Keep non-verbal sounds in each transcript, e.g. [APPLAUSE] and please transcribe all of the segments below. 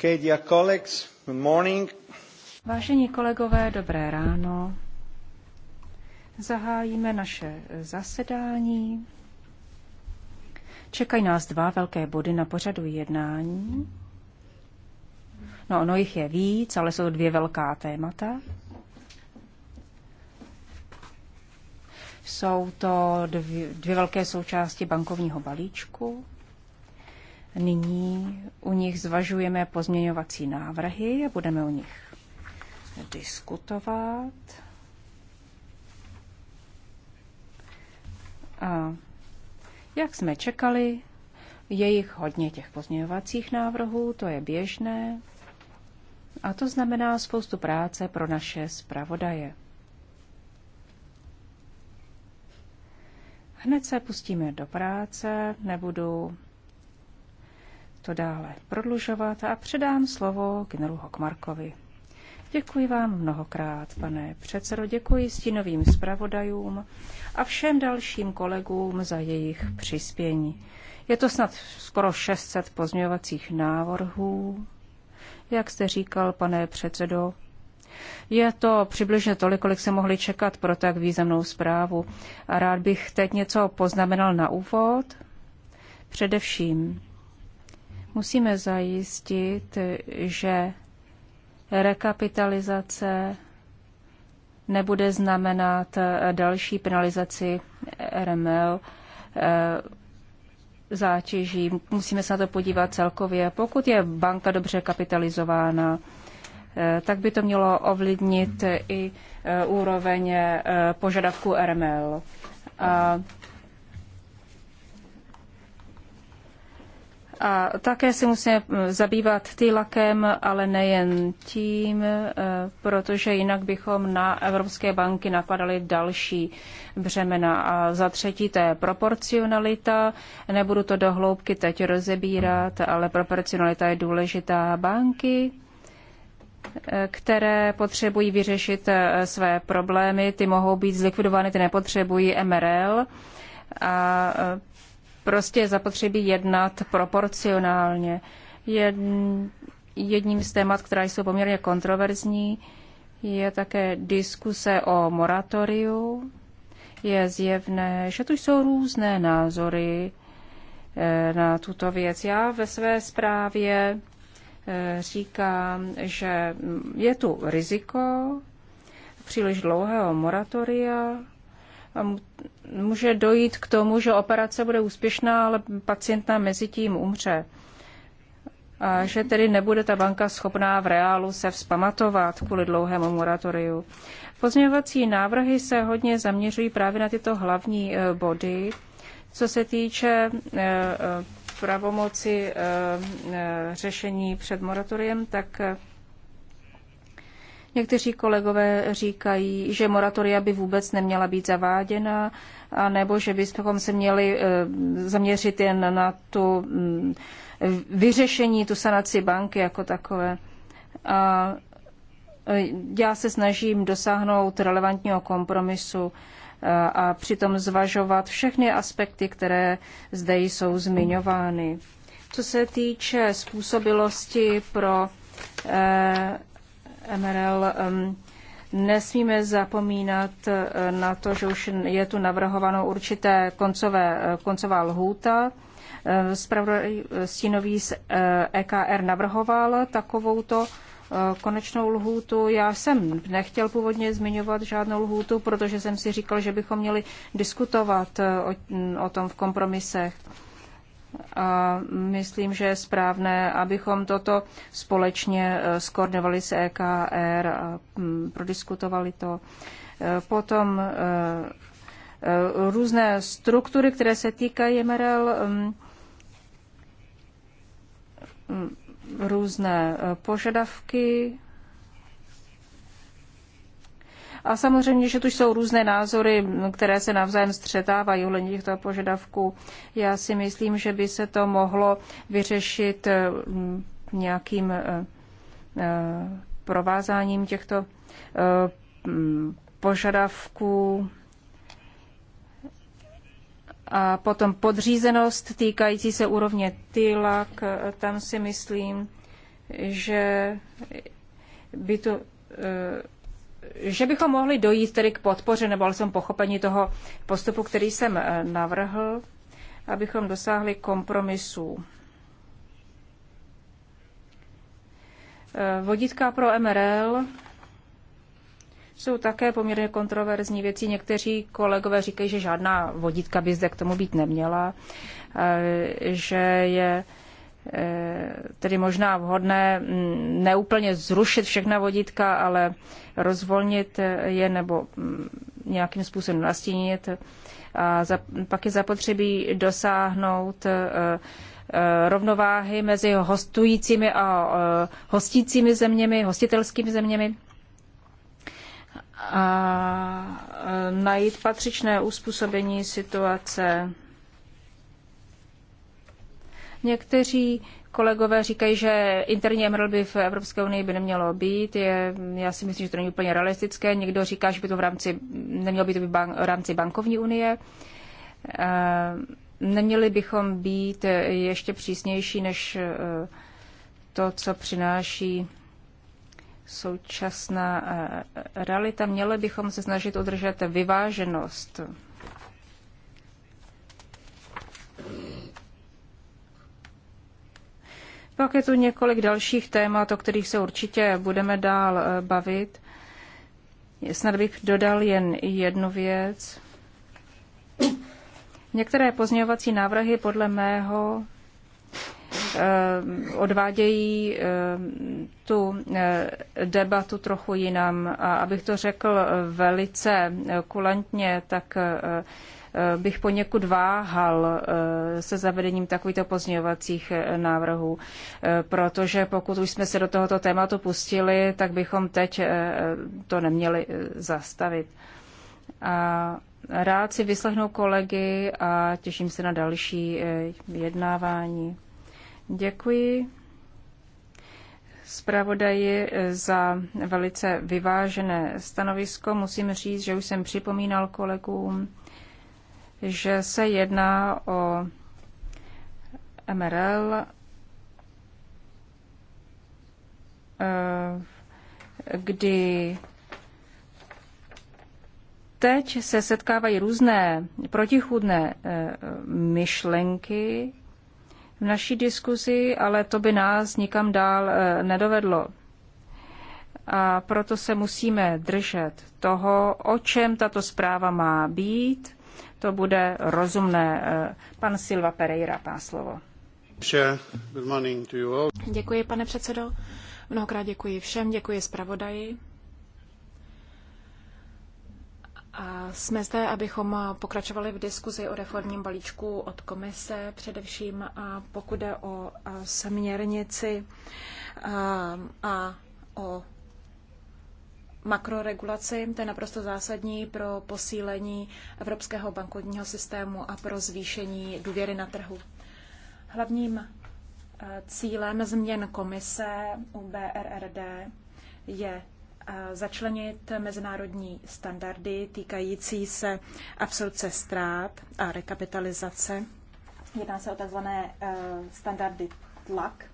Okay, dear colleagues, good morning. Vážení kolegové, dobré ráno. Zahájíme naše zasedání. Čekají nás dva velké body na pořadu jednání. No, ono jich je víc, ale jsou dvě velká témata. Jsou to dvě, dvě velké součásti bankovního balíčku. Nyní u nich zvažujeme pozměňovací návrhy a budeme o nich diskutovat. A jak jsme čekali, je jich hodně těch pozměňovacích návrhů, to je běžné. A to znamená spoustu práce pro naše zpravodaje. Hned se pustíme do práce, nebudu to dále prodlužovat a předám slovo generu Hokmarkovi. Děkuji vám mnohokrát, pane předsedo, děkuji stínovým zpravodajům a všem dalším kolegům za jejich přispění. Je to snad skoro 600 pozměňovacích návrhů, jak jste říkal, pane předsedo. Je to přibližně tolik, kolik se mohli čekat pro tak významnou zprávu. A rád bych teď něco poznamenal na úvod. Především Musíme zajistit, že rekapitalizace nebude znamenat další penalizaci RML eh, zátěží. Musíme se na to podívat celkově. Pokud je banka dobře kapitalizována, eh, tak by to mělo ovlivnit i eh, úroveň požadavku RML. A A také se musíme zabývat týlakem, ale nejen tím, eh, protože jinak bychom na evropské banky napadali další břemena. A za třetí, to je proporcionalita. Nebudu to do hloubky teď rozebírat, ale proporcionalita je důležitá. Banky eh, které potřebují vyřešit eh, své problémy, ty mohou být zlikvidovány, ty nepotřebují MRL. A prostě je zapotřebí jednat proporcionálně. Jedním z témat, která jsou poměrně kontroverzní, je také diskuse o moratoriu. Je zjevné, že tu jsou různé názory eh, na tuto věc. Já ve své zprávě eh, říkám, že je tu riziko příliš dlouhého moratoria, může dojít k tomu, že operace bude úspěšná, ale pacient nám mezi tím umře. A že tedy nebude ta banka schopná v reálu se vzpamatovat kvůli dlouhému moratoriu. Pozměňovací návrhy se hodně zaměřují právě na tyto hlavní e, body. Co se týče e, e, pravomoci řešení před moratoriem, tak Někteří kolegové říkají, že moratoria by vůbec neměla být zaváděna, nebo že bychom se měli eh, zaměřit jen na tu mm, vyřešení, tu sanaci banky jako takové. A eh, já se snažím dosáhnout relevantního kompromisu eh, a přitom zvažovat všechny aspekty, které zde jsou zmiňovány. Co se týče způsobilosti pro MRL nesmíme zapomínat eh, na to, že už je tu navrhováno určité koncové, eh, koncová lhůta. Spravodaj eh, Stínový z EKR e navrhoval takovouto konečnou lhůtu. Já jsem nechtěl původně zmiňovat žádnou lhůtu, protože jsem si říkal, že bychom měli diskutovat o, o tom v kompromisech. A myslím, že je správné, abychom toto společně eh, skoordinovali s EKR a mm, prodiskutovali to. Eh, potom eh, různé struktury, které se týkají MRL, mm, mm, různé požadavky a samozřejmě, že tu jsou různé názory, které se navzájem střetávají ohledně těchto požadavků. Já si myslím, že by se to mohlo vyřešit eh, nějakým eh, eh, provázáním těchto požadavků a potom podřízenost týkající se úrovně TILAK, tam si myslím, že by to že bychom mohli dojít tedy k podpoře nebo alespoň pochopení toho postupu, který jsem eh, navrhl, abychom dosáhli kompromisů. Eh, vodítka pro MRL jsou také poměrně kontroverzní věci. Někteří kolegové říkají, že žádná vodítka by zde k tomu být neměla, eh, že je tedy možná vhodné mm, neúplně zrušit všechna vodítka, ale rozvolnit je nebo mm, nějakým způsobem nastínit. A za, pak je zapotřebí dosáhnout eh, eh, rovnováhy mezi hostujícími a eh, hostícími zeměmi, hostitelskými zeměmi a najít patřičné uspůsobení situace Někteří kolegové říkají, že interní MRL by v Evropské unii by nemělo být. Je, já si myslím, že to není úplně realistické. Někdo říká, že by to v rámci, nemělo být v, v rámci bankovní unie. Eh, neměli bychom být ještě přísnější než eh, to, co přináší současná eh, realita. Měli bychom se snažit udržet vyváženost. Pak je tu několik dalších témat, o kterých se určitě budeme dál eh, bavit. Snad bych dodal jen jednu věc. Některé pozměňovací návrhy podle mého eh, odvádějí eh, tu debatu trochu jinam. A abych to řekl velice kulantně, tak Eh, bych poněkud váhal eh, se zavedením takovýchto pozměňovacích eh, návrhů, protože pokud už jsme se do tohoto tématu pustili, tak bychom teď to neměli zastavit. A rád si vyslechnu kolegy a těším se na další jednávání. Děkuji zpravodaji za velice vyvážené stanovisko. Musím říct, že už jsem připomínal kolegům, že se jedná o MRL, eh, kdy teď se setkávají různé protichůdné eh, myšlenky v naší diskuzi, ale to by nás nikam dál eh, nedovedlo. A proto se musíme držet toho, o čem tato zpráva má být to bude rozumné. Pan Silva Pereira má slovo. Děkuji, pane předsedo. Mnohokrát děkuji všem, děkuji zpravodaji. A jsme zde, abychom pokračovali v diskuzi o reformním balíčku od komise, především a pokud jde o směrnici a, a o makroregulaci, to je naprosto zásadní pro posílení evropského bankovního systému a pro zvýšení důvěry na trhu. Hlavním eh, cílem změn komise u BRRD je eh, začlenit mezinárodní standardy týkající se absorpce ztrát a rekapitalizace. Jedná se o tzv. Eh, standardy tlak.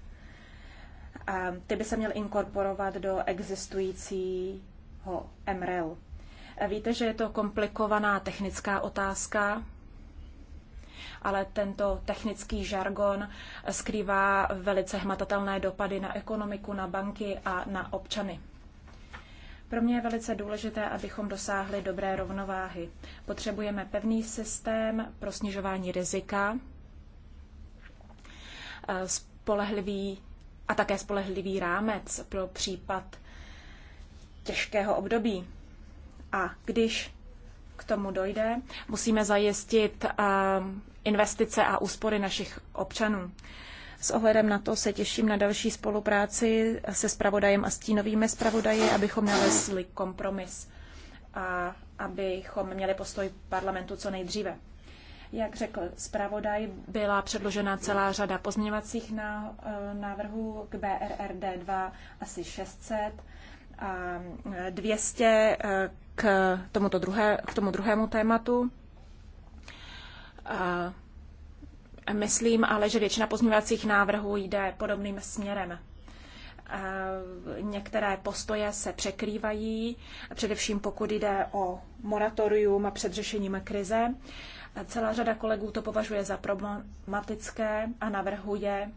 Ty by se měly inkorporovat do existující ho MREL. Víte, že je to komplikovaná technická otázka, ale tento technický žargon skrývá velice hmatatelné dopady na ekonomiku, na banky a na občany. Pro mě je velice důležité, abychom dosáhli dobré rovnováhy. Potřebujeme pevný systém pro snižování rizika, eh, spolehlivý a také spolehlivý rámec pro případ těžkého období. A když k tomu dojde, musíme zajistit ehm, investice a úspory našich občanů. S ohledem na to se těším na další spolupráci se spravodajem a stínovými spravodaji, abychom nalezli kompromis a abychom měli postoj parlamentu co nejdříve. Jak řekl zpravodaj, byla předložena celá řada pozměňovacích eh, návrhů k BRRD 2, asi 600. 200 e, k, tomuto druhé, k tomu druhému tématu. Myslím ale, že většina pozměňovacích návrhů jde podobným směrem. Některé postoje se překrývají, především pokud jde o moratorium a před řešením krize. Celá řada kolegů to považuje za problematické a navrhuje,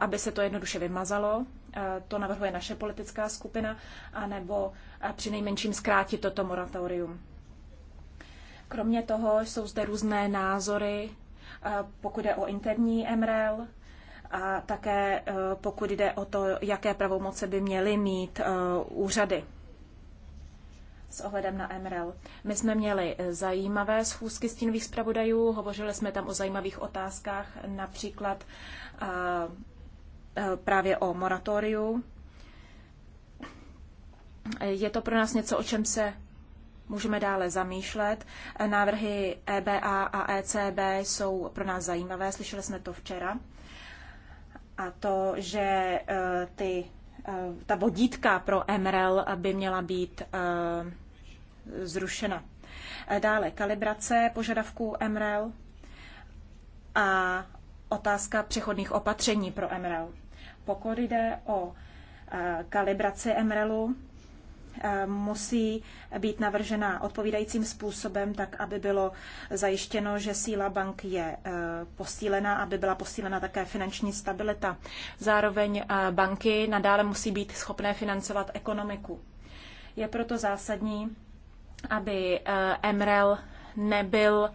aby se to jednoduše vymazalo, Eh, to navrhuje naše politická skupina, anebo eh, při nejmenším zkrátit toto moratorium. Kromě toho jsou zde různé názory, eh, pokud je o interní MRL a také pokud jde o to, jaké pravomoce by měly mít úřady s ohledem na MRL. My jsme měli zajímavé schůzky stínových zpravodajů, hovořili jsme tam o zajímavých otázkách, například Eh, právě o moratoriu. Je to pro nás něco, o čem se můžeme dále zamýšlet. Eh, návrhy EBA a ECB jsou pro nás zajímavé, slyšeli jsme to včera. A to, že eh, ty, ta vodítka pro MRL by měla být zrušena. Dále kalibrace požadavků MRL a otázka přechodných opatření pro MRL. Pokud jde o eh, kalibraci MRELu, eh, musí být navržena odpovídajícím způsobem, tak aby bylo zajištěno, že síla bank je eh, posílena, aby byla posílena také finanční stabilita. Zároveň banky nadále musí být schopné financovat ekonomiku. Je proto zásadní, aby MREL nebyl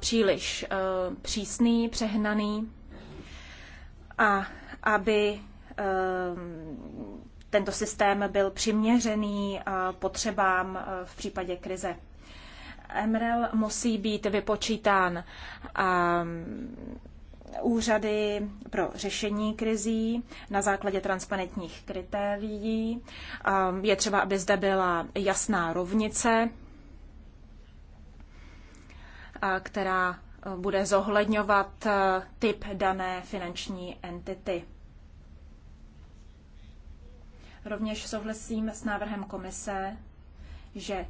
příliš přísný, přehnaný a aby ehm, tento systém byl přiměřený eh, potřebám eh, v případě krize. MREL musí být vypočítán ehm, úřady pro řešení krizí na základě transparentních kritérií. Ehm, je třeba, aby zde byla jasná rovnice, eh, která bude zohledňovat typ dané finanční entity. Rovněž souhlasím s návrhem komise, že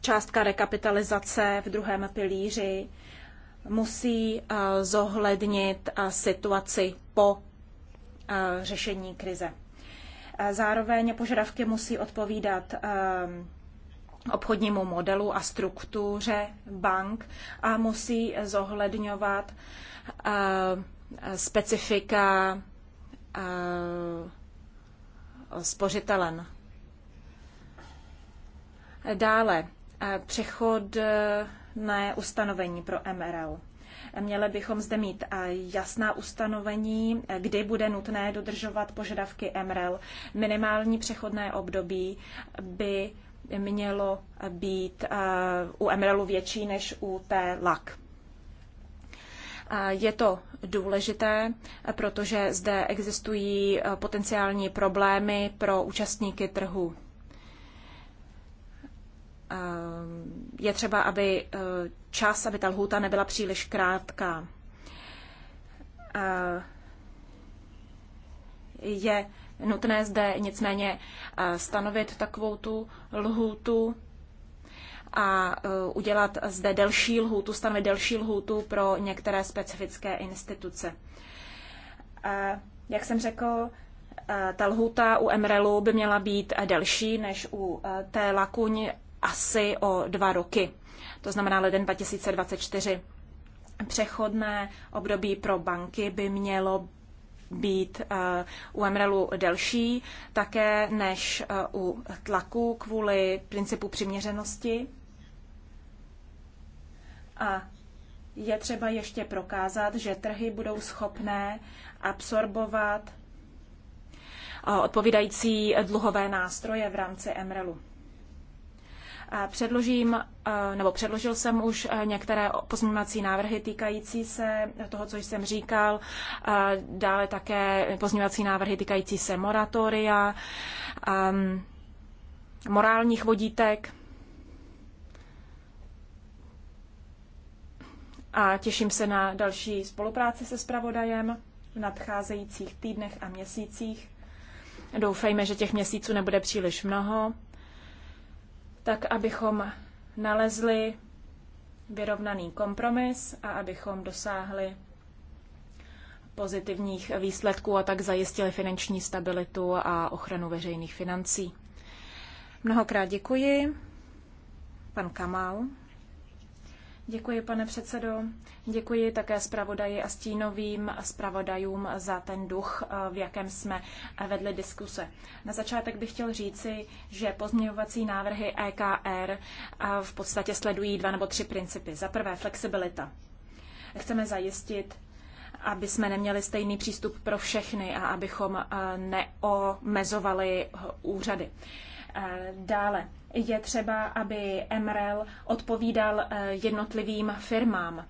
částka rekapitalizace v druhém pilíři musí zohlednit situaci po řešení krize. Zároveň požadavky musí odpovídat obchodnímu modelu a struktuře bank a musí zohledňovat specifika Eh, spořitelen. Dále eh, eh, na ustanovení pro MRL. Měli bychom zde mít jasná ustanovení, kdy bude nutné dodržovat požadavky MRL. Minimální přechodné období by mělo být u MRLu větší než u té LAK. Je to důležité, protože zde existují eh, potenciální problémy pro účastníky trhu. Eh, je třeba, aby eh, čas, aby ta lhůta nebyla příliš krátká. Je nutné zde nicméně stanovit takovou tu lhůtu, a e, udělat zde delší lhůtu, stanovit delší lhůtu pro některé specifické instituce. E, jak jsem řekl, e, ta lhůta u MRLu by měla být delší než u té lakuň asi o dva roky, to znamená leden 2024. Přechodné období pro banky by mělo být eh, u MRELu delší, také než eh, u tlaku kvůli principu přiměřenosti. A je třeba ještě prokázat, že trhy budou schopné absorbovat eh, odpovídající dluhové nástroje v rámci MRELu. Předložím, eh, nebo předložil jsem už eh, některé pozměňovací návrhy týkající se toho, co jsem říkal, eh, dále také pozměňovací návrhy týkající se moratoria, ehm, morálních vodítek. A těším se na další spolupráci se spravodajem v nadcházejících týdnech a měsících. Doufejme, že těch měsíců nebude příliš mnoho tak abychom nalezli vyrovnaný kompromis a abychom dosáhli pozitivních výsledků a tak zajistili finanční stabilitu a ochranu veřejných financí. Mnohokrát děkuji. Pan Kamal. Děkuji, pane předsedo. Děkuji také zpravodaji a stínovým zpravodajům za ten duch, eh, v jakém jsme vedli diskuse. Na začátek bych chtěl říci, že pozměňovací návrhy EKR eh, v podstatě sledují dva nebo tři principy. Za prvé flexibilita. Chceme zajistit, aby jsme neměli stejný přístup pro všechny a abychom eh, neomezovali úřady. Dále je třeba, aby MRL odpovídal eh, jednotlivým firmám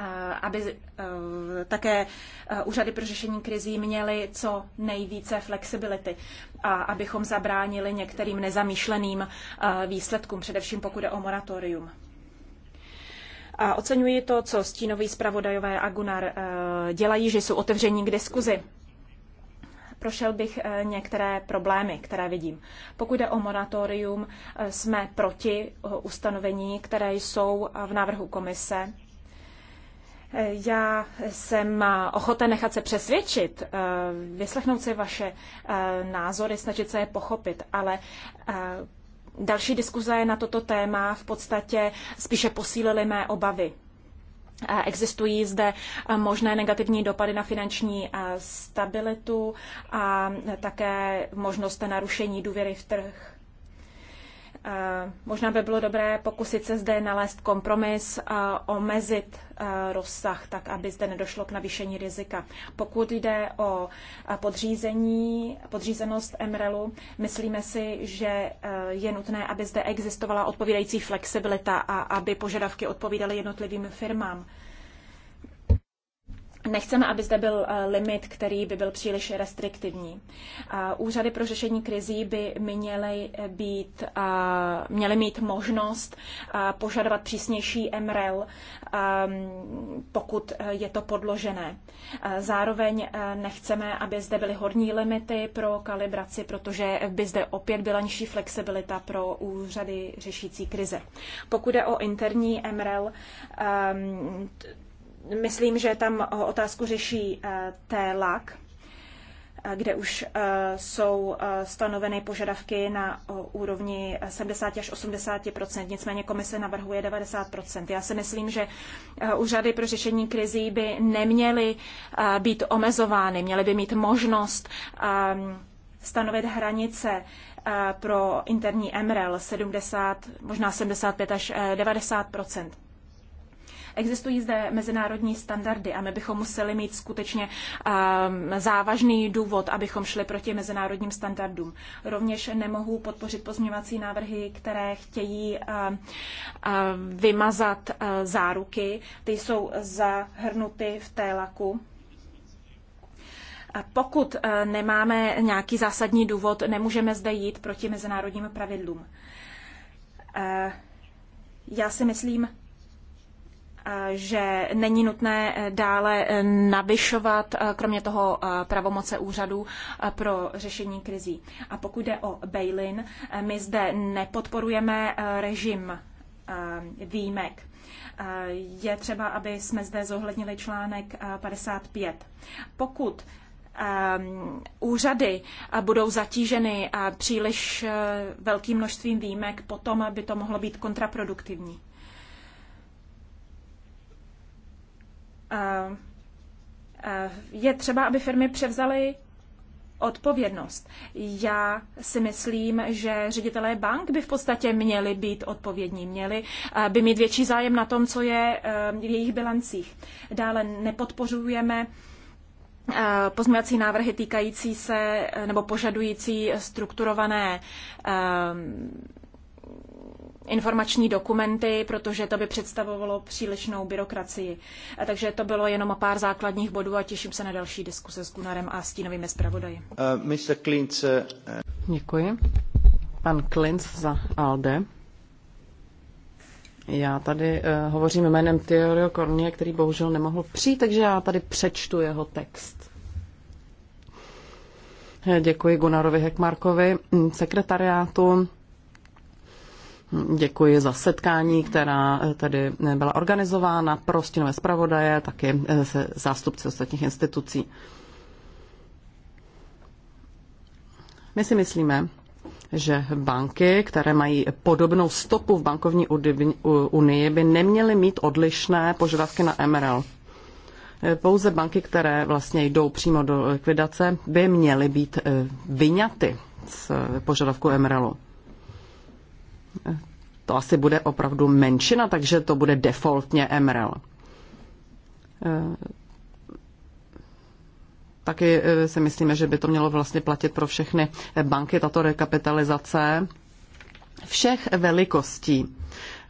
eh, aby eh, také úřady pro řešení krizí měly co nejvíce flexibility a abychom zabránili některým nezamýšleným výsledkům, především pokud je o moratorium. A oceňuji to, co stínoví zpravodajové a Gunnar dělají, že jsou otevření k diskuzi prošel bych eh, některé problémy, které vidím. Pokud jde o moratorium, eh, jsme proti eh, ustanovení, které jsou v návrhu komise. Já jsem ochoten nechat se přesvědčit, vyslechnout si vaše názory, snažit se je pochopit, ale další diskuze na toto téma v podstatě spíše posílily mé obavy. Existují zde možné negativní dopady na finanční stabilitu a také možnost narušení důvěry v trh Eh, možná by bylo dobré pokusit se zde nalézt kompromis a eh, omezit eh, rozsah, tak aby zde nedošlo k navýšení rizika. Pokud jde o podřízení, podřízenost MRELu, myslíme si, že je nutné, aby zde existovala odpovídající flexibilita a aby požadavky odpovídaly jednotlivým firmám. Nechceme, aby zde byl eh, limit, který by byl příliš restriktivní. Úřady pro řešení krizí by měly, eh, být, měly mít možnost požadovat přísnější MREL, ehm, pokud eh, je to podložené. Zároveň nechceme, aby zde byly horní limity pro kalibraci, protože by zde opět byla nižší flexibilita pro úřady řešící krize. Pokud je o interní MREL, ehm, myslím, že tam otázku řeší eh, TELAK, eh, kde už eh, jsou stanoveny požadavky na úrovni 70 až 80 nicméně komise navrhuje 90 Já si myslím, že úřady pro řešení krizí by neměly být omezovány, měly by mít možnost stanovit hranice pro interní MREL 70, možná 75 až 90 Existují zde mezinárodní standardy a my bychom museli mít skutečně um, závažný důvod, abychom šli proti mezinárodním standardům. Rovněž nemohu podpořit pozměňovací návrhy, které chtějí um, um, vymazat uh, záruky. Ty jsou zahrnuty v télaku. Pokud eh, nemáme nějaký zásadní důvod, nemůžeme zde jít proti mezinárodním pravidlům. Eh, já si myslím, že není nutné eh, dále eh, navyšovat eh, kromě toho pravomoce úřadů pro řešení krizí. A pokud jde o bail-in, my zde nepodporujeme režim výjimek. Je třeba, aby jsme zde zohlednili článek 55. Pokud úřady budou zatíženy příliš velkým množstvím výjimek, potom by to mohlo být kontraproduktivní. Eh, eh, je třeba, aby firmy převzaly odpovědnost. Já si myslím, že ředitelé bank by v podstatě měli být odpovědní, měli eh, by mít větší zájem na tom, co je v jejich bilancích. Dále nepodpořujeme pozměňovací návrhy týkající se nebo požadující strukturované informační dokumenty, protože to by představovalo přílišnou byrokracii. Takže to bylo jenom pár základních bodů a těším se na další diskuse s Gunarem a stínovými zpravodaji. Uh, eh, Mr. Eh, děkuji. Pan Klinc za ALDE. Já tady uh, hovořím jménem Teorio Kornie, který bohužel nemohl přijít, takže já tady přečtu jeho text. Děkuji Gunarovi Hekmarkovi, mm, sekretariátu Děkuji za setkání, která eh, tady eh, byla organizována pro stínové zpravodaje, taky eh, se zástupci ostatních institucí. My si myslíme, že banky, které mají podobnou stopu v bankovní unii, by neměly mít odlišné požadavky na MRL. Pouze banky, které vlastně jdou přímo do likvidace, by měly být vyňaty z požadavku MRLu to asi bude opravdu menšina, takže to bude defaultně MREL. Eh, taky eh, si myslíme, že by to mělo vlastně platit pro všechny banky, tato rekapitalizace všech velikostí.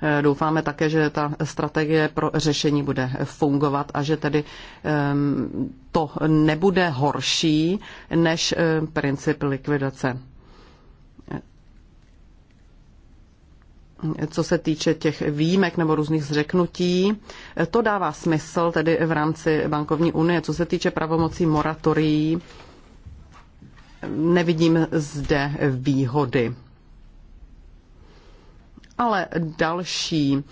Eh, doufáme také, že ta strategie pro řešení bude fungovat a že tedy ehm, to nebude horší než princip likvidace. co se týče těch výjimek nebo různých zřeknutí, to dává smysl tedy v rámci bankovní unie. Co se týče pravomocí moratorií, nevidím zde výhody. Ale další e,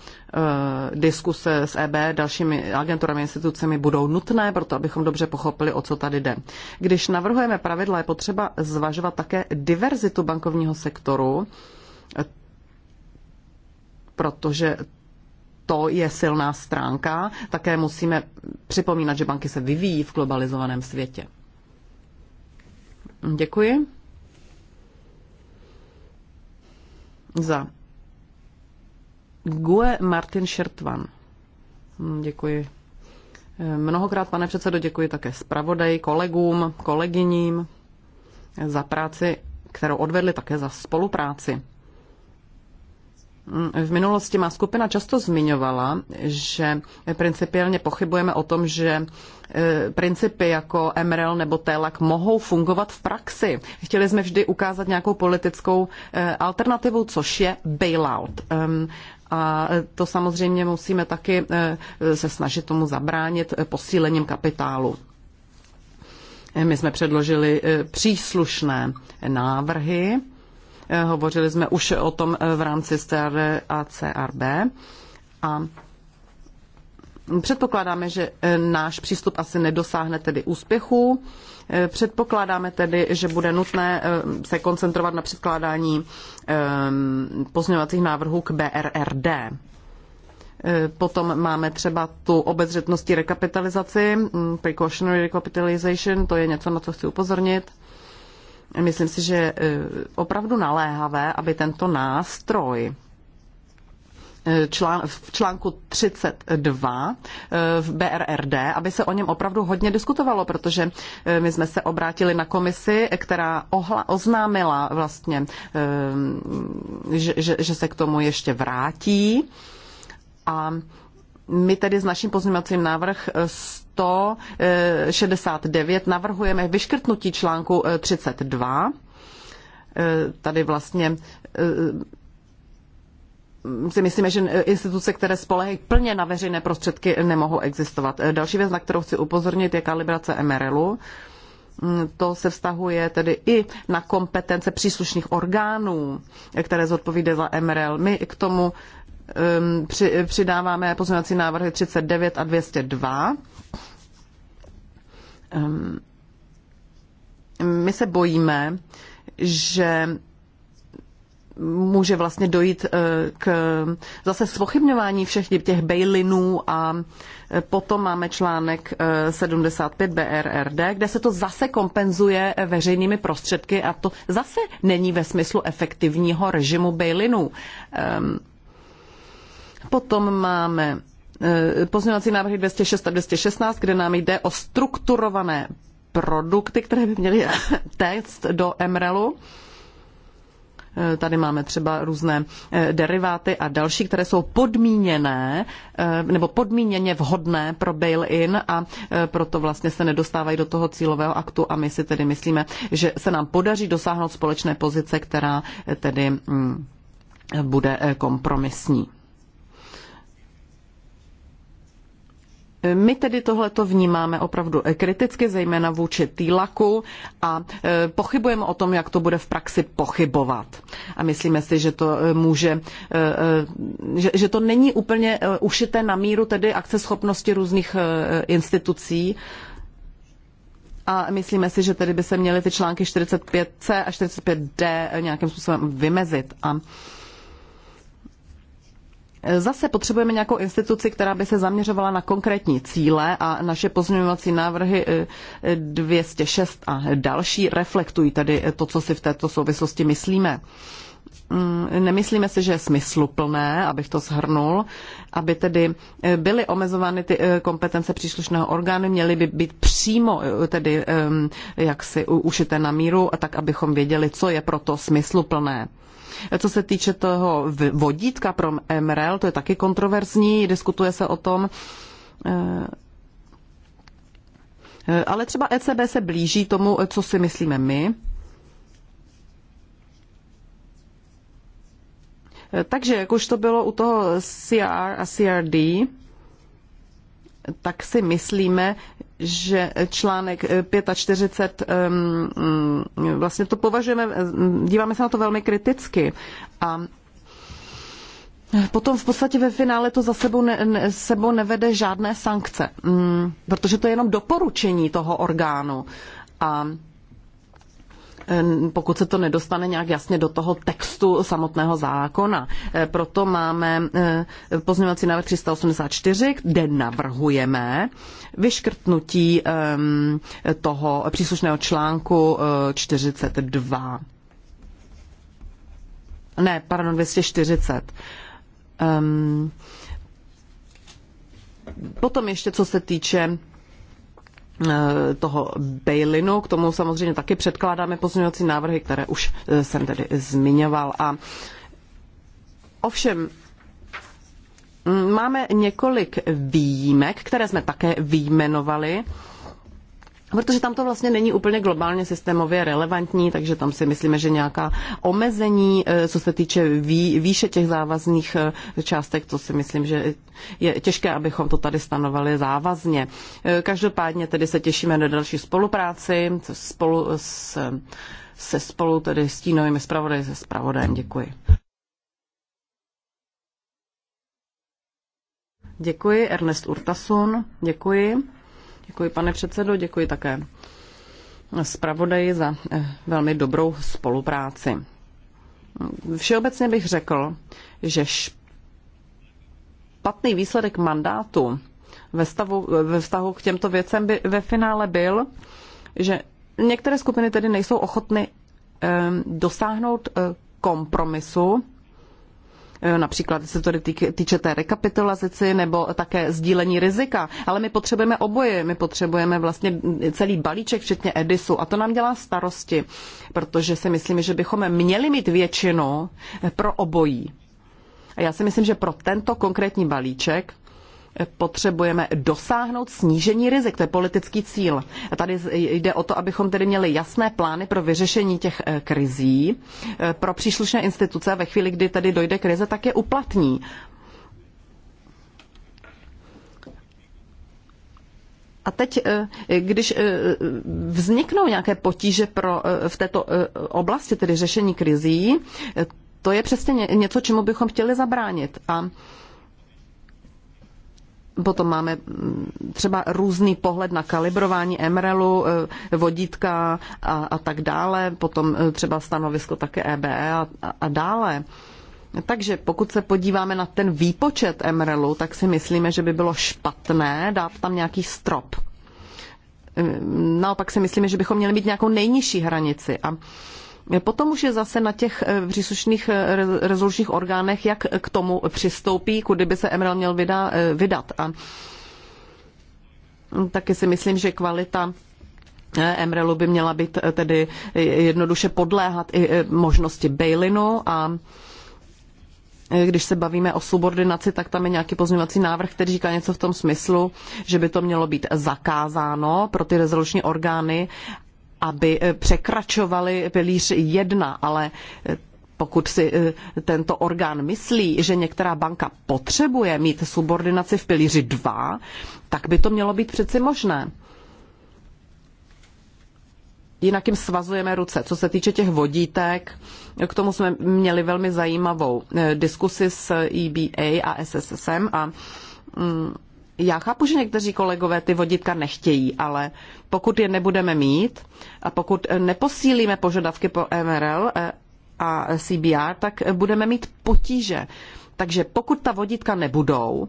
diskuse s EB, dalšími agenturami, institucemi budou nutné, proto abychom dobře pochopili, o co tady jde. Když navrhujeme pravidla, je potřeba zvažovat také diverzitu bankovního sektoru, protože to je silná stránka. Také musíme připomínat, že banky se vyvíjí v globalizovaném světě. Děkuji za Gue Martin Šertvan. Děkuji. Mnohokrát, pane předsedo, děkuji také zpravodaj, kolegům, kolegyním za práci, kterou odvedli také za spolupráci v minulosti má skupina často zmiňovala, že principiálně pochybujeme o tom, že e, principy jako MRL nebo TELAC mohou fungovat v praxi. Chtěli jsme vždy ukázat nějakou politickou e, alternativu, což je bailout. A to samozřejmě musíme taky e, se snažit tomu zabránit posílením kapitálu. My jsme předložili příslušné návrhy Eh, hovořili jsme už o tom eh, v rámci CR a CRB. A Předpokládáme, že eh, náš přístup asi nedosáhne tedy úspěchu. Předpokládáme tedy, že bude nutné se koncentrovat na předkládání pozměňovacích návrhů k BRRD. Potom máme třeba tu obezřetnosti rekapitalizaci, mm, precautionary recapitalization, to je něco, na co chci upozornit. Myslím si, že e, opravdu naléhavé, aby tento nástroj e, člán, v článku 32 e, v BRRD, aby se o něm opravdu hodně diskutovalo, protože my jsme se obrátili na komisi, která ohla, oznámila vlastně, že, že, že se k tomu ještě vrátí. A my tedy s naším pozměňovacím návrh s 169 eh, navrhujeme vyškrtnutí článku 32. Eh, eh, tady vlastně si myslíme, že instituce, které spolehají plně na veřejné prostředky, nemohou existovat. Další věc, na kterou chci upozornit, je kalibrace MRLu. Mm, to se vztahuje tedy i na kompetence příslušných orgánů, které zodpovídají za MRL. My k tomu um, při, přidáváme pozměňovací návrhy 39 a 202. Ehm, my se bojíme, že může vlastně dojít eh, k zase svochybňování všech těch bejlinů a eh, potom máme článek 75 eh, BRRD, kde se to zase kompenzuje veřejnými prostředky a to zase není ve smyslu efektivního režimu bejlinů. Ehm, potom máme Eh, pozměňovací návrhy 206 a 216, kde nám jde o strukturované produkty, které by měly [LAUGHS] test do MRELu. Eh, tady máme třeba různé eh, deriváty a další, které jsou podmíněné nebo podmíněně vhodné pro bail-in a proto vlastně se nedostávají do toho cílového aktu a my si tedy myslíme, že se nám podaří dosáhnout společné pozice, která tedy mm, bude kompromisní. My tedy tohleto vnímáme opravdu eh, kriticky, zejména vůči týlaku a eh, pochybujeme o tom, jak to bude v praxi pochybovat. A myslíme si, že to eh, může, že, že to není úplně ušité na míru tedy akceschopnosti různých institucí, a myslíme si, že tedy by se měly ty články 45C a 45D nějakým způsobem vymezit. A Eh, zase potřebujeme nějakou instituci, která by se zaměřovala na konkrétní cíle a naše pozměňovací návrhy 206 eh, eh, a další reflektují tady to, co si v této souvislosti myslíme. Mm, nemyslíme si, že je smysluplné, abych to shrnul, aby tedy byly omezovány ty kompetence příslušného orgánu, měly by být přímo tedy ehm, jaksi ušité na míru, tak abychom věděli, co je proto smysluplné. Co se týče toho vodítka pro MRL, to je taky kontroverzní, diskutuje se o tom. Eh, eh, ale třeba ECB se blíží tomu, eh, co si myslíme my. Takže, jak už to bylo u toho CR a CRD, tak si myslíme, že článek 45 mm, vlastně to považujeme, díváme se na to velmi kriticky a Potom v podstatě ve finále to za sebou, ne, ne, sebou nevede žádné sankce, mm, protože to je jenom doporučení toho orgánu. A Ehm, pokud se to nedostane nějak jasně do toho textu samotného zákona. Ehm, proto máme ehm, pozměňovací návrh 384, kde navrhujeme vyškrtnutí toho příslušného článku 42. Ne, pardon, 240. potom ještě, co se týče Eh, toho bailinu. K tomu samozřejmě taky předkládáme pozměňovací návrhy, které už eh, jsem tedy zmiňoval. A ovšem mm, máme několik výjimek, které jsme také výjmenovali Protože tam to vlastně není úplně globálně systémově relevantní, takže tam si myslíme, že nějaká omezení, eh, co se týče vý, výše těch závazných eh, částek, to si myslím, že je těžké, abychom to tady stanovali závazně. Eh, každopádně tedy se těšíme na další spolupráci spolu s, se spolu tedy stínovými zpravodaji se zpravodajem. Děkuji. Děkuji, Ernest Urtasun. Děkuji. Děkuji, pane předsedo, děkuji také zpravodaji za eh, velmi dobrou spolupráci. Všeobecně bych řekl, že špatný výsledek mandátu ve, stavu, ve vztahu k těmto věcem by ve finále byl, že některé skupiny tedy nejsou ochotny ehm, dosáhnout eh, kompromisu Eh, například se to týče té rekapitulace nebo také sdílení rizika. Ale my potřebujeme oboje, my potřebujeme vlastně celý balíček, včetně Edisu a to nám dělá starosti, protože si myslím, že bychom měli mít většinu pro obojí. A já si myslím, že pro tento konkrétní balíček potřebujeme dosáhnout snížení rizik. To je politický cíl. Tady jde o to, abychom tedy měli jasné plány pro vyřešení těch eh, krizí eh, pro příslušné instituce ve chvíli, kdy tedy dojde krize, tak je uplatní. A teď, eh, když vzniknou nějaké potíže pro, v této oblasti, tedy řešení krizí, to je přesně něco, čemu bychom chtěli zabránit. A Potom máme mm, třeba různý pohled na kalibrování MRLu, eh, vodítka a, a tak dále, potom eh, třeba stanovisko také EBE e a, a, dále. Takže pokud se podíváme na ten výpočet MRLu, tak si myslíme, že by bylo špatné dát tam nějaký strop. Eh, naopak si myslíme, že bychom měli mít nějakou nejnižší hranici. A Potom už je zase na těch eh, příslušných eh, rezolučních orgánech, jak k tomu přistoupí, kudy by se Emerald měl eh, vydat. A taky si myslím, že kvalita Emrelu by měla být tedy jednoduše podléhat i možnosti bailinu a když se bavíme o subordinaci, tak tam je nějaký pozměňovací návrh, který říká něco v tom smyslu, že by to mělo být zakázáno pro ty rezoluční orgány, aby eh, překračovali pilíř jedna, ale eh, pokud si eh, tento orgán myslí, že některá banka potřebuje mít subordinaci v pilíři 2, tak by to mělo být přeci možné. Jinak jim svazujeme ruce. Co se týče těch vodítek, k tomu jsme měli velmi zajímavou diskusi s EBA a SSSM a já chápu, že někteří kolegové ty vodítka nechtějí, ale pokud je nebudeme mít a pokud neposílíme požadavky po MRL eh, a CBR, tak budeme mít potíže. Takže pokud ta vodítka nebudou,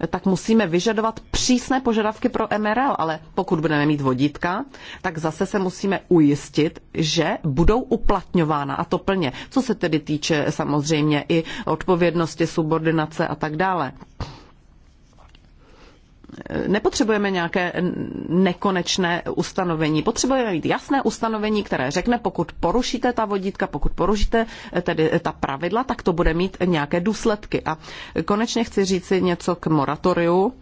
eh, tak musíme vyžadovat přísné požadavky pro MRL, ale pokud budeme mít vodítka, tak zase se musíme ujistit, že budou uplatňována a to plně, co se tedy týče samozřejmě i odpovědnosti, subordinace a tak dále nepotřebujeme nějaké nekonečné ustanovení. Potřebujeme mít jasné ustanovení, které řekne, pokud porušíte ta vodítka, pokud porušíte eh, tedy eh, ta pravidla, tak to bude mít nějaké důsledky. A konečně chci říci něco k moratoriu.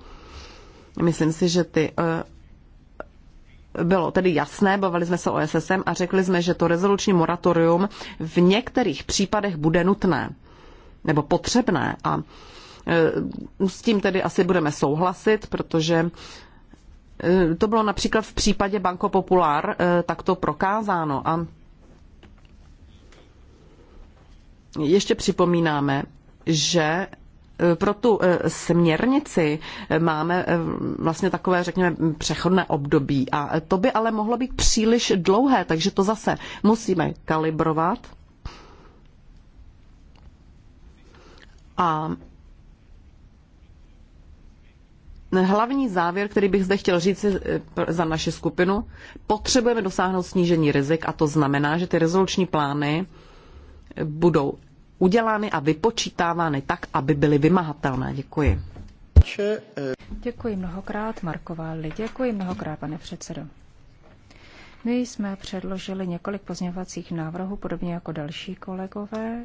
Myslím si, že ty eh, bylo tedy jasné, bavili jsme se o SSM a řekli jsme, že to rezoluční moratorium v některých případech bude nutné nebo potřebné a Eh, s tím tedy asi budeme souhlasit, protože eh, to bylo například v případě Banco Popular eh, takto prokázáno. A ještě připomínáme, že pro tu směrnici máme vlastně takové, řekněme, přechodné období a to by ale mohlo být příliš dlouhé, takže to zase musíme kalibrovat. A hlavní závěr, který bych zde chtěl říct eh, za naši skupinu, potřebujeme dosáhnout snížení rizik a to znamená, že ty rezoluční plány budou udělány a vypočítávány tak, aby byly vymahatelné. Děkuji. Děkuji mnohokrát, Marková Li. Děkuji mnohokrát, pane předsedo. My jsme předložili několik pozměňovacích návrhů, podobně jako další kolegové.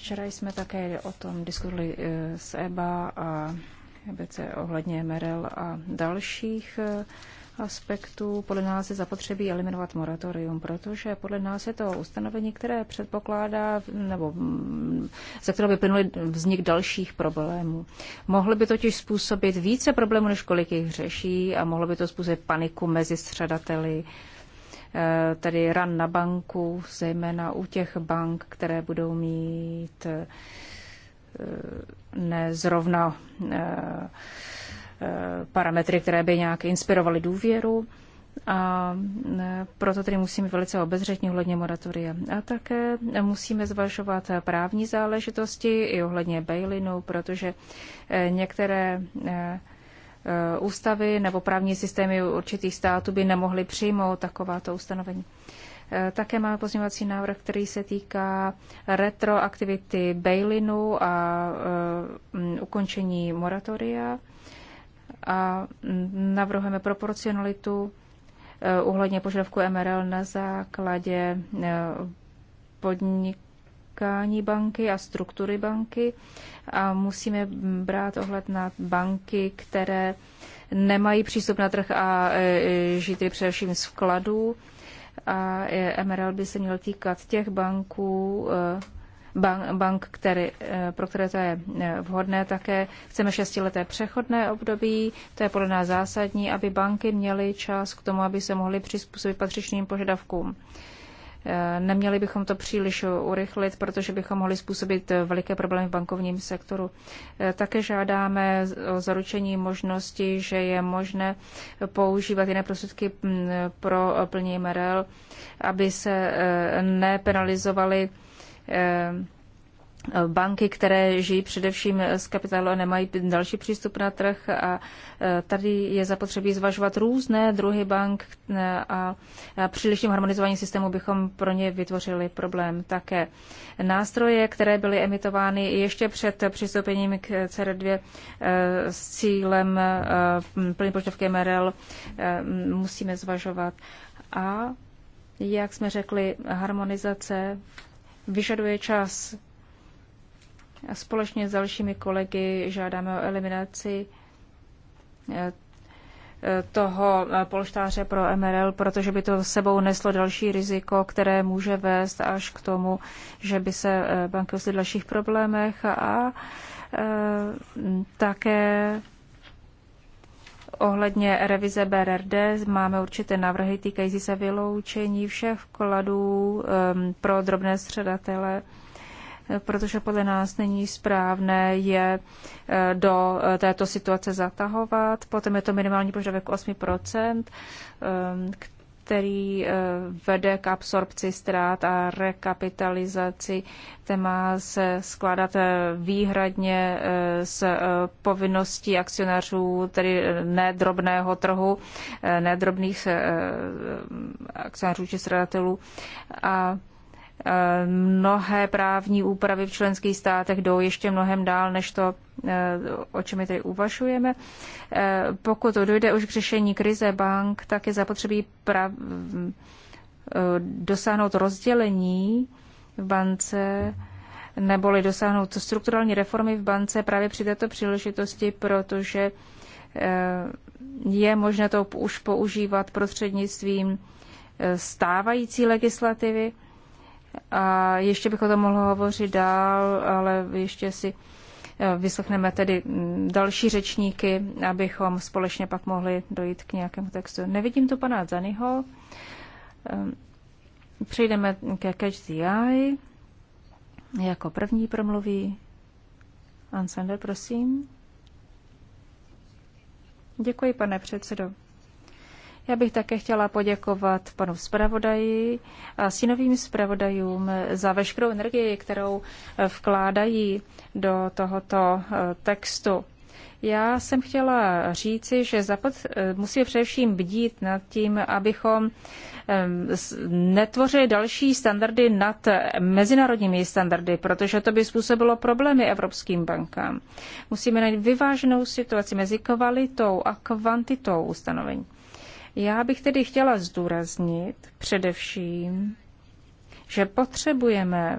Včera jsme také o tom diskutovali eh, s EBA a BC ohledně MRL a dalších eh, aspektů. Podle nás je zapotřebí eliminovat moratorium, protože podle nás je to ustanovení, které předpokládá, nebo mm, ze kterého by plynul vznik dalších problémů. Mohlo by totiž způsobit více problémů, než kolik jich řeší a mohlo by to způsobit paniku mezi střadateli Eh, tedy ran na banku, zejména u těch bank, které budou mít eh, nezrovna eh, parametry, které by nějak inspirovaly důvěru. A proto tedy musíme velice obezřetně ohledně moratoria. A také musíme zvažovat právní záležitosti i ohledně bailinu, protože některé Eh, ústavy nebo právní systémy určitých států by nemohly přijmout takováto ustanovení. Eh, také máme pozměňovací návrh, který se týká retroaktivity bailinu a eh, ukončení moratoria. A navrhujeme proporcionalitu uhledně požadavku MRL na základě podnik podnikání banky a struktury banky a musíme brát ohled na banky, které nemají přístup na trh a e, e, žijí především z vkladů. A e, MRL by se měl týkat těch banků, bank, bank který, pro které to je vhodné také. Chceme šestileté přechodné období, to je podle nás zásadní, aby banky měly čas k tomu, aby se mohly přizpůsobit patřičným požadavkům. Neměli bychom to příliš urychlit, protože bychom mohli způsobit veliké problémy v bankovním sektoru. Také žádáme o zaručení možnosti, že je možné používat jiné prostředky mm, pro plnění MRL, aby se eh, nepenalizovaly eh, banky, které žijí především z kapitálu a nemají další přístup na trh. A e, tady je zapotřebí zvažovat různé druhy bank e, a přílišním harmonizování systému bychom pro ně vytvořili problém také. Nástroje, které byly emitovány ještě před přistoupením k CR2 e, s cílem plný požadavky MRL, musíme zvažovat. A jak jsme řekli, harmonizace vyžaduje čas a společně s dalšími kolegy žádáme o eliminaci eh, eh, toho eh, polštáře pro MRL, protože by to sebou neslo další riziko, které může vést až k tomu, že by se banky v dalších problémech a také ohledně revize BRD máme určité návrhy týkající se vyloučení všech vkladů pro drobné středatele protože podle nás není správné je eh, do eh, této situace zatahovat. Potom je to minimální požadavek 8%, eh, který vede k absorpci ztrát a rekapitalizaci. Ten má se skládat výhradně z povinností akcionářů, tedy nedrobného trhu, nedrobných akcionářů či stradatelů. A mnohé právní úpravy v členských státech jdou ještě mnohem dál, než to, eh, o čem my tady uvažujeme. Eh, pokud dojde už k řešení krize bank, tak je zapotřebí prav... Eh, dosáhnout rozdělení v bance neboli dosáhnout strukturální reformy v bance právě při této příležitosti, protože je možné to už používat prostřednictvím stávající legislativy a ještě bych o tom mohl hovořit dál, ale ještě si eh, vyslechneme tedy mm, další řečníky, abychom společně pak mohli dojít k nějakému textu. Nevidím tu pana Zaniho. Ehm, přejdeme ke Catch the Eye. Jako první promluví Ansander, prosím. Děkuji, pane předsedo. Já bych také chtěla poděkovat panu zpravodaji a synovým zpravodajům za veškerou energii, kterou eh, vkládají do tohoto eh, textu. Já jsem chtěla říci, že Západ eh, musí především bdít nad tím, abychom netvořili další standardy nad mezinárodními standardy, protože to by způsobilo problémy evropským bankám. Musíme najít vyváženou situaci mezi kvalitou a kvantitou ustanovení. Já bych tedy chtěla zdůraznit především, že potřebujeme,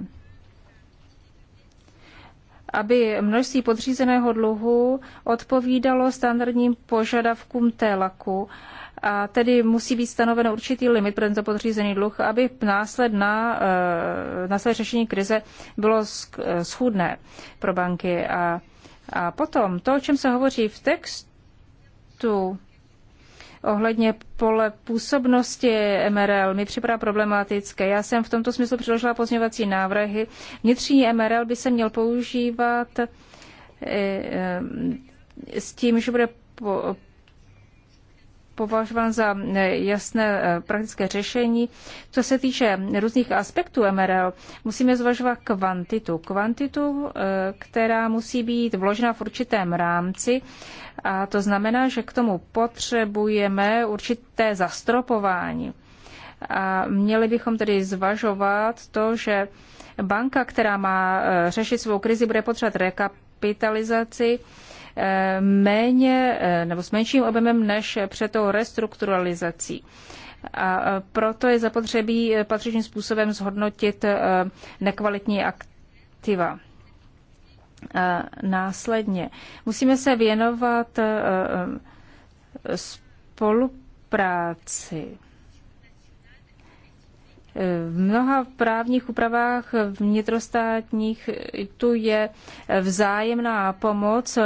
aby množství podřízeného dluhu odpovídalo standardním požadavkům TELAKu, a tedy musí být stanoven určitý limit pro tento podřízený dluh, aby následná, eh, následné řešení krize bylo eh, schůdné pro banky. A, a potom to, o čem se hovoří v textu, ohledně pole působnosti MRL mi připadá problematické. Já jsem v tomto smyslu předložila pozměňovací návrhy. Vnitřní MRL by se měl používat eh, eh, s tím, že bude považován za eh, jasné eh, praktické řešení. Co se týče různých aspektů MRL, musíme zvažovat kvantitu. Kvantitu, eh, která musí být vložena v určitém rámci a to znamená, že k tomu potřebujeme určité zastropování. A měli bychom tedy zvažovat to, že banka, která má řešit svou krizi, bude potřebovat rekapitalizaci, méně eh, nebo s menším objemem než před tou restrukturalizací. A eh, proto je zapotřebí eh, patřičným způsobem zhodnotit nekvalitní aktiva. A následně musíme se věnovat spolupráci v mnoha právních úpravách vnitrostátních tu je vzájemná pomoc eh,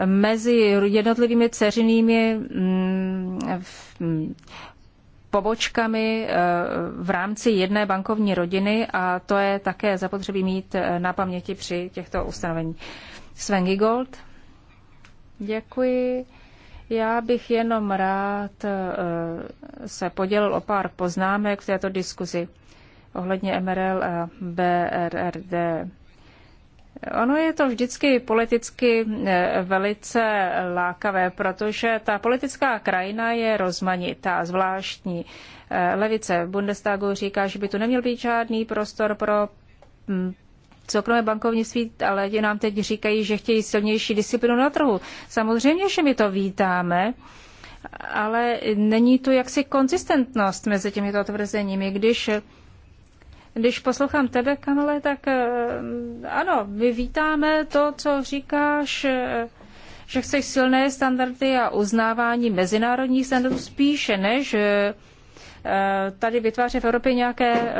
eh, mezi jednotlivými ceřinými mm, mm, pobočkami eh, v rámci jedné bankovní rodiny a to je také zapotřebí mít na paměti při těchto ustanovení. Sven Gold. Děkuji. Já bych jenom rád eh, se podělil o pár poznámek v této diskuzi ohledně MRL a BRRD. Ono je to vždycky politicky eh, velice lákavé, protože ta politická krajina je rozmanitá, zvláštní. Eh, levice v Bundestagu říká, že by tu neměl být žádný prostor pro mm, soukromé bankovnictví, ale ti nám teď říkají, že chtějí silnější disciplinu na trhu. Samozřejmě, že my to vítáme, ale není tu jaksi konzistentnost mezi těmito tvrzeními. Když když poslouchám tebe, Kamele, tak eh, ano, my vítáme to, co říkáš, eh, že chceš silné standardy a uznávání mezinárodních standardů spíše, než eh, tady vytváří v Evropě nějaké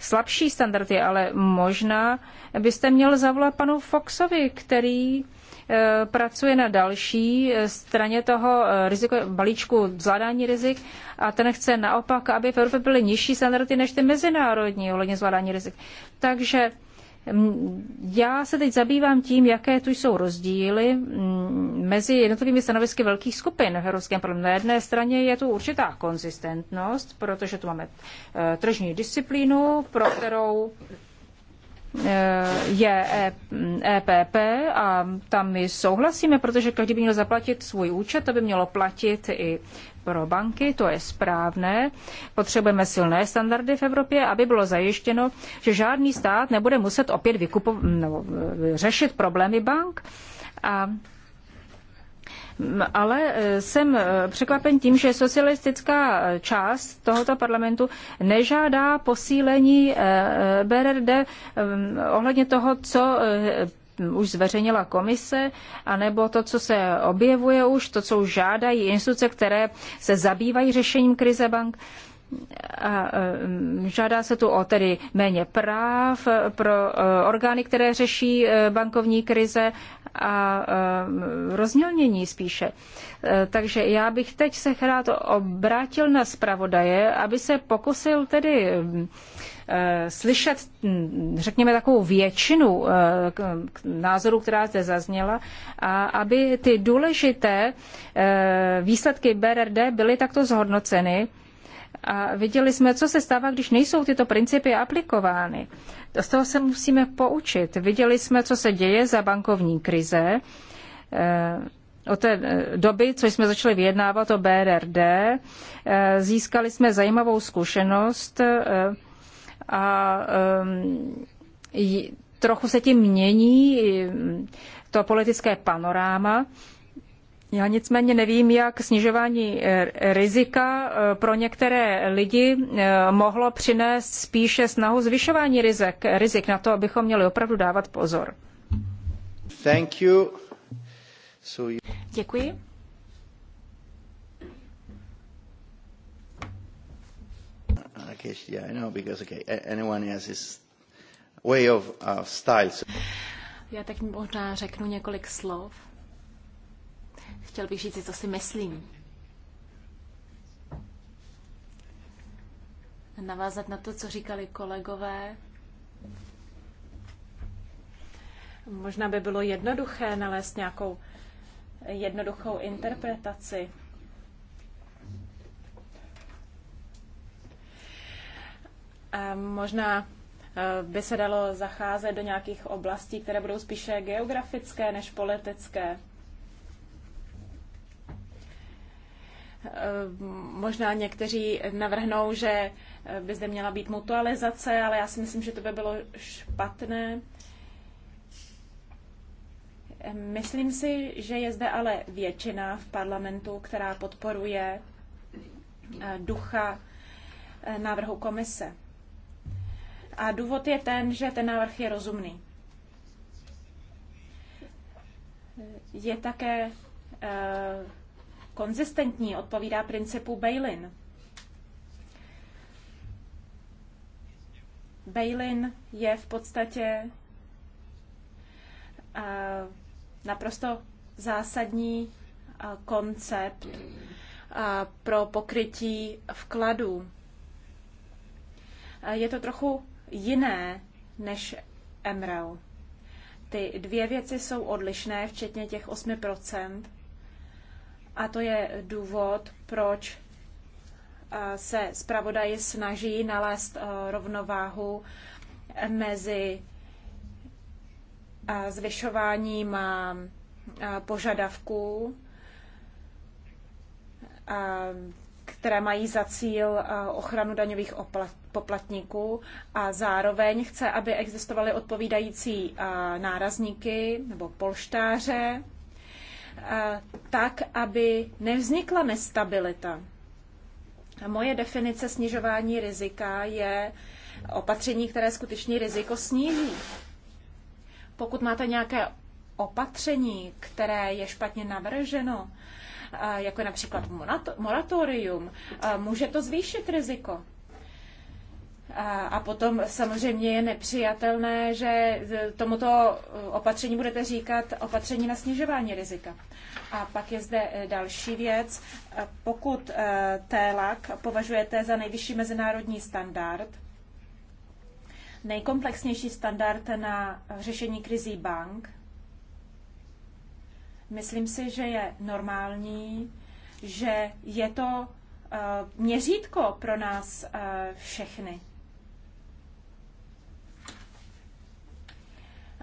slabší standardy, ale možná byste měl zavolat panu Foxovi, který eh, pracuje na další eh, straně toho eh, riziko, balíčku zvládání rizik a ten chce naopak, aby v Evropě byly nižší standardy než ty mezinárodní ohledně zvládání rizik. Takže já se teď zabývám tím, jaké tu jsou rozdíly mm, mezi jednotlivými stanovisky velkých skupin v Evropském parlamentu. Na jedné straně je tu určitá konzistentnost, protože tu máme eh, tržní disciplínu, pro kterou je EPP a tam my souhlasíme, protože každý by měl zaplatit svůj účet, to by mělo platit i pro banky, to je správné. Potřebujeme silné standardy v Evropě, aby bylo zajištěno, že žádný stát nebude muset opět vykupo- no, řešit problémy bank. A ale e, jsem e, překvapen tím, že socialistická část tohoto parlamentu nežádá posílení e, BRD ohledně toho, co už zveřejnila komise, anebo to, co se objevuje už, to, co už žádají instituce, které se zabývají řešením krize bank a e, žádá se tu o tedy méně práv pro e, orgány, které řeší e, bankovní krize a rozmělnění spíše. Takže já bych teď se rád obrátil na zpravodaje, aby se pokusil tedy slyšet, řekněme, takovou většinu názorů, která zde zazněla, a aby ty důležité výsledky BRD byly takto zhodnoceny a viděli jsme, co se stává, když nejsou tyto principy aplikovány. Z toho se musíme poučit. Viděli jsme, co se děje za bankovní krize. Eh, od té eh, doby, co jsme začali vyjednávat o BRD, eh, získali jsme zajímavou zkušenost a trochu se tím mění to politické panoráma já nicméně nevím, jak snižování eh, rizika eh, pro některé lidi eh, mohlo přinést spíše snahu zvyšování rizik, rizik na to, abychom měli opravdu dávat pozor. Thank you. So you... Děkuji. Já tak možná řeknu několik slov Chtěl bych říct, co si myslím. Navázat na to, co říkali kolegové. Možná by bylo jednoduché nalézt nějakou jednoduchou interpretaci. A možná e, by se dalo zacházet do nějakých oblastí, které budou spíše geografické než politické. Eh, možná někteří navrhnou, že eh, by zde měla být mutualizace, ale já si myslím, že to by bylo špatné. Eh, myslím si, že je zde ale většina v parlamentu, která podporuje ducha návrhu komise. A důvod je ten, že ten návrh je rozumný. Je také konzistentní, odpovídá principu Bailin. Bailin je v podstatě eh, naprosto zásadní eh, koncept eh, pro pokrytí vkladů. Je to trochu jiné než MREL. Ty dvě věci jsou odlišné, včetně těch 8%. A to je důvod, proč eh, se zpravodaji snaží nalézt eh, rovnováhu mezi eh, zvyšováním požadavků, které mají za cíl ochranu daňových poplatníků a zároveň chce, aby existovaly odpovídající nárazníky nebo polštáře, tak, aby nevznikla nestabilita. A moje definice snižování rizika je opatření, které skutečně riziko sníží. Pokud máte nějaké opatření, které je špatně navrženo, jako je například moratorium, může to zvýšit riziko. A potom samozřejmě je nepřijatelné, že tomuto opatření budete říkat opatření na snižování rizika. A pak je zde e, další věc. E, pokud e, TELAC považujete za nejvyšší mezinárodní standard, nejkomplexnější standard na řešení krizí bank, myslím si, že je normální, že je to měřítko pro nás všechny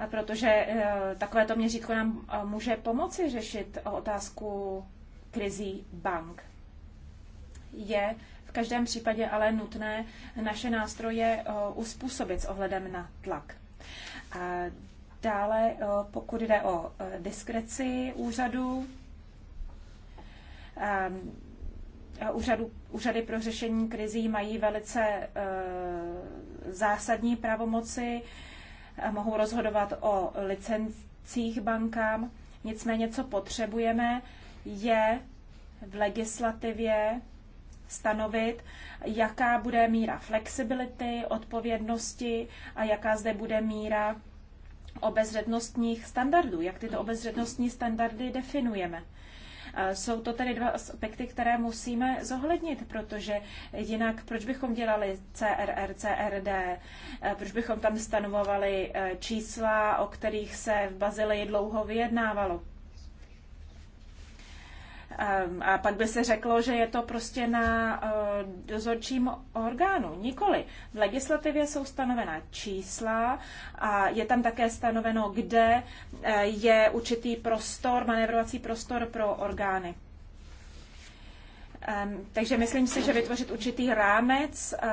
protože eh, takovéto měřítko nám eh, může pomoci řešit otázku krizí bank. Je v každém případě ale nutné naše nástroje eh, uspůsobit s ohledem na tlak. A dále, pokud jde o diskreci úřadu, ehm, úřadu, úřady pro řešení krizí mají velice zásadní pravomoci, mohou rozhodovat o licencích bankám. Nicméně, co potřebujeme, je v legislativě stanovit, jaká bude míra flexibility, odpovědnosti a jaká zde bude míra obezřetnostních standardů, jak tyto obezřetnostní standardy definujeme. Eh, jsou to tedy dva aspekty, které musíme zohlednit, protože jinak proč bychom dělali CRR, CRD, eh, proč bychom tam stanovovali eh, čísla, o kterých se v Bazileji dlouho vyjednávalo. Ehm, a pak by se řeklo, že je to prostě na eh, dozorčím orgánu. Nikoli. V legislativě jsou stanovena čísla a je tam také stanoveno, kde eh, je určitý prostor, manévrovací prostor pro orgány. Ehm, takže myslím si, že vytvořit určitý rámec, eh,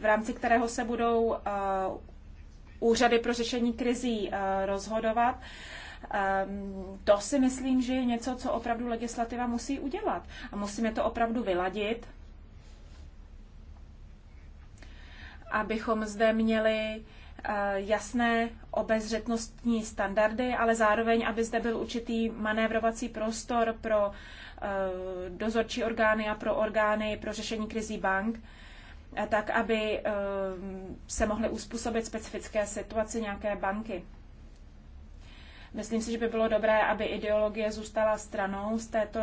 v rámci kterého se budou úřady pro řešení krizí rozhodovat, Ehm, to si myslím, že je něco, co opravdu legislativa musí udělat. A musíme to opravdu vyladit, abychom zde měli eh, jasné obezřetnostní standardy, ale zároveň, aby zde byl určitý manévrovací prostor pro eh, dozorčí orgány a pro orgány pro řešení krizí bank, eh, tak aby ehm, se mohly uspůsobit specifické situaci nějaké banky. Myslím si, že by bylo dobré, aby ideologie zůstala stranou z této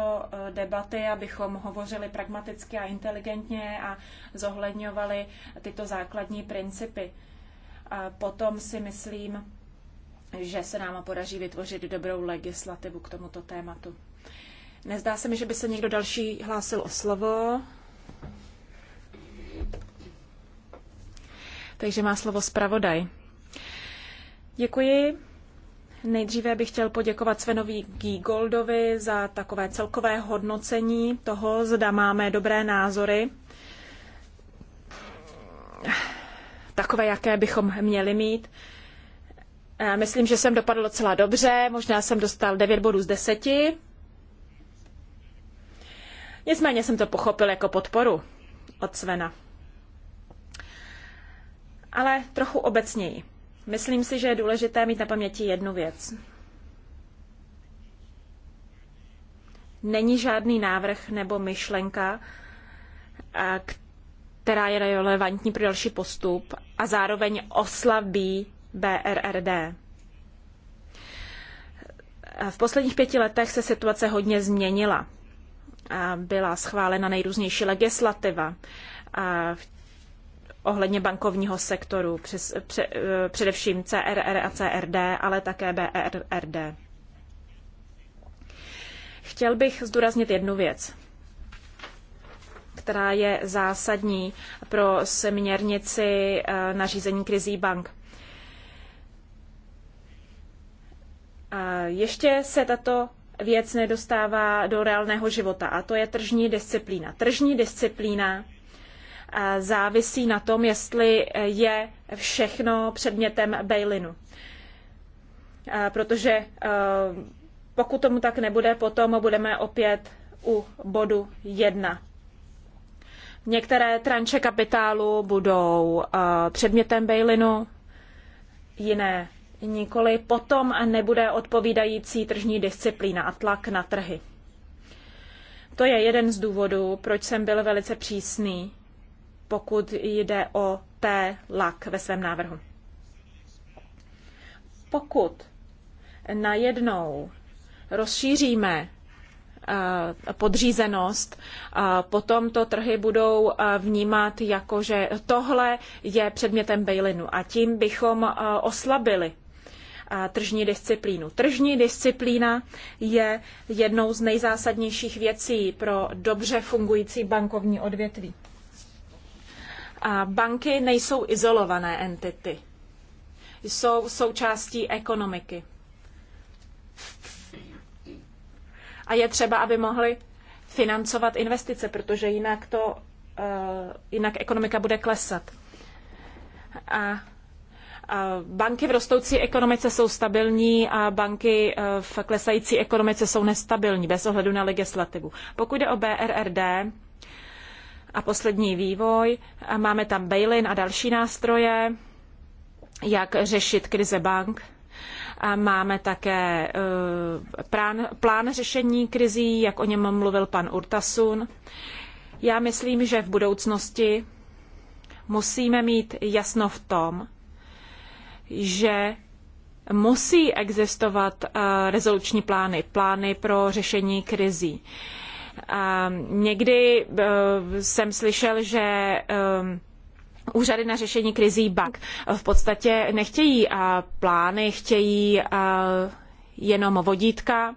eh, debaty, abychom hovořili pragmaticky a inteligentně a zohledňovali tyto základní principy. A potom si myslím, že se nám podaří vytvořit dobrou legislativu k tomuto tématu. Nezdá se mi, že by se někdo další hlásil o slovo. Takže má slovo zpravodaj. Děkuji. Nejdříve bych chtěl poděkovat Svenovi Gigoldovi za takové celkové hodnocení toho, zda máme dobré názory, takové, jaké bychom měli mít. Eh, myslím, že jsem dopadl docela dobře, možná jsem dostal 9 bodů z 10. Nicméně jsem to pochopil jako podporu od Svena. Ale trochu obecněji. Myslím si, že je důležité mít na paměti jednu věc. Není žádný návrh nebo myšlenka, která je relevantní pro další postup a zároveň oslabí BRRD. V posledních pěti letech se situace hodně změnila. Byla schválena nejrůznější legislativa ohledně bankovního sektoru, přes, pře, eh, především CRR a CRD, ale také BRRD. E Chtěl bych zdůraznit jednu věc, která je zásadní pro směrnici eh, nařízení krizí bank. Ještě se tato věc nedostává do reálného života a to je tržní disciplína. Tržní disciplína závisí na tom, jestli je všechno předmětem bailinu. Protože e, pokud tomu tak nebude, potom budeme opět u bodu 1. Některé tranče kapitálu budou e, předmětem bailinu, jiné nikoli. Potom nebude odpovídající tržní disciplína a tlak na trhy. To je jeden z důvodů, proč jsem byl velice přísný pokud jde o T-lak ve svém návrhu. Pokud najednou rozšíříme eh, podřízenost, eh, potom to trhy budou eh, vnímat jako, že tohle je předmětem bailinu a tím bychom oslabili tržní disciplínu. Tržní disciplína je jednou z nejzásadnějších věcí pro dobře fungující bankovní odvětví. Banky nejsou izolované entity. Jsou součástí ekonomiky. A je třeba, aby mohly financovat investice, protože jinak to, eh, jinak ekonomika bude klesat. A banky v rostoucí ekonomice jsou stabilní a banky eh, v klesající ekonomice jsou nestabilní bez ohledu na legislativu. Pokud jde o BRRD, a poslední vývoj. máme tam bail-in a další nástroje, jak řešit krize bank. A máme také eh, prán, plán řešení krizí, jak o něm mluvil pan Urtasun. Já myslím, že v budoucnosti musíme mít jasno v tom, že musí existovat eh, rezoluční plány, plány pro řešení krizí. Někdy eh, jsem slyšel, že eh, úřady na řešení krizí bak v podstatě nechtějí eh, plány, chtějí jenom vodítka,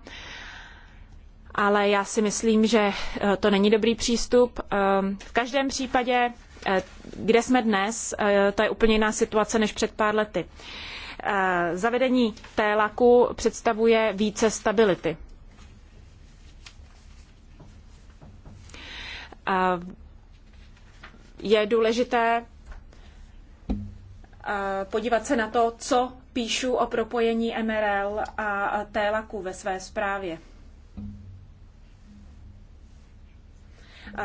ale já si myslím, že to není dobrý přístup. V každém případě, kde jsme dnes, to je úplně jiná situace než před pár lety. Zavedení télaku představuje více stability. je důležité eh, podívat se na to, co píšu o propojení MRL a TELAKu ve své zprávě.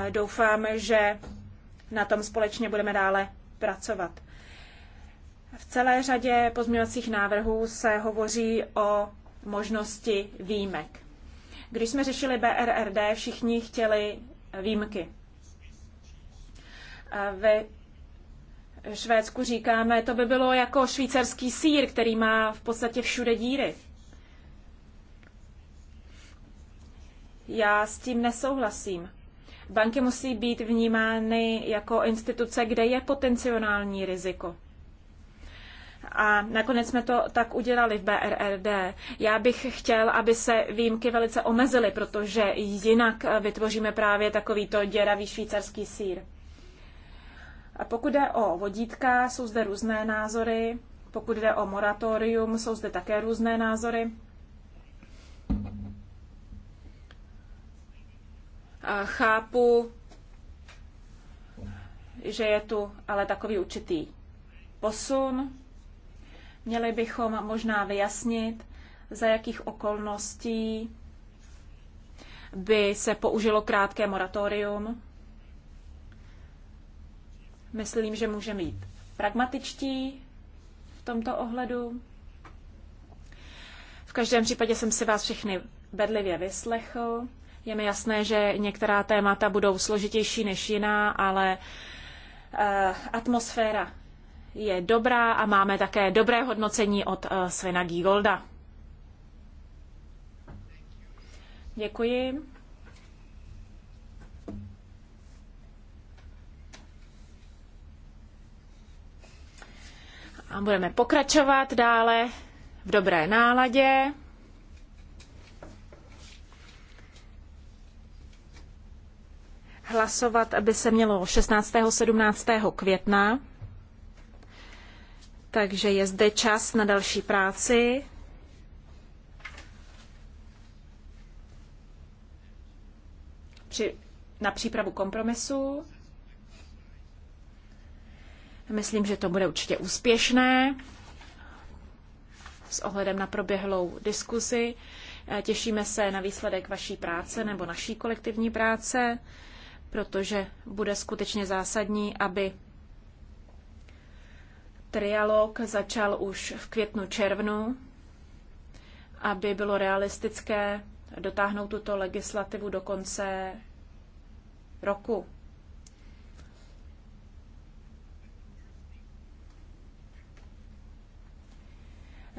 Doufám, že na tom společně budeme dále pracovat. V celé řadě pozměňovacích návrhů se hovoří o možnosti výjimek. Když jsme řešili BRRD, všichni chtěli výjimky. Ve Švédsku říkáme, to by bylo jako švýcarský sír, který má v podstatě všude díry. Já s tím nesouhlasím. Banky musí být vnímány jako instituce, kde je potenciální riziko. A nakonec jsme to tak udělali v BRRD. Já bych chtěl, aby se výjimky velice omezily, protože jinak vytvoříme právě takovýto děravý švýcarský sír. A pokud jde o vodítka, jsou zde různé názory. Pokud jde o moratorium, jsou zde také různé názory. A chápu, že je tu ale takový určitý posun. Měli bychom možná vyjasnit, za jakých okolností by se použilo krátké moratorium. Myslím, že můžeme být pragmatičtí v tomto ohledu. V každém případě jsem si vás všechny bedlivě vyslechl. Je mi jasné, že některá témata budou složitější než jiná, ale eh, atmosféra je dobrá a máme také dobré hodnocení od eh, Svena Gigolda. Děkuji. A budeme pokračovat dále v dobré náladě. Hlasovat by se mělo 16. 17. května. Takže je zde čas na další práci. Při, na přípravu kompromisu. Myslím, že to bude určitě úspěšné s ohledem na proběhlou diskuzi. Eh, těšíme se na výsledek vaší práce nebo naší kolektivní práce, protože bude skutečně zásadní, aby Trialog začal už v květnu červnu, aby bylo realistické dotáhnout tuto legislativu do konce roku.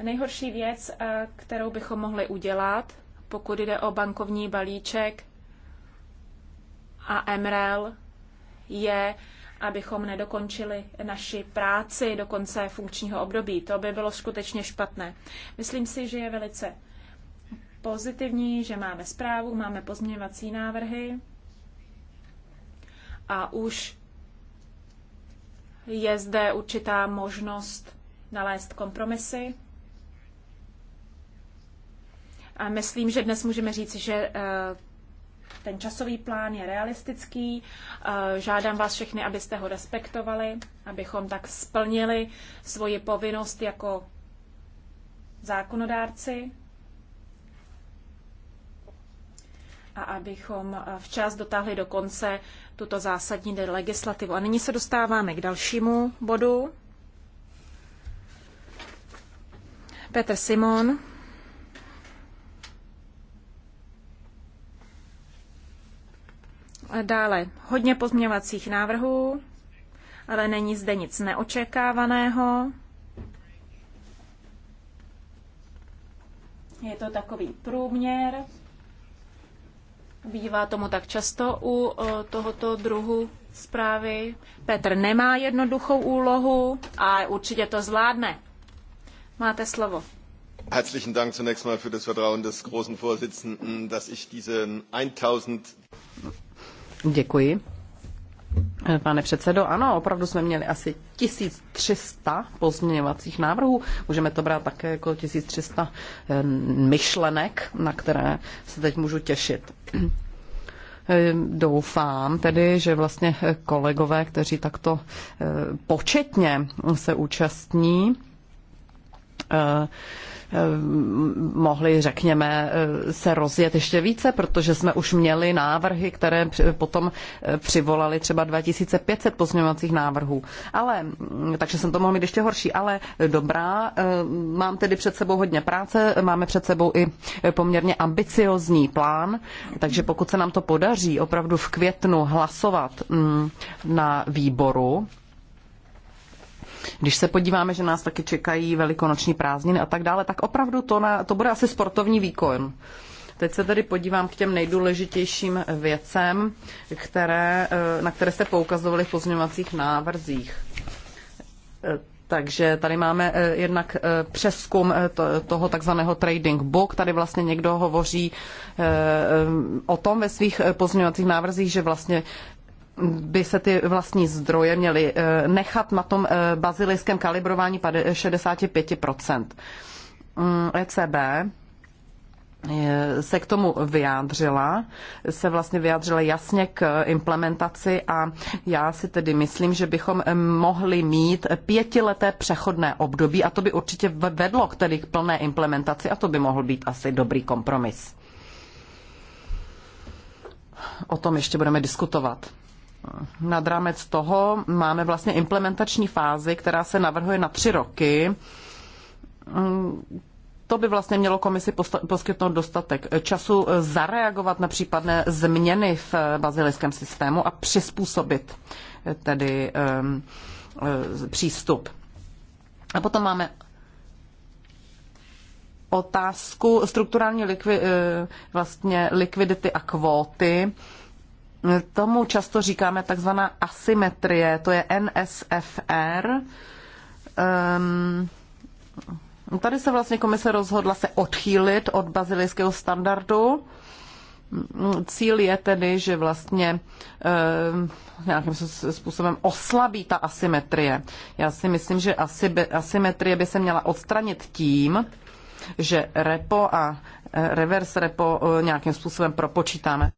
Nejhorší věc, eh, kterou bychom mohli udělat, pokud jde o bankovní balíček a MREL, je abychom nedokončili naši práci do konce funkčního období. To by bylo skutečně špatné. Myslím si, že je velice pozitivní, že máme zprávu, máme pozměňovací návrhy a už je zde určitá možnost nalézt kompromisy. A myslím, že dnes můžeme říct, že eh, ten časový plán je realistický. Eh, žádám vás všechny, abyste ho respektovali, abychom tak splnili svoji povinnost jako zákonodárci a abychom eh, včas dotáhli do konce tuto zásadní legislativu. A nyní se dostáváme k dalšímu bodu. Petr Simon. Dále hodně pozměňovacích návrhů, ale není zde nic neočekávaného. Je to takový průměr. Bývá tomu tak často u tohoto druhu zprávy. Petr nemá jednoduchou úlohu a určitě to zvládne. Máte slovo. Herzlichen Dank zunächst mal für das Vertrauen des großen Vorsitzenden, dass ich diesen 1000 Děkuji. Eh, pane předsedo, ano, opravdu jsme měli asi 1300 pozměňovacích návrhů. Můžeme to brát také jako 1300 eh, myšlenek, na které se teď můžu těšit. Eh, doufám tedy, že vlastně kolegové, kteří takto početně se účastní, Eh, mohly, řekněme, eh, se rozjet ještě více, protože jsme už měli návrhy, které potom eh, přivolali třeba 2500 pozměňovacích návrhů. Ale, mm, takže jsem to mohl mít ještě horší, ale dobrá, mám tedy před sebou hodně práce, máme před sebou i poměrně ambiciozní plán, takže pokud se nám to podaří opravdu v květnu hlasovat mm, na výboru, když se podíváme, že nás taky čekají velikonoční prázdniny a tak dále, tak opravdu to, na, to bude asi sportovní výkon. Teď se tedy podívám k těm nejdůležitějším věcem, které, eh, na které jste poukazovali v pozměňovacích návrzích. Eh, takže tady máme eh, jednak přeskum toho takzvaného trading book. Tady vlastně někdo hovoří o tom ve svých pozměňovacích návrzích, že vlastně by se ty vlastní zdroje měly eh, nechat na tom eh, bazilijském kalibrování 65%. Mm, ECB eh, se k tomu vyjádřila, se vlastně vyjádřila jasně k implementaci a já si tedy myslím, že bychom mohli mít pětileté přechodné období a to by určitě vedlo k tedy k plné implementaci a to by mohl být asi dobrý kompromis. O tom ještě budeme diskutovat nad rámec toho máme vlastně implementační fázi, která se navrhuje na tři roky. To by vlastně mělo komisi poskytnout dostatek času eh, zareagovat na případné změny v eh, bazilickém systému a přizpůsobit eh, tedy um, přístup. A potom máme otázku strukturální likvi, vlastně likvidity a kvóty. Tomu často říkáme takzvaná asymetrie, to je NSFR. Um, ehm, tady se vlastně komise rozhodla se odchýlit od bazilijského standardu. Cíl je tedy, že vlastně um, nějakým způsobem oslabí ta asymetrie. Já si myslím, že asymetrie by se měla odstranit tím, že repo a eh, reverse repo eh, nějakým způsobem propočítáme.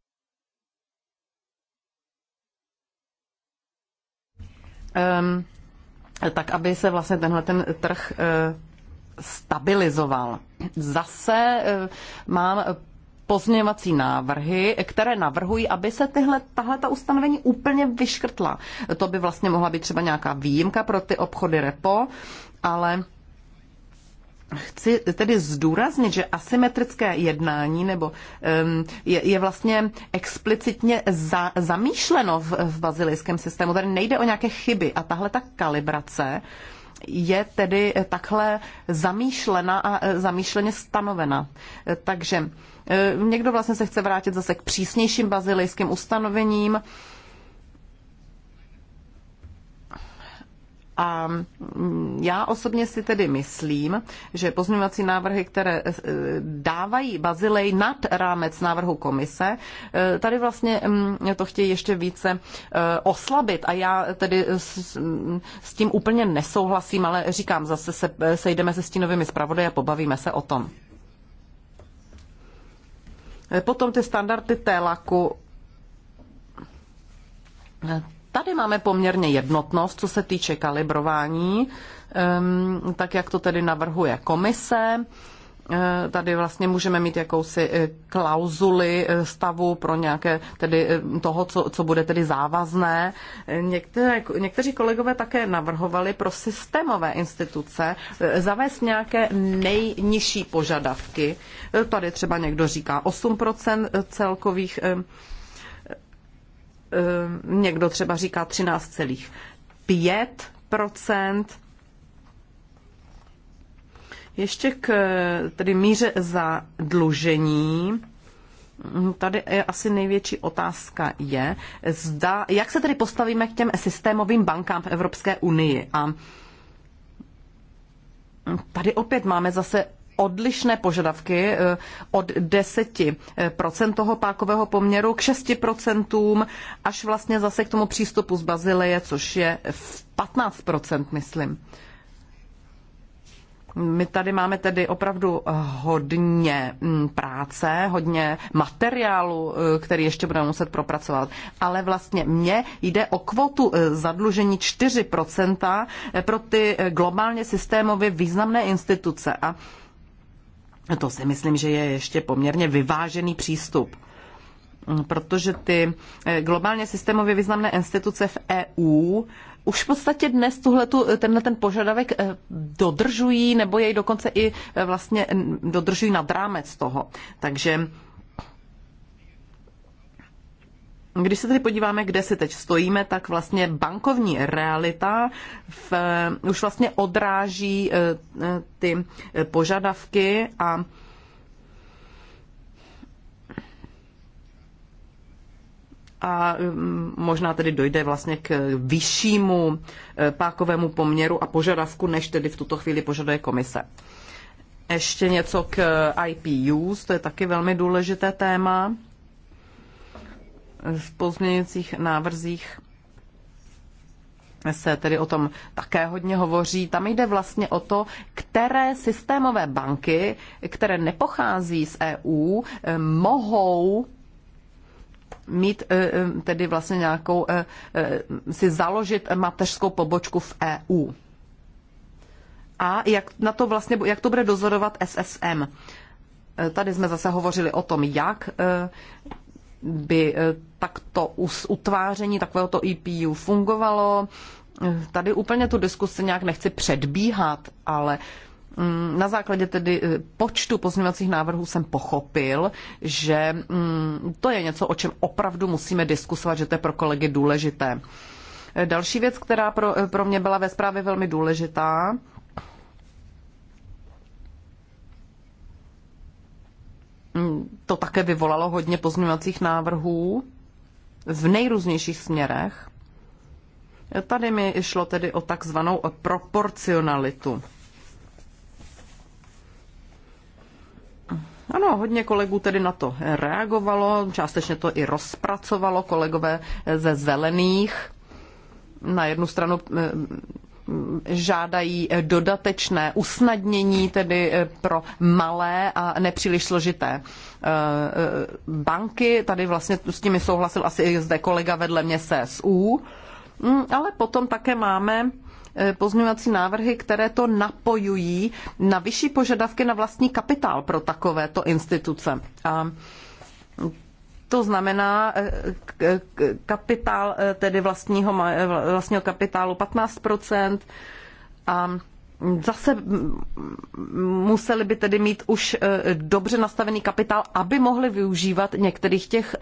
tak aby se vlastně tenhle ten trh eh, stabilizoval. Zase eh, mám pozměňovací návrhy, které navrhují, aby se tyhle, tahle ta ustanovení úplně vyškrtla. To by vlastně mohla být třeba nějaká výjimka pro ty obchody repo, ale Chci tedy zdůraznit, že asymetrické jednání nebo um, je, je vlastně explicitně za, zamýšleno v, v bazilijském systému. Tady nejde o nějaké chyby a tahle ta kalibrace je tedy takhle zamýšlena a e, zamýšleně stanovena. E, takže e, někdo vlastně se chce vrátit zase k přísnějším bazilijským ustanovením, A mm, já osobně si tedy myslím, že pozměňovací návrhy, které e, dávají Bazilej nad rámec návrhu komise, e, tady vlastně mm, to chtějí ještě více e, oslabit. A já tedy s, tím úplně nesouhlasím, ale říkám, zase se, sejdeme se stínovými zpravodaji a pobavíme se o tom. Potom ty standardy laku. Tady máme poměrně jednotnost, co se týče kalibrování, tak jak to tedy navrhuje komise. Eh, tady vlastně můžeme mít jakousi eh, klauzuli eh, stavu pro nějaké tedy toho, co, co bude tedy závazné. Některé, někteří kolegové také navrhovali pro systémové instituce zavést nějaké nejnižší požadavky. Tady třeba někdo říká 8% celkových Ehm, někdo třeba říká 13,5 Ještě k tedy míře zadlužení. Tady je asi největší otázka je, zda, jak se tedy postavíme k těm systémovým bankám v Evropské unii. A tady opět máme zase odlišné požadavky eh, od 10% eh, toho pákového poměru k 6% až vlastně zase k tomu přístupu z Bazileje, což je 15%, myslím. My tady máme tedy opravdu hodně mm, práce, hodně materiálu, eh, který ještě budeme muset propracovat. Ale vlastně mně jde o kvotu zadlužení 4% pro ty globálně systémově významné instituce. A to si myslím, že je ještě poměrně vyvážený přístup protože ty eh, globálně systémově významné instituce v EU už v podstatě dnes tuhletu, tenhle ten požadavek eh, dodržují, nebo jej dokonce i eh, vlastně dodržují nad rámec toho. Takže Když se tedy podíváme, kde si teď stojíme, tak vlastně bankovní realita v, už vlastně odráží eh, eh, ty eh, požadavky a a mm, možná tedy dojde vlastně k vyššímu pákovému poměru a požadavku, než tedy v tuto chvíli požaduje komise. Ještě něco k IPUs, to je taky velmi důležité téma v pozměňujících návrzích se tedy o tom také hodně hovoří. Tam jde vlastně o to, které systémové banky, které nepochází z EU, mohou mít eh, eh, tedy vlastně nějakou, eh, si založit mateřskou pobočku v EU. A jak, na to vlastně, jak to bude dozorovat SSM? Tady jsme zase hovořili o tom, jak by eh, takto utváření takovéhoto EPU fungovalo. Eh, tady úplně tu diskusi nějak nechci předbíhat, ale mm, na základě tedy eh, počtu pozměňovacích návrhů jsem pochopil, že mm, to je něco, o čem opravdu musíme diskusovat, že to je pro kolegy důležité. Další věc, která pro, pro mě byla ve zprávě velmi důležitá, to také vyvolalo hodně pozměňovacích návrhů v nejrůznějších směrech. Tady mi šlo tedy o takzvanou proporcionalitu. Ano, hodně kolegů tedy na to reagovalo, částečně to i rozpracovalo kolegové ze zelených. Na jednu stranu žádají dodatečné usnadnění tedy eh, pro malé a nepříliš složité eh, banky. Tady vlastně s těmi souhlasil asi i zde kolega vedle mě SSU. Mm, ale potom také máme eh, pozměňovací návrhy, které to napojují na vyšší požadavky na vlastní kapitál pro takovéto instituce. A to znamená eh, kapitál, eh, tedy vlastního, vlastního kapitálu 15% a zase museli by tedy mít už eh, dobře nastavený kapitál, aby mohli využívat některých těch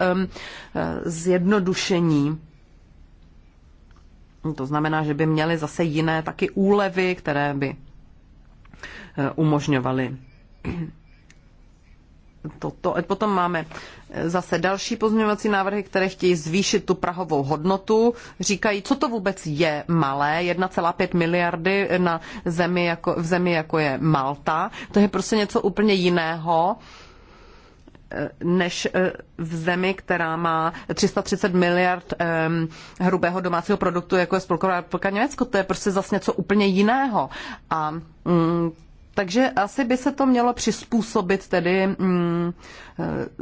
zjednodušení. To znamená, že by měli zase jiné taky úlevy, které by umožňovaly toto. A potom máme eh, zase další pozměňovací návrhy, které chtějí zvýšit tu prahovou hodnotu. Říkají, co to vůbec je malé, 1,5 miliardy na zemi jako, v zemi, jako je Malta. To je prostě něco úplně jiného eh, než eh, v zemi, která má 330 miliard um, hrubého domácího produktu, jako je Spolková republika Německo. To je prostě zase něco úplně jiného. A um, takže asi by se to mělo přizpůsobit tedy hm,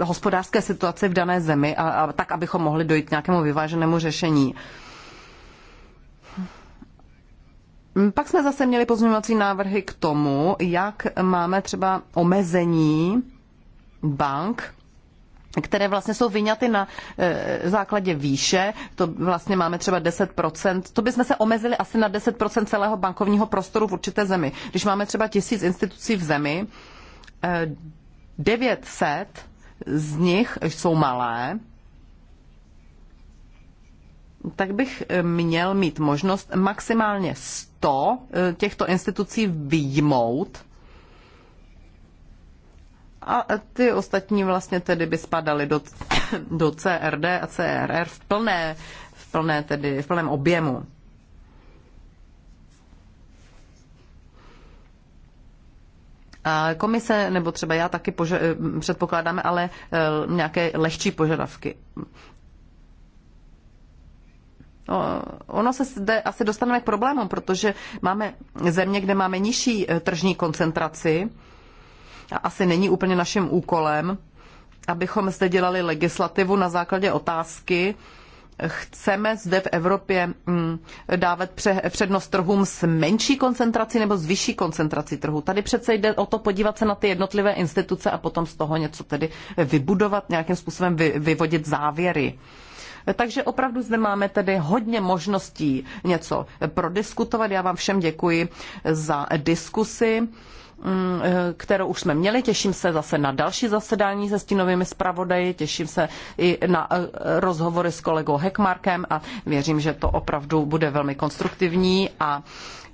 hospodářské situaci v dané zemi a, a tak, abychom mohli dojít k nějakému vyváženému řešení. Mm, pak jsme zase měli pozměňovací návrhy k tomu, jak máme třeba omezení bank které vlastně jsou vyňaty na e, základě výše, to vlastně máme třeba 10%, to bychom se omezili asi na 10% celého bankovního prostoru v určité zemi. Když máme třeba tisíc institucí v zemi, e, eh, 900 z nich jsou malé, tak bych eh, měl mít možnost maximálně 100 těchto institucí vyjmout a ty ostatní vlastně tedy by spadaly do, do CRD a CRR v plné, v plné tedy, v plném objemu. A komise, nebo třeba já taky pože- předpokládáme, ale eh, nějaké lehčí požadavky. Ono se zde asi dostaneme k problémům, protože máme země, kde máme nižší eh, tržní koncentraci, a asi není úplně naším úkolem, abychom zde dělali legislativu na základě otázky, chceme zde v Evropě mm, dávat přednost trhům s menší koncentrací nebo s vyšší koncentrací trhu. Tady přece jde o to podívat se na ty jednotlivé instituce a potom z toho něco tedy vybudovat, nějakým způsobem vyvodit závěry. Takže opravdu zde máme tedy hodně možností něco prodiskutovat. Já vám všem děkuji za diskusi. Mm, eh, kterou už jsme měli. Těším se zase na další zasedání se stínovými zpravodaji, těším se i na eh, rozhovory s kolegou Hekmarkem a věřím, že to opravdu bude velmi konstruktivní a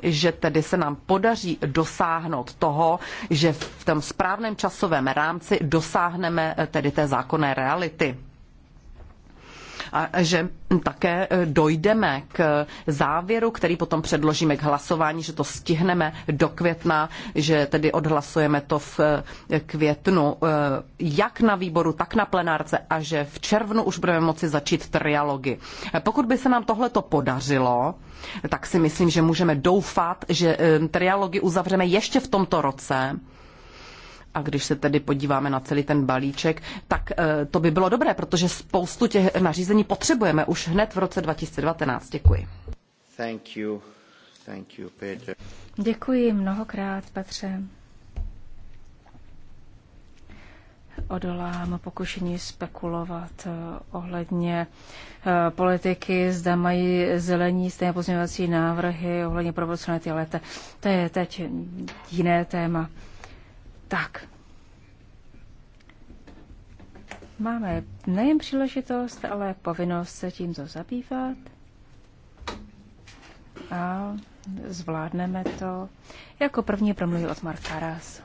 že tedy se nám podaří dosáhnout toho, že v tom správném časovém rámci dosáhneme eh, tedy té zákonné reality a že také e, dojdeme k závěru, který potom předložíme k hlasování, že to stihneme do května, že tedy odhlasujeme to v e, květnu e, jak na výboru, tak na plenárce a že v červnu už budeme moci začít trialogy. Pokud by se nám tohle to podařilo, tak si myslím, že můžeme doufat, že trialogy uzavřeme ještě v tomto roce a když se tedy podíváme na celý ten balíček, tak eh, to by bylo dobré, protože spoustu těch nařízení potřebujeme už hned v roce 2019. Děkuji. Thank you. Thank you, Peter. Děkuji mnohokrát, Petře. odolám pokušení spekulovat eh, ohledně eh, politiky, zda mají zelení stejné pozměňovací návrhy ohledně proporcionality lete. To je teď jiné téma. Tak. Máme nejen příležitost, ale povinnost se tímto zabývat a zvládneme to. Jako první promluví od Marka Ras.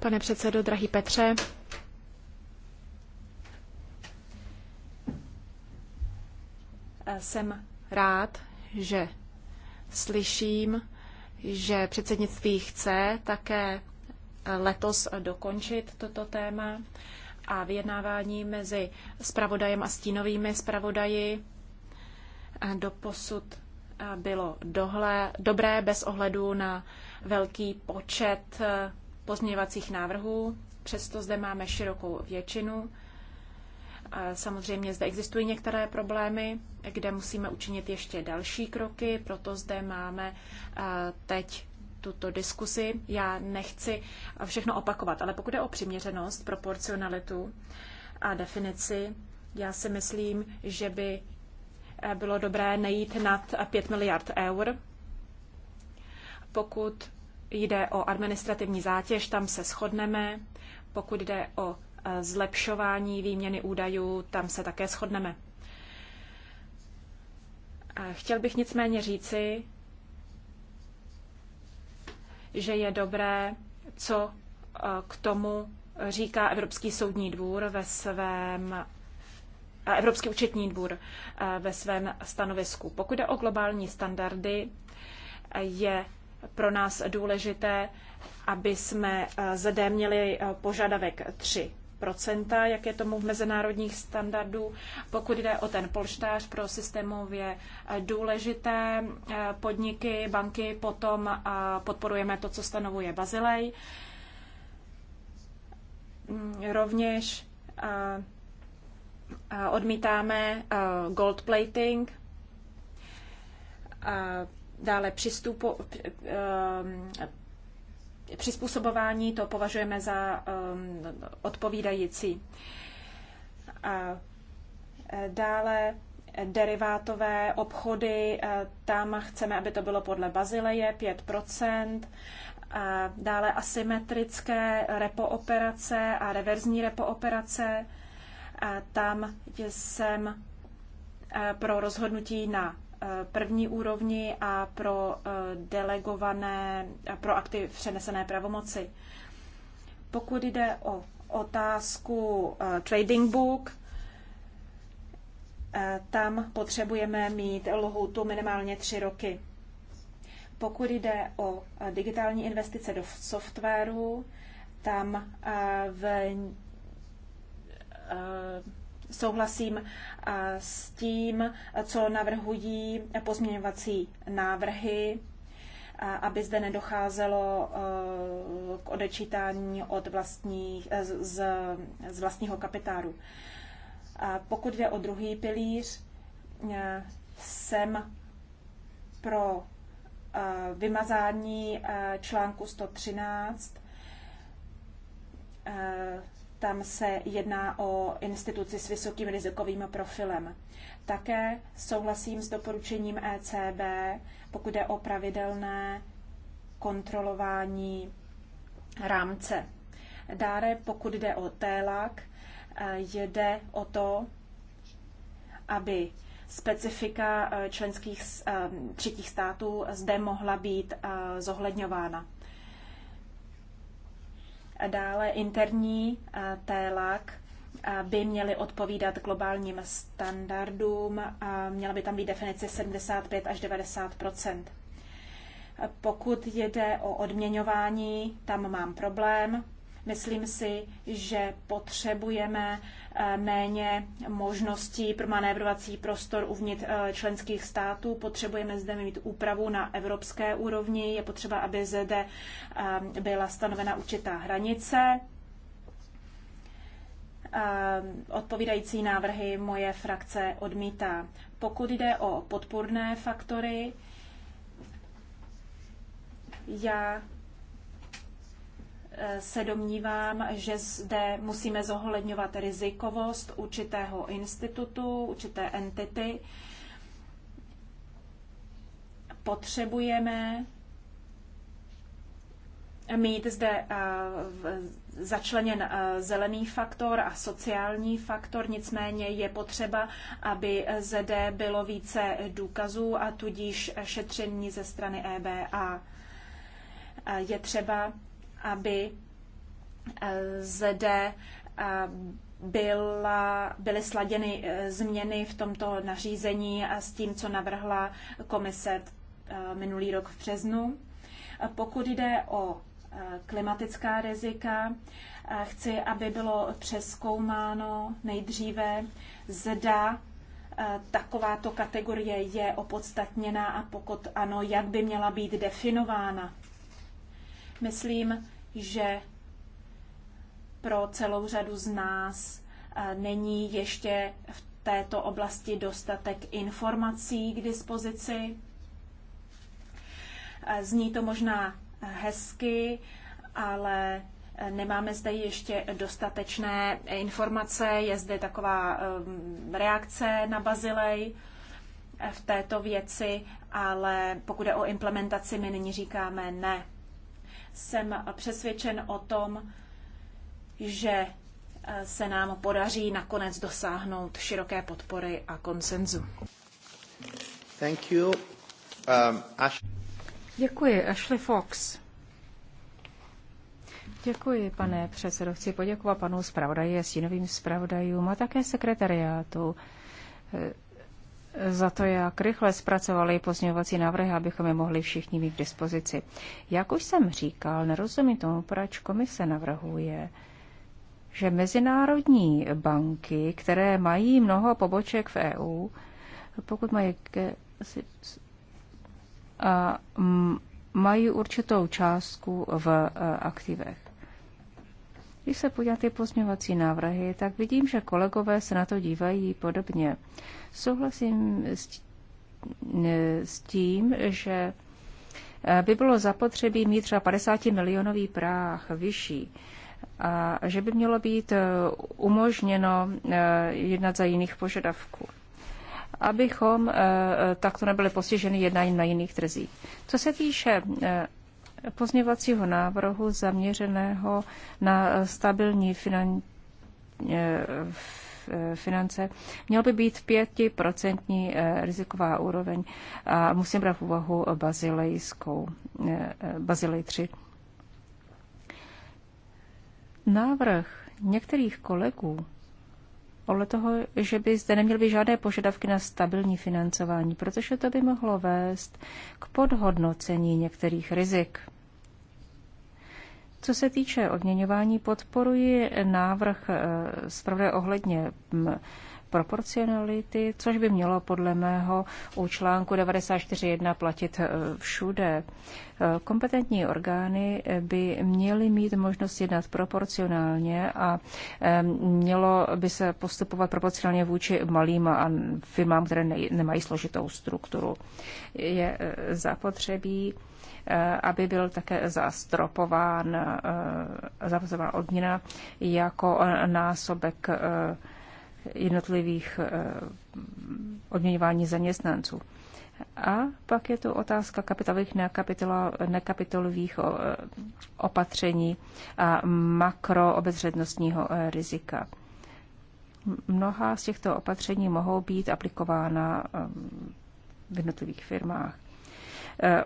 Pane předsedo, drahý Petře, jsem rád, že slyším, že předsednictví chce také letos dokončit toto téma a vyjednávání mezi spravodajem a stínovými spravodaji do posud bylo dohle, dobré bez ohledu na velký počet pozměňovacích návrhů. Přesto zde máme širokou většinu. Samozřejmě zde existují některé problémy, kde musíme učinit ještě další kroky, proto zde máme teď tuto diskusi. Já nechci všechno opakovat, ale pokud je o přiměřenost, proporcionalitu a definici, já si myslím, že by bylo dobré nejít nad 5 miliard eur. Pokud jde o administrativní zátěž, tam se shodneme. Pokud jde o Eh, zlepšování výměny údajů, tam se také shodneme. Chtěl bych nicméně říci, že je dobré, co eh, k tomu říká Evropský soudní dvůr ve svém eh, Evropský účetní dvůr ve svém stanovisku. Pokud jde o globální standardy, je pro nás důležité, aby jsme zde měli požadavek 3 procenta, jak je tomu v mezinárodních standardů. Pokud jde o ten polštář pro systémově eh, důležité eh, podniky, banky, potom eh, podporujeme to, co stanovuje Bazilej. Mm, rovněž odmítáme gold plating, dále přistupu, přizpůsobování to považujeme za um, odpovídající. A e, dále derivátové obchody, e, tam chceme, aby to bylo podle Bazileje 5 a dále asymetrické repooperace a reverzní repooperace. A tam jsem e, pro rozhodnutí na Eh, první úrovni a pro eh, delegované, pro akty přenesené pravomoci. Pokud jde o otázku eh, trading book, tam potřebujeme mít lhůtu minimálně tři roky. Pokud jde o digitální investice do softwaru, tam v souhlasím eh, s tím, co navrhují pozměňovací návrhy, eh, aby zde nedocházelo eh, k odečítání od vlastní, z, z vlastního kapitáru. Pokud jde o druhý pilíř, jsem pro vymazání článku 113 tam se jedná o instituci s vysokým rizikovým profilem. Také souhlasím s doporučením ECB, pokud je o pravidelné kontrolování rámce. Dále, pokud jde o TELAC, eh, jde o to, aby specifika eh, členských eh, třetích států zde mohla být zohledňována. Dále interní eh, TELAC eh, by měly odpovídat globálním standardům a měla by tam být definice 75 až 90 Pokud jde o odměňování, tam mám problém. Myslím si, že potřebujeme méně možností pro manévrovací prostor uvnitř eh, členských států. Potřebujeme zde mít úpravu na evropské úrovni. Je potřeba, aby zde eh, byla stanovena určitá hranice. Eh, odpovídající návrhy moje frakce odmítá. Pokud jde o podpůrné faktory, já se domnívám, že zde musíme zohledňovat rizikovost určitého institutu, určité entity. Potřebujeme mít zde eh, začleněn eh, zelený faktor a sociální faktor, nicméně je potřeba, aby zde bylo více důkazů a tudíž šetření ze strany EBA. Eh, je třeba aby eh, zde eh, byla, byly sladěny eh, změny v tomto nařízení a s tím, co navrhla komise minulý rok v březnu. Pokud jde o klimatická rizika, chci, aby bylo přeskoumáno nejdříve, zda takováto kategorie je opodstatněná a pokud ano, jak by měla být definována Myslím, že pro celou řadu z nás eh, není ještě v této oblasti dostatek informací k dispozici. Eh, zní to možná hezky, ale eh, nemáme zde ještě dostatečné informace. Je zde taková reakce na Bazilej v této věci, ale pokud je o implementaci, my nyní říkáme ne jsem přesvědčen o tom, že eh, se nám podaří nakonec dosáhnout široké podpory a konsenzu. Thank you. Um, Ash- Děkuji, Ashley Fox. Děkuji, pane předsedo. Chci poděkovat panu zpravodaji a stínovým zpravodajům a také sekretariátu eh, za to, jak rychle zpracovali pozměňovací návrhy, abychom je mohli všichni mít k dispozici. Jak už jsem říkal, nerozumím tomu, proč komise navrhuje, že mezinárodní banky, které mají mnoho poboček v EU, pokud mají a mají určitou částku v e, aktivech. Když se podívám ty pozměňovací návrhy, tak vidím, že kolegové se na to dívají podobně. Souhlasím s tím, že eh, by bylo zapotřebí mít třeba 50 milionový práh vyšší a že by mělo být eh, umožněno eh, jednat za jiných požadavků abychom takto nebyli postiženi jednáním na jiných trzích. Co se týče pozměvacího návrhu zaměřeného na stabilní finan, eh, finance měl by být 5% eh, riziková úroveň a musím brát v úvahu bazilejskou, eh, bazilej 3. Návrh některých kolegů podle toho, že by zde neměly být žádné požadavky na stabilní financování, protože to by mohlo vést k podhodnocení některých rizik. Co se týče odměňování, podporuji návrh eh, zprve ohledně mm, proporcionality, což by mělo podle mého u článku 94.1 platit eh, všude. Eh, kompetentní orgány by měly mít možnost jednat proporcionálně a mělo by se postupovat proporcionálně vůči malým a firmám, které nemají složitou strukturu. Je zapotřebí Eh, aby byl také zastropován, eh, zavazová odměna jako eh, násobek jednotlivých odměňování zaměstnanců. A pak je tu otázka kapitálových nekapitolových opatření a makroobezřednostního rizika. Mnoha z těchto opatření mohou být aplikována v jednotlivých firmách.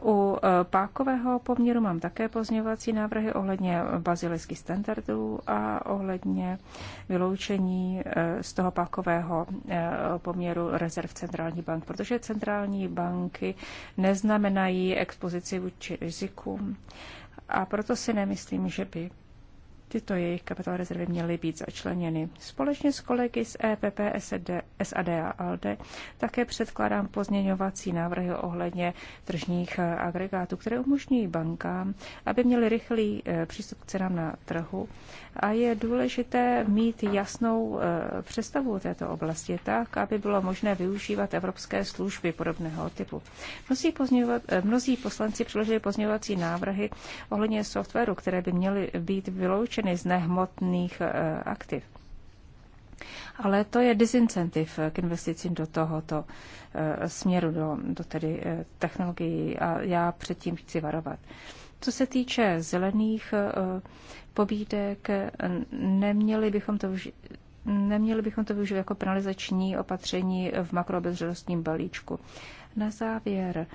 U eh, pákového poměru mám také pozměňovací návrhy ohledně bazilejských standardů a ohledně vyloučení eh, z toho pákového eh, poměru rezerv centrální bank, protože centrální banky neznamenají expozici vůči rizikům a proto si nemyslím, že by tyto jejich kapitál rezervy měly být začleněny. Společně s kolegy z EPP, SD, e SAD a ALDE také předkládám pozměňovací návrhy ohledně tržních eh, agregátů, které umožňují bankám, aby měly rychlý eh, přístup k cenám na trhu. A je důležité mít jasnou eh, představu této oblasti tak, aby bylo možné využívat evropské služby podobného typu. Mnozí, mnozí poslanci přiložili pozměňovací návrhy ohledně softwaru, které by měly být vyloučeny zrušeny z nehmotných eh, aktiv. Ale to je disincentiv eh, k investicím do tohoto eh, směru, do, do tedy technologií a já předtím chci varovat. Co se týče zelených pobídek, neměli bychom to vž- neměli bychom to využít jako penalizační opatření v makroobezřelostním balíčku. Na závěr,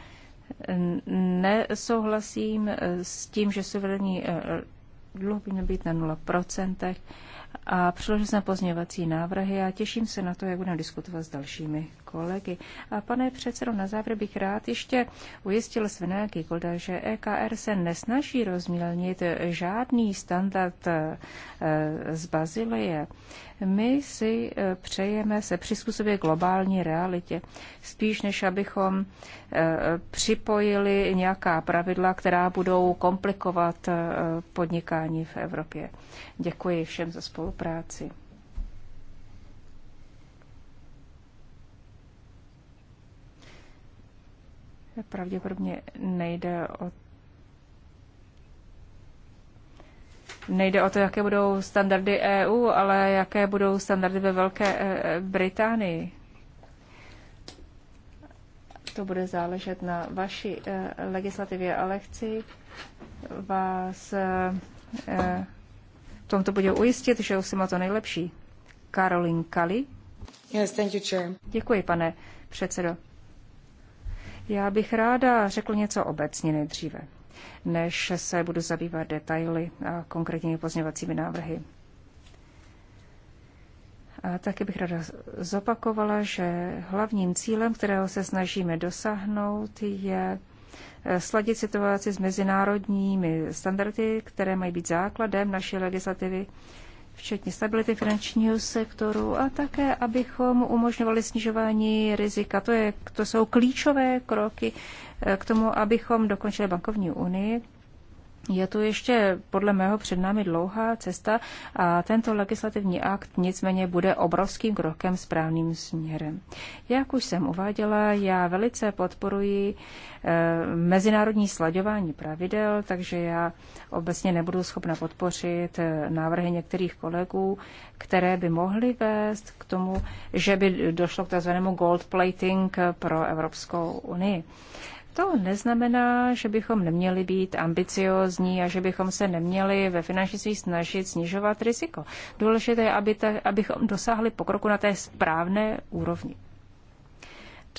nesouhlasím s tím, že suverénní dluh by měl být na 0% a přiložil jsem pozměňovací návrhy a těším se na to, jak budeme diskutovat s dalšími kolegy. A pane předsedo, na závěr bych rád ještě ujistil Svena Gigolda, že EKR se nesnaží rozmělnit žádný standard eh, z Bazileje. My si eh, přejeme se přizpůsobit globální realitě, spíš než abychom eh, připojili nějaká pravidla, která budou komplikovat podnikání v Evropě. Děkuji všem za spolupráci. Pravděpodobně nejde o Nejde o to, jaké budou standardy EU, ale jaké budou standardy ve Velké e, e, Británii. To bude záležet na vaší e, legislativě, ale chci vás v tomto bodě ujistit, že už jsem má to nejlepší. Karolín Kali. Yes, thank you, chair. Děkuji, pane předsedo. Já bych ráda řekl něco obecně nejdříve, než se budu zabývat detaily a konkrétními pozměňovacími návrhy. A taky bych ráda zopakovala, že hlavním cílem, kterého se snažíme dosáhnout, je eh, sladit situaci s mezinárodními standardy, které mají být základem naší legislativy včetně stability finančního sektoru a také, abychom umožňovali snižování rizika. To, je, to jsou klíčové kroky eh, k tomu, abychom dokončili bankovní unii je tu ještě podle mého před námi dlouhá cesta a tento legislativní akt nicméně bude obrovským krokem správným směrem. Jak už jsem uváděla, já velice podporuji eh, mezinárodní slaďování pravidel, takže já obecně nebudu schopna podpořit eh, návrhy některých kolegů, které by mohly vést k tomu, že by došlo k tzv. gold plating eh, pro Evropskou unii. To neznamená, že bychom neměli být ambiciozní a že bychom se neměli ve finančnictví snažit snižovat riziko. Důležité je, aby ta, abychom dosáhli pokroku na té správné úrovni.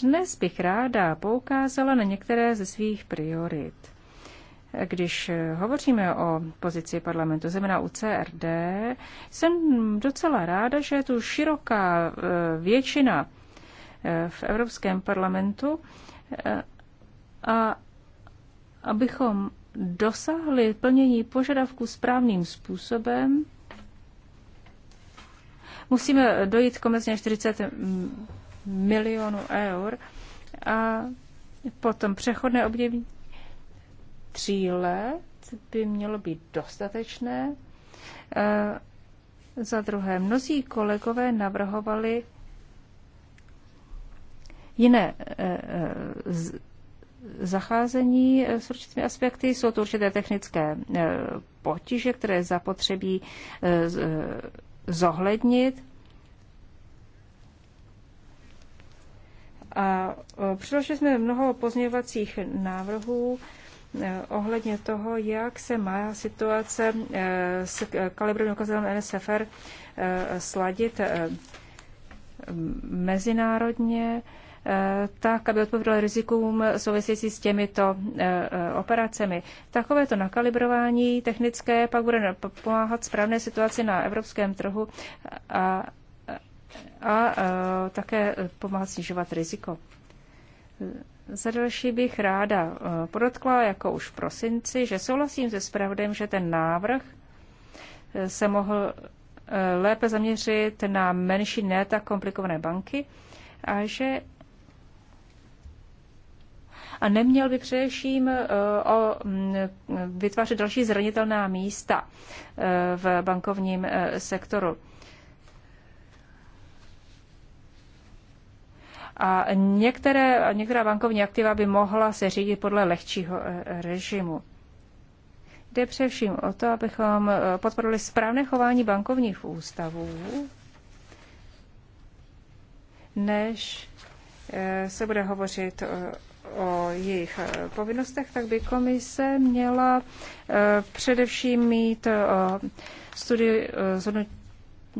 Dnes bych ráda poukázala na některé ze svých priorit. Když hovoříme o pozici parlamentu, zejména u CRD, jsem docela ráda, že je tu široká e, většina e, v Evropském parlamentu e, a abychom dosáhli plnění požadavku správným způsobem, musíme dojít k omezení 40 milionů eur a potom přechodné období tří let by mělo být dostatečné. E, za druhé, mnozí kolegové navrhovali jiné e, e z, zacházení eh, s určitými aspekty. Jsou to určité technické eh, potíže, které zapotřebí eh, zohlednit. A přiložili jsme mnoho pozměňovacích návrhů ohledně toho, jak se má situace s kalibrovým ukazatelem NSFR sladit mezinárodně Eh, tak, aby odpovědala rizikům související s těmito eh, eh, operacemi. Takovéto nakalibrování technické pak bude pomáhat správné situaci na evropském trhu a, a, a také pomáhat snižovat riziko. Za další bych ráda podotkla, jako už v prosinci, že souhlasím se zpravodem, že ten návrh se mohl lépe zaměřit na menší, ne tak komplikované banky a že a neměl by především eh, o, mm, vytvářet další zranitelná místa eh, v bankovním eh, sektoru. A některé, některá bankovní aktiva by mohla se řídit podle lehčího režimu. Jde především o to, abychom podporili správné chování bankovních ústavů, než se bude hovořit o jejich eh, povinnostech, tak by komise měla eh, především mít eh, studii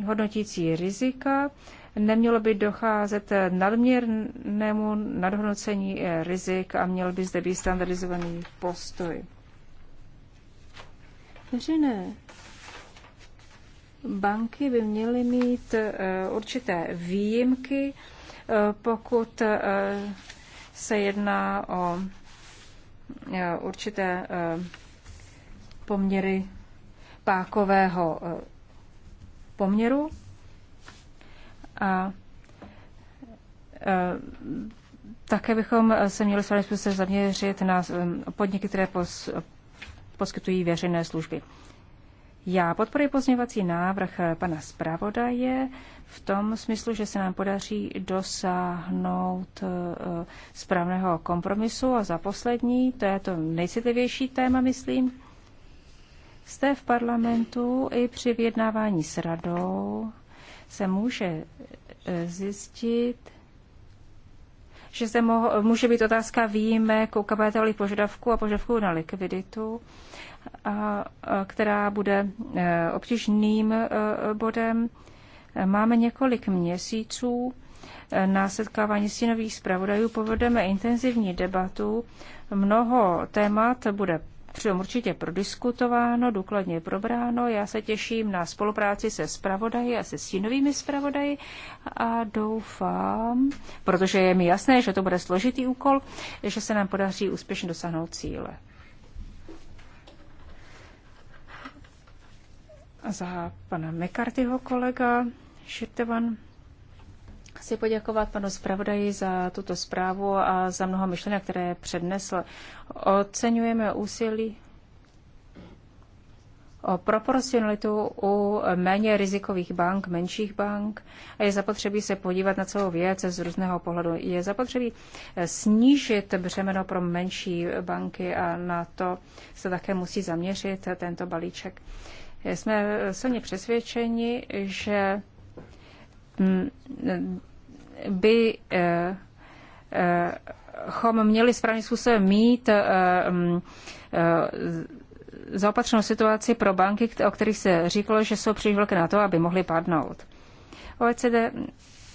hodnotící rizika, nemělo by docházet nadměrnému nadhodnocení rizik a měl by zde být standardizovaný postoj. Veřejné banky by měly mít určité výjimky, pokud se jedná o e, určité e, poměry pákového e, poměru a také bychom se měli svým způsobem zaměřit na podniky, které pos, poskytují veřejné služby. Já podporuji pozměňovací návrh pana zpravodaje, v tom smyslu, že se nám podaří dosáhnout eh, správného kompromisu. A za poslední, to je to nejcitlivější téma, myslím, jste v parlamentu i při vyjednávání s radou se může eh, zjistit, že se moho, může být otázka výjimek u kapitálových požadavků a požadavků na likviditu, a, a, která bude eh, obtížným bodem Máme několik měsíců eh, na setkávání stínových zpravodajů povedeme intenzivní debatu. Mnoho témat bude přitom určitě prodiskutováno, důkladně probráno. Já se těším na spolupráci se zpravodaji a se stínovými zpravodaji a doufám, protože je mi jasné, že to bude složitý úkol, že se nám podaří úspěšně dosáhnout cíle. Za pana McCarthyho kolega Šitevan chci poděkovat panu zpravodaji za tuto zprávu a za mnoho myšlenek, které přednesl. Oceňujeme úsilí o proporcionalitu u méně rizikových bank, menších bank a je zapotřebí se podívat na celou věc z různého pohledu. Je zapotřebí snížit břemeno pro menší banky a na to se také musí zaměřit tento balíček. Jsme silně přesvědčeni, že by eh, eh, chom měli správným způsobem mít eh, mm, zaopatřenou situaci pro banky, o kterých se říkalo, že jsou příliš velké na to, aby mohly padnout. OECD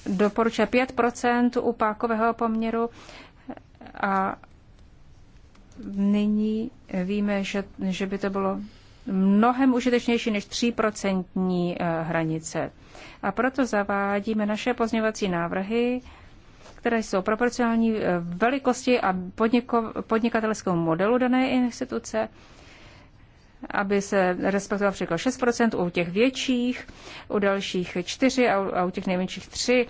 doporučuje 5 u pákového poměru a nyní víme, že, že by to bylo mnohem užitečnější než 3% eh, hranice. A proto zavádíme naše pozměňovací návrhy, které jsou proporcionální eh, velikosti a podniko, podnikatelskému modelu dané instituce, aby se respektoval příklad 6% u těch větších, u dalších 4 a u, a u těch nejmenších 3.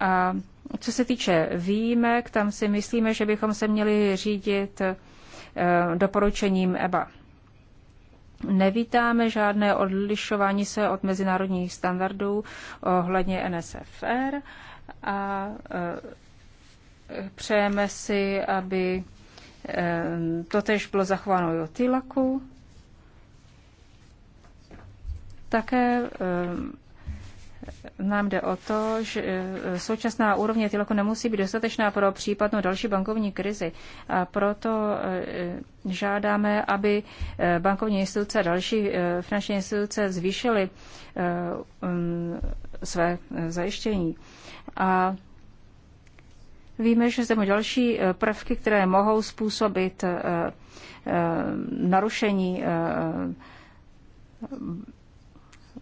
A co se týče výjimek, tam si myslíme, že bychom se měli řídit eh, doporučením EBA. Nevítáme žádné odlišování se od mezinárodních standardů ohledně NSFR a eh, přejeme si, aby eh, to tež bylo zachováno i o Tylaku. Také eh, nám jde o to, že e, současná úroveň etiloku nemusí být dostatečná pro případnou další bankovní krizi. A proto e, žádáme, aby e, bankovní instituce a další finanční instituce zvýšily své zajištění. A víme, že jsou další prvky, které mohou způsobit narušení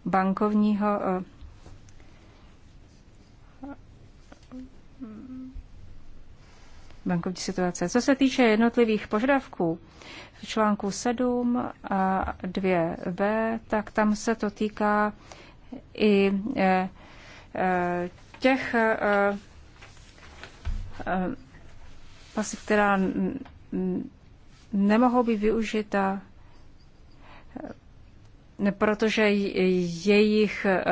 bankovního bankovní situace. Co se týče jednotlivých požadavků v článku 7 a 2b, tak tam se to týká i eh, eh, těch eh, pasiv, která nemohou být využita protože jejich eh,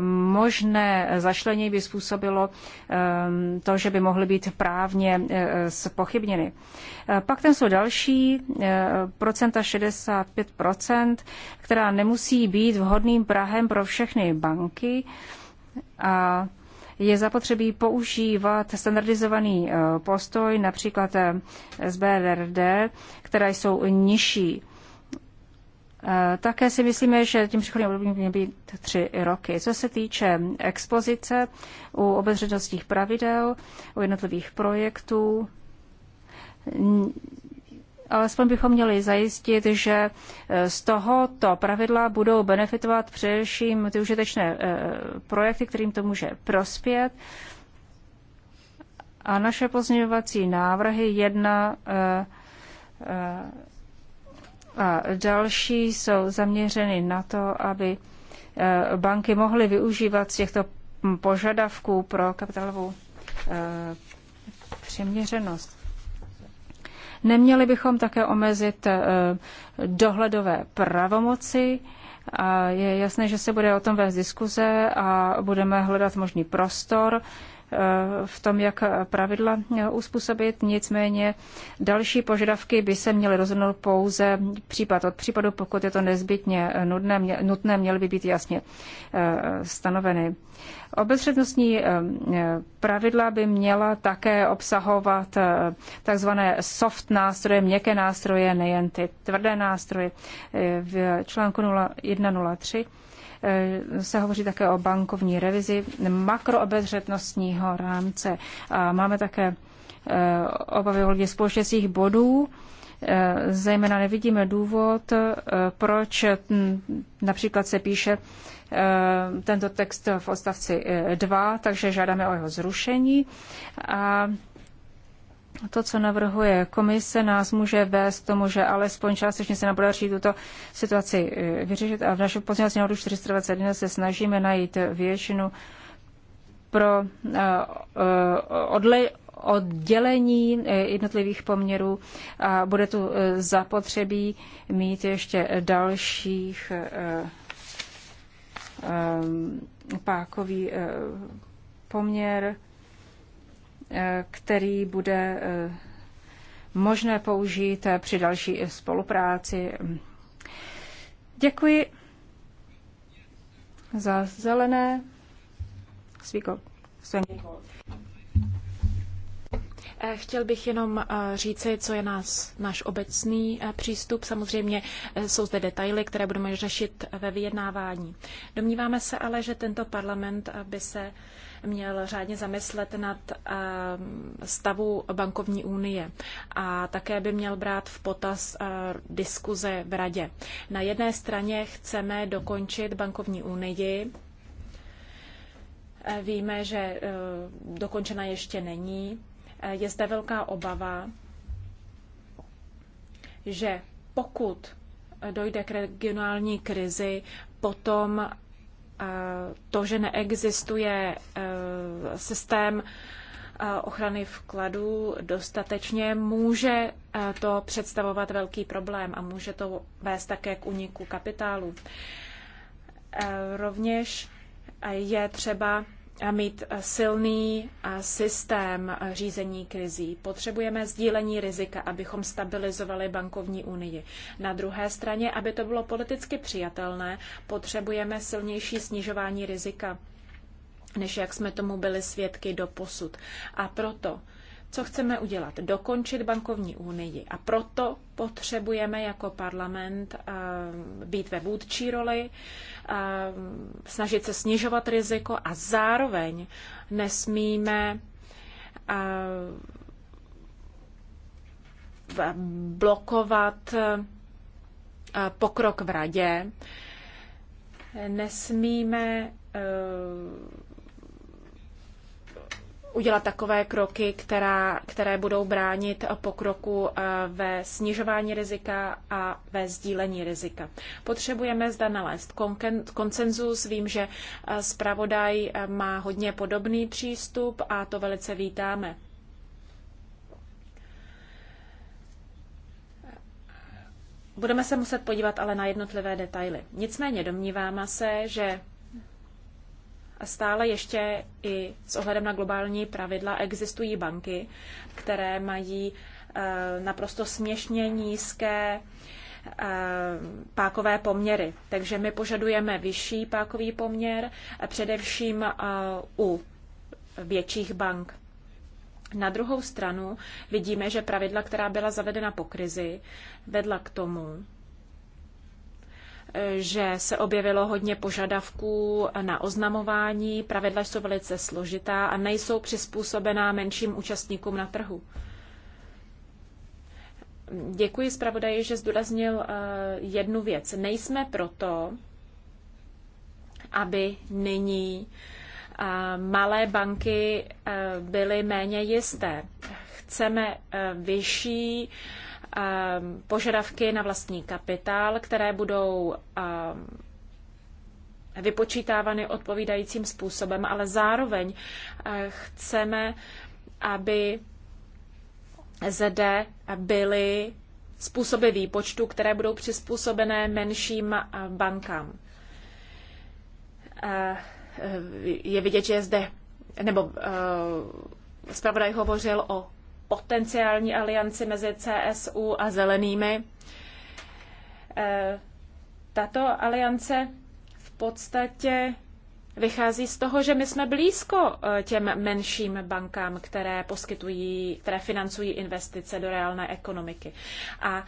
možné zašlení by způsobilo eh, to, že by mohly být právně eh, spochybněny. Pak tam jsou další procenta 65%, která nemusí být vhodným prahem pro všechny banky a je zapotřebí používat standardizovaný postoj, například SBRD, které jsou nižší Eh, také si myslíme, že tím přechodným obdobím měly být tři roky. Co se týče expozice u obezřetnostních pravidel, u jednotlivých projektů, alespoň bychom měli zajistit, že eh, z tohoto pravidla budou benefitovat především ty užitečné eh, projekty, kterým to může prospět. A naše pozměňovací návrhy jedna a další jsou zaměřeny na to, aby eh, banky mohly využívat z těchto hm, požadavků pro kapitálovou eh, přiměřenost. Neměli bychom také omezit eh, dohledové pravomoci. A je jasné, že se bude o tom vést diskuze a budeme hledat možný prostor v tom, jak pravidla uspůsobit. Nicméně další požadavky by se měly rozhodnout pouze případ od případu, pokud je to nezbytně nudné, nutné, měly by být jasně eh, stanoveny. Obezřednostní eh, pravidla by měla také obsahovat eh, takzvané soft nástroje, měkké nástroje, nejen ty tvrdé nástroje v článku 0103 Eh, se hovoří také o bankovní revizi makroobezřetnostního rámce. A máme také eh, obavy ohledně společenských bodů. Eh, zejména nevidíme důvod, proč hm, například se píše tento text v odstavci 2, takže žádáme o jeho zrušení. A to, co navrhuje komise, nás může vést tomu, že alespoň částečně se nám podaří tuto situaci eh, vyřešit. A v našem pozměňovacím návodu 421 se snažíme najít většinu pro eh, eh, odle, oddělení jednotlivých poměrů a bude tu zapotřebí mít ještě dalších mm, pákový poměr který bude eh, možné použít při další spolupráci. Děkuji za zelené. Svíko, Svenko. Eh, chtěl bych jenom eh, říci, co je nás, náš obecný přístup. Samozřejmě jsou zde detaily, které budeme řešit ve vyjednávání. Domníváme se ale, že tento parlament by se měl řádně zamyslet nad eh, stavu bankovní unie a také by měl brát v potaz eh, diskuze v radě. Na jedné straně chceme dokončit bankovní unii, eh, Víme, že dokončena ještě není. Je zde velká obava, že pokud dojde k regionální krizi, potom to, že neexistuje e, systém e, ochrany vkladů dostatečně, může e, to představovat velký problém a může to vést také k uniku kapitálu. Rovněž je třeba mít silný eh, systém eh, řízení krizí. Potřebujeme sdílení rizika, abychom stabilizovali bankovní unii. Na druhé straně, aby to bylo politicky přijatelné, potřebujeme silnější snižování rizika než jak jsme tomu byli svědky do posud. A proto co chceme udělat? Dokončit bankovní unii. A proto potřebujeme jako parlament eh, být ve vůdčí roli, eh, snažit se snižovat riziko a zároveň nesmíme eh, blokovat pokrok v radě. Nesmíme udělat takové kroky, která, které budou bránit pokroku eh, ve snižování rizika a ve sdílení rizika. Potřebujeme zda nalézt koncenzus. Vím, že eh, zpravodaj eh, má hodně podobný přístup a to velice vítáme. Budeme se muset podívat ale na jednotlivé detaily. Nicméně domníváme se, že stále ještě i s ohledem na globální pravidla existují banky, které mají eh, naprosto směšně nízké eh, pákové poměry. Takže my požadujeme vyšší pákový poměr, především eh, u větších bank. Na druhou stranu vidíme, že pravidla, která byla zavedena po krizi, vedla k tomu, že se objevilo hodně požadavků na oznamování, pravidla jsou velice složitá a nejsou přizpůsobená menším účastníkům na trhu. Děkuji zpravodaji, že zdůraznil eh, jednu věc. Nejsme proto, aby nyní eh, malé banky eh, byly méně jisté. Chceme vyšší Um, požadavky na vlastní kapitál, které budou um, vypočítávány odpovídajícím způsobem, ale zároveň uh, chceme, aby zde byly způsoby výpočtu, které budou přizpůsobené menším uh, bankám. Uh, je vidět, že je zde, nebo zpravodaj hovořil o potenciální alianci mezi CSU a zelenými. Eh, tato aliance v podstatě vychází z toho, že my jsme blízko eh, těm menším bankám, které poskytují, které financují investice do reálné ekonomiky. A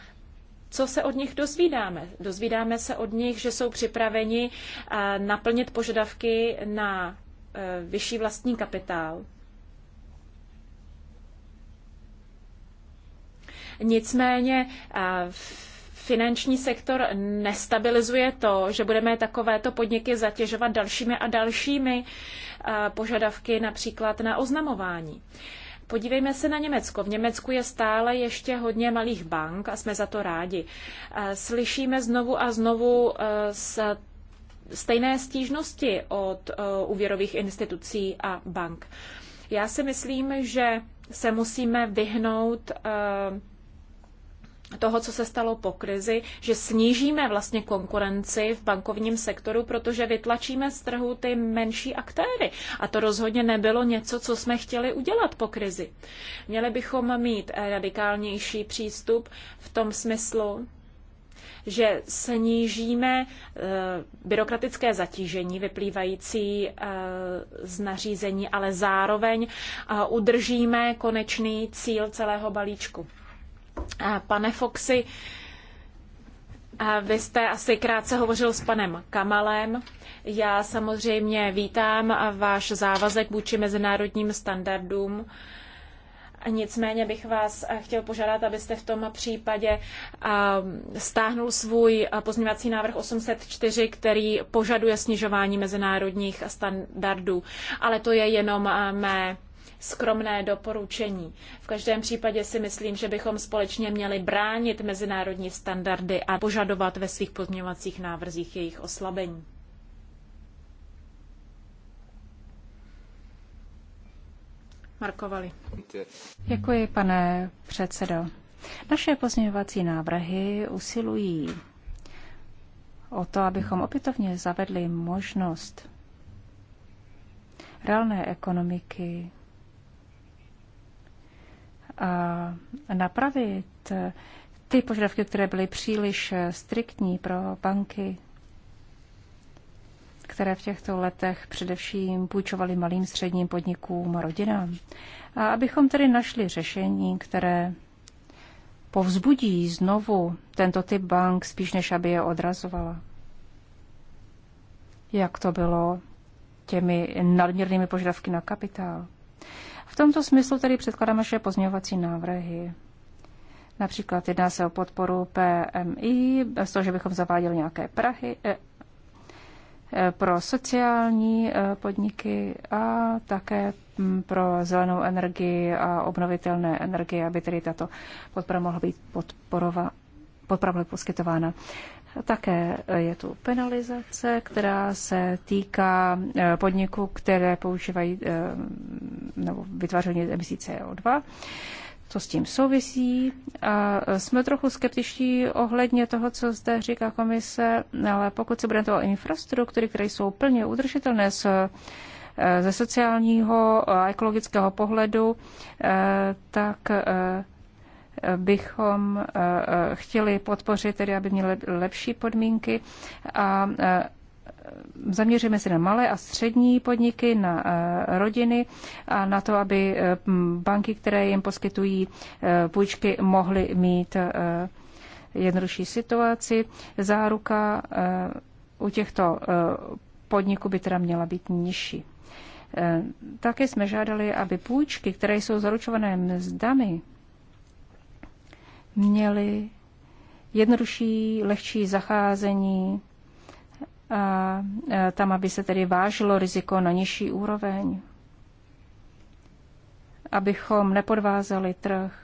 co se od nich dozvídáme? Dozvídáme se od nich, že jsou připraveni eh, naplnit požadavky na vyšší vlastní kapitál, Nicméně finanční sektor nestabilizuje to, že budeme takovéto podniky zatěžovat dalšími a dalšími požadavky, například na oznamování. Podívejme se na Německo. V Německu je stále ještě hodně malých bank a jsme za to rádi. Slyšíme znovu a znovu stejné stížnosti od úvěrových institucí a bank. Já si myslím, že se musíme vyhnout toho, co se stalo po krizi, že snížíme vlastně konkurenci v bankovním sektoru, protože vytlačíme z trhu ty menší aktéry. A to rozhodně nebylo něco, co jsme chtěli udělat po krizi. Měli bychom mít radikálnější přístup v tom smyslu, že snížíme eh, byrokratické zatížení vyplývající eh, z nařízení, ale zároveň eh, udržíme konečný cíl celého balíčku. Pane Foxy, vy jste asi krátce hovořil s panem Kamalem. Já samozřejmě vítám váš závazek vůči mezinárodním standardům. Nicméně bych vás chtěl požádat, abyste v tom případě stáhnul svůj pozměňovací návrh 804, který požaduje snižování mezinárodních standardů. Ale to je jenom mé skromné doporučení. V každém případě si myslím, že bychom společně měli bránit mezinárodní standardy a požadovat ve svých pozměňovacích návrzích jejich oslabení. Markovali. Děkuji, pane předsedo. Naše pozměňovací návrhy usilují o to, abychom opětovně zavedli možnost reálné ekonomiky napravit eh, ty požadavky, které byly příliš eh, striktní pro banky, které v těchto letech především půjčovaly malým středním podnikům a rodinám. A abychom tedy našli řešení, které povzbudí znovu tento typ bank, spíš než aby je odrazovala. Jak to bylo těmi nadměrnými požadavky na kapitál. V tomto smyslu tedy předkládáme naše pozměňovací návrhy. Například jedná se o podporu PMI, bez toho, že bychom zaváděli nějaké prahy, eh, eh, pro sociální eh, podniky a také hm, pro zelenou energii a obnovitelné energie, aby tedy tato podpora mohla být podporova, podpora byla poskytována. Také je tu penalizace, která se týká eh, podniků, které používají eh, nebo vytváření emisí CO2. Co s tím souvisí? A eh, jsme trochu skeptičtí ohledně toho, co zde říká komise, ale pokud se budeme o infrastruktury, které jsou plně udržitelné s ze sociálního a ekologického pohledu, tak bychom eh, eh, chtěli podpořit, tedy aby měli lepší podmínky a eh, zaměříme se na malé a střední podniky, na rodiny a na to, aby banky, které jim poskytují půjčky, mohly mít jednodušší situaci. Záruka u těchto podniků by teda měla být nižší. Také jsme žádali, aby půjčky, které jsou zaručované mzdami, měli jednodušší, lehčí zacházení a tam, aby se tedy vážilo riziko na nižší úroveň, abychom nepodvázali trh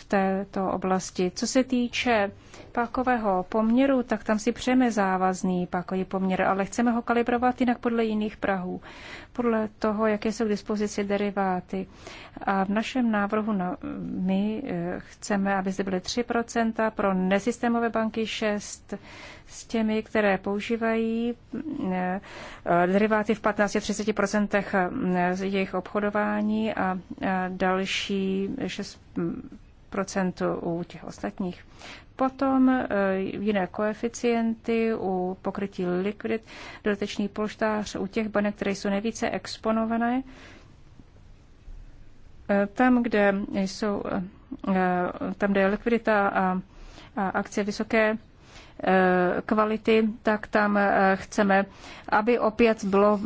v této oblasti. Co se týče pákového poměru, tak tam si přejeme závazný pákový poměr, ale chceme ho kalibrovat jinak podle jiných prahů, podle toho, jaké jsou k dispozici deriváty. A v našem návrhu na, no, my eh, chceme, aby zde byly 3%, pro nesystémové banky 6%, s těmi, které používají eh, eh, deriváty v 15-30% jejich obchodování a další 6 procentu u těch ostatních. Potom e, jiné koeficienty u pokrytí likvidit, dodatečný polštář u těch banek, které jsou nejvíce exponované. E, tam, kde jsou, e, tam, kde je likvidita a, a akcie vysoké kvality, tak tam chceme, aby opět bylo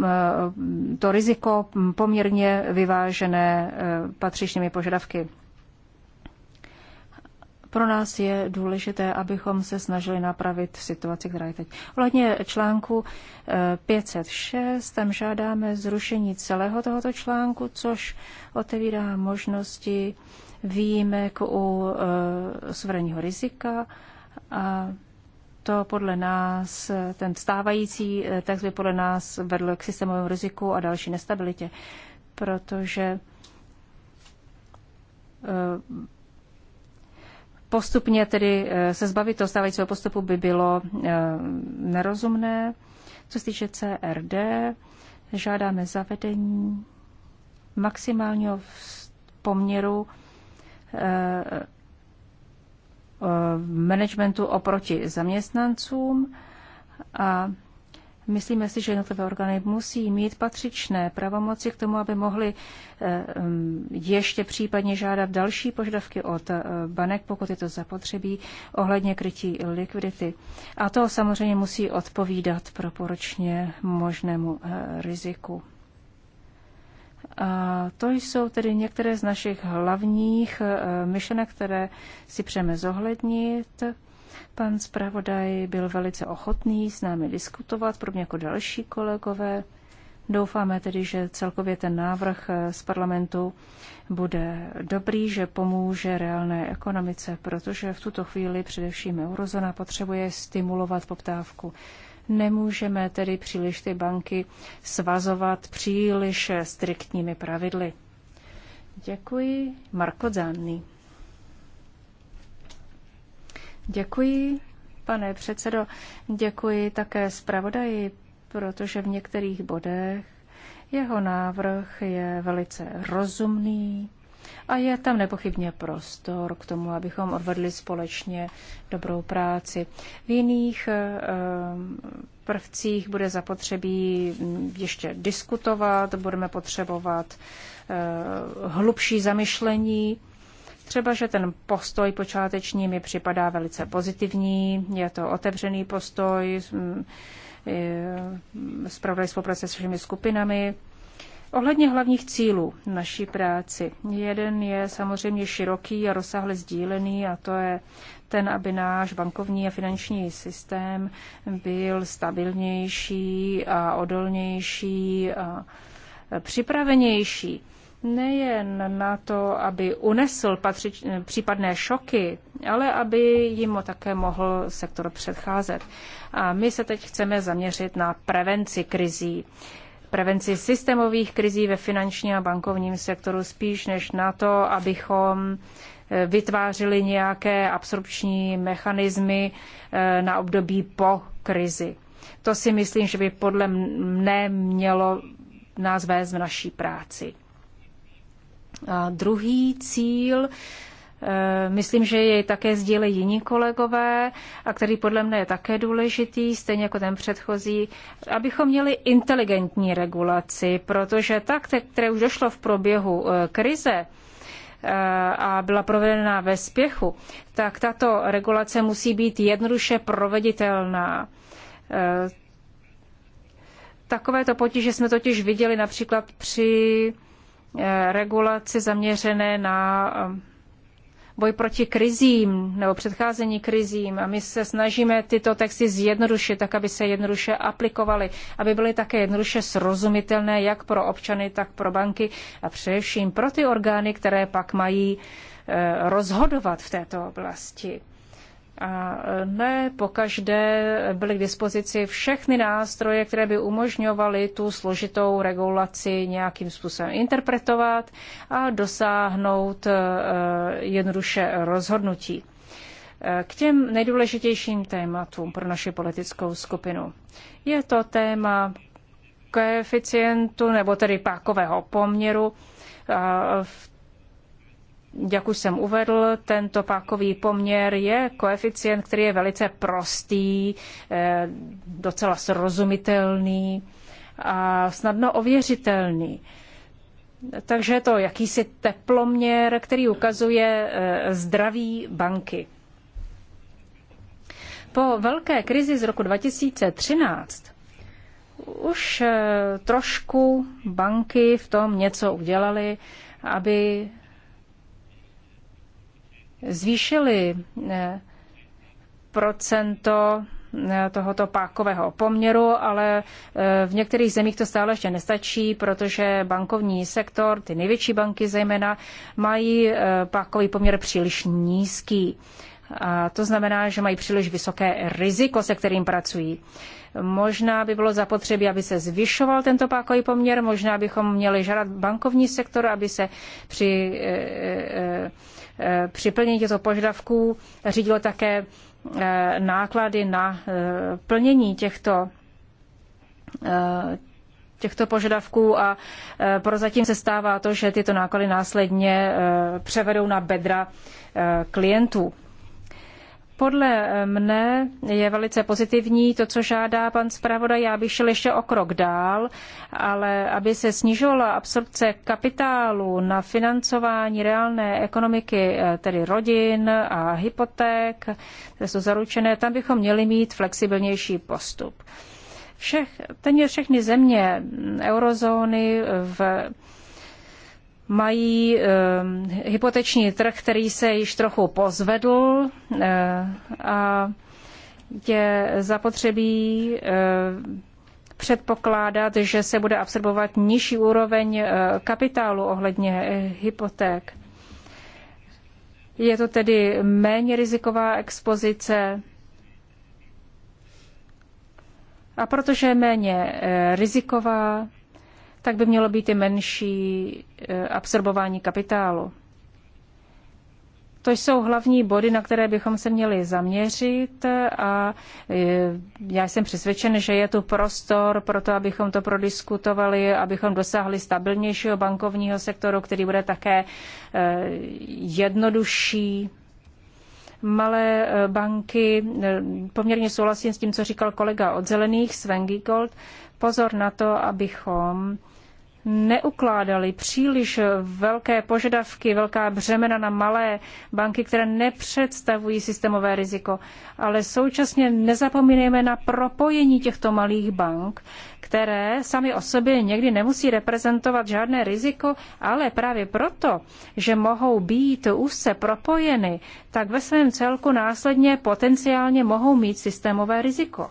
to riziko poměrně vyvážené patřičnými požadavky. Pro nás je důležité, abychom se snažili napravit situaci, která je teď. Ohledně článku 506, eh, tam žádáme zrušení celého tohoto článku, což otevírá možnosti výjimek u e, suverénního rizika a to podle nás, eh, ten stávající text by podle nás vedl k systémovému riziku a další nestabilitě, protože postupně tedy eh, se zbavit toho stávajícího postupu by bylo eh, nerozumné. Co se týče CRD, žádáme zavedení maximálního poměru eh, managementu oproti zaměstnancům a Myslíme si, že jednotlivé orgány musí mít patřičné pravomoci k tomu, aby mohly eh, mm, ještě případně žádat další požadavky od eh, banek, pokud je to zapotřebí, ohledně krytí likvidity. A to samozřejmě musí odpovídat proporčně možnému eh, riziku. A to jsou tedy některé z našich hlavních myšlenek, které si přejeme zohlednit Pan zpravodaj byl velice ochotný s námi diskutovat, mě jako další kolegové. Doufáme tedy, že celkově ten návrh eh, z parlamentu bude dobrý, že pomůže reálné ekonomice, protože v tuto chvíli především eurozona potřebuje stimulovat poptávku. Nemůžeme tedy příliš ty banky svazovat příliš eh, striktními pravidly. Děkuji. Marko Zanni. Děkuji, pane předsedo. Děkuji také zpravodaji, protože v některých bodech jeho návrh je velice rozumný a je tam nepochybně prostor k tomu, abychom odvedli společně dobrou práci. V jiných eh, prvcích bude zapotřebí ještě diskutovat, budeme potřebovat eh, hlubší zamyšlení třeba, že ten postoj počáteční mi připadá velice pozitivní, je to otevřený postoj, zpravodaj spolupráce s všemi skupinami. Ohledně hlavních cílů naší práci. Jeden je samozřejmě široký a rozsáhle sdílený a to je ten, aby náš bankovní a finanční systém byl stabilnější a odolnější a připravenější nejen na to, aby unesl patřič, případné šoky, ale aby jim také mohl sektor předcházet. A my se teď chceme zaměřit na prevenci krizí prevenci systémových krizí ve finančním a bankovním sektoru spíš než na to, abychom eh, vytvářeli nějaké absorpční mechanismy eh, na období po krizi. To si myslím, že by podle mne mělo nás vést v naší práci. A druhý cíl, eh, myslím, že jej také sdílejí jiní kolegové a který podle mne je také důležitý, stejně jako ten předchozí, abychom měli inteligentní regulaci, protože tak, které už došlo v proběhu eh, krize, eh, a byla provedena ve spěchu, tak tato regulace musí být jednoduše proveditelná. Takovéto potíže jsme totiž viděli například při Eh, Regulace zaměřené na eh, boj proti krizím nebo předcházení krizím. A my se snažíme tyto texty zjednodušit, tak aby se jednoduše aplikovaly, aby byly také jednoduše srozumitelné jak pro občany, tak pro banky a především pro ty orgány, které pak mají eh, rozhodovat v této oblasti. A e, ne pokaždé byly k dispozici všechny nástroje, které by umožňovaly tu složitou regulaci nějakým způsobem interpretovat a dosáhnout e, jednoduše rozhodnutí. E, k těm nejdůležitějším tématům pro naši politickou skupinu. Je to téma koeficientu, nebo tedy pákového poměru. V jak už jsem uvedl, tento pákový poměr je koeficient, který je velice prostý, eh, docela srozumitelný a snadno ověřitelný. Takže je to jakýsi teploměr, který ukazuje eh, zdraví banky. Po velké krizi z roku 2013 už eh, trošku banky v tom něco udělaly, aby zvýšili eh, procento eh, tohoto pákového poměru, ale eh, v některých zemích to stále ještě nestačí, protože bankovní sektor, ty největší banky zejména, mají pákový poměr příliš nízký. A to znamená, že mají příliš vysoké riziko, se kterým pracují. Možná by bylo zapotřebí, aby se zvyšoval tento pákový poměr, možná bychom měli žádat bankovní sektor, aby se při eh, eh, Eh, při plnění těchto požadavků řídilo také eh, náklady na eh, plnění těchto těchto požadavků a prozatím se stává to, že tyto náklady následně převedou na bedra klientů. Podle mne je velice pozitivní to, co žádá pan zpravodaj. Já bych šel ještě o krok dál, ale aby se snižovala absorpce kapitálu na financování reálné ekonomiky, eh, tedy rodin a hypoték, které jsou zaručené, tam bychom měli mít flexibilnější postup. Všech, téměř všechny země eurozóny v mají eh, hypoteční trh, který se již trochu pozvedl eh, a je zapotřebí eh, předpokládat, že se bude absorbovat nižší úroveň eh, kapitálu ohledně eh, hypoték. Je to tedy méně riziková expozice. A protože je méně eh, riziková, tak by mělo být i menší e, absorbování kapitálu. To jsou hlavní body, na které bychom se měli zaměřit a e, já jsem přesvědčen, že je tu prostor pro to, abychom to prodiskutovali, abychom dosáhli stabilnějšího bankovního sektoru, který bude také e, jednodušší. Malé banky, poměrně souhlasím s tím, co říkal kolega od Zelených, Sven Gold, pozor na to, abychom neukládali příliš velké požadavky, velká břemena na malé banky, které nepředstavují systémové riziko. Ale současně nezapomínejme na propojení těchto malých bank, které sami o sobě někdy nemusí reprezentovat žádné riziko, ale právě proto, že mohou být úzce propojeny, tak ve svém celku následně potenciálně mohou mít systémové riziko.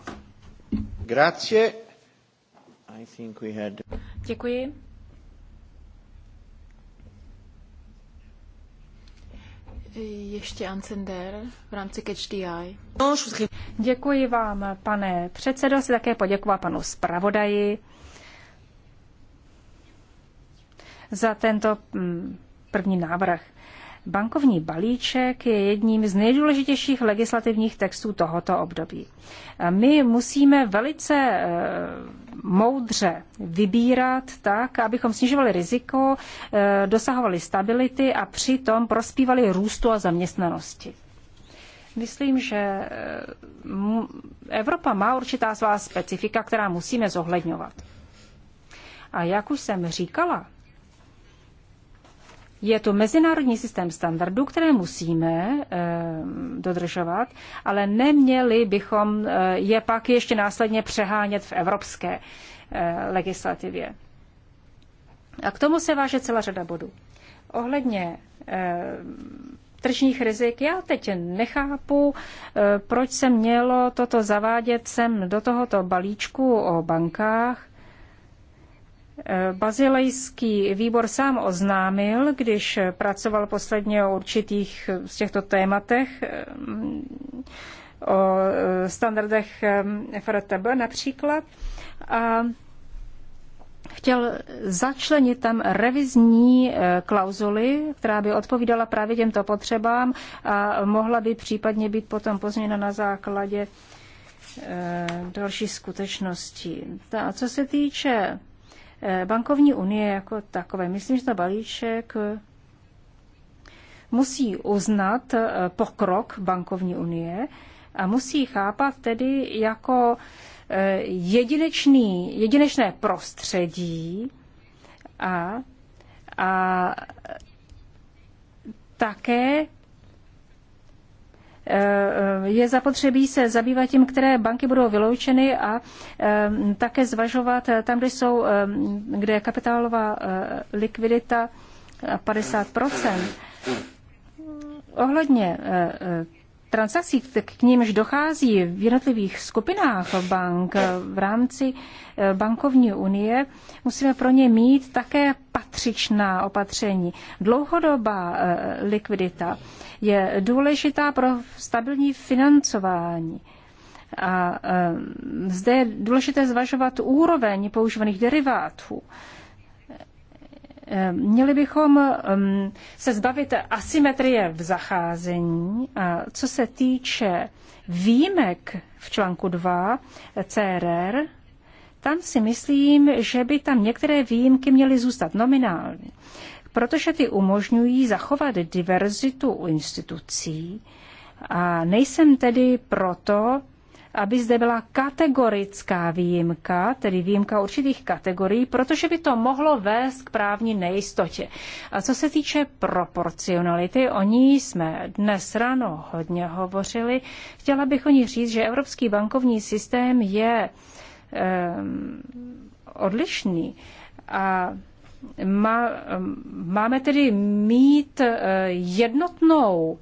Grazie. Had... Děkuji. Ještě Ancender v rámci Catch Děkuji vám, pane předsedo, si také poděkuji panu zpravodaji za tento mm, první návrh. Bankovní balíček je jedním z nejdůležitějších legislativních textů tohoto období. My musíme velice e, moudře vybírat tak, abychom snižovali riziko, e, dosahovali stability a přitom prospívali růstu a zaměstnanosti. Myslím, že e, Evropa má určitá svá specifika, která musíme zohledňovat. A jak už jsem říkala, je to mezinárodní systém standardů, které musíme e, dodržovat, ale neměli bychom e, je pak ještě následně přehánět v evropské e, legislativě. A k tomu se váže celá řada bodů. Ohledně e, tržních rizik. Já teď nechápu, proč se mělo toto zavádět sem do tohoto balíčku o bankách. Bazilejský výbor sám oznámil, když pracoval posledně o určitých z těchto tématech, o standardech FRTB například, a chtěl začlenit tam revizní eh, klauzuly, která by odpovídala právě těmto potřebám a mohla by případně být potom pozměna na základě eh, další skutečnosti. A co se týče Eh, bankovní unie jako takové. Myslím, že to balíček eh, musí uznat eh, pokrok bankovní unie a musí chápat tedy jako jedinečný, jedinečné prostředí a, a také Eh, je zapotřebí se zabývat tím, které banky budou vyloučeny a eh, také zvažovat eh, tam, kde, jsou, kde je kapitálová likvidita 50 Ohledně transakcí, k nímž dochází v jednotlivých skupinách bank v rámci bankovní unie, musíme pro ně mít také patřičná opatření. Dlouhodobá likvidita je důležitá pro stabilní financování. A zde je důležité zvažovat úroveň používaných derivátů. Měli bychom se zbavit asymetrie v zacházení. A co se týče výjimek v článku 2 CRR, tam si myslím, že by tam některé výjimky měly zůstat nominální protože ty umožňují zachovat diverzitu u institucí a nejsem tedy proto, aby zde byla kategorická výjimka, tedy výjimka určitých kategorií, protože by to mohlo vést k právní nejistotě. A co se týče proporcionality, o ní jsme dnes ráno hodně hovořili. Chtěla bych o ní říct, že evropský bankovní systém je um, odlišný a má, máme tedy mít eh, jednotnou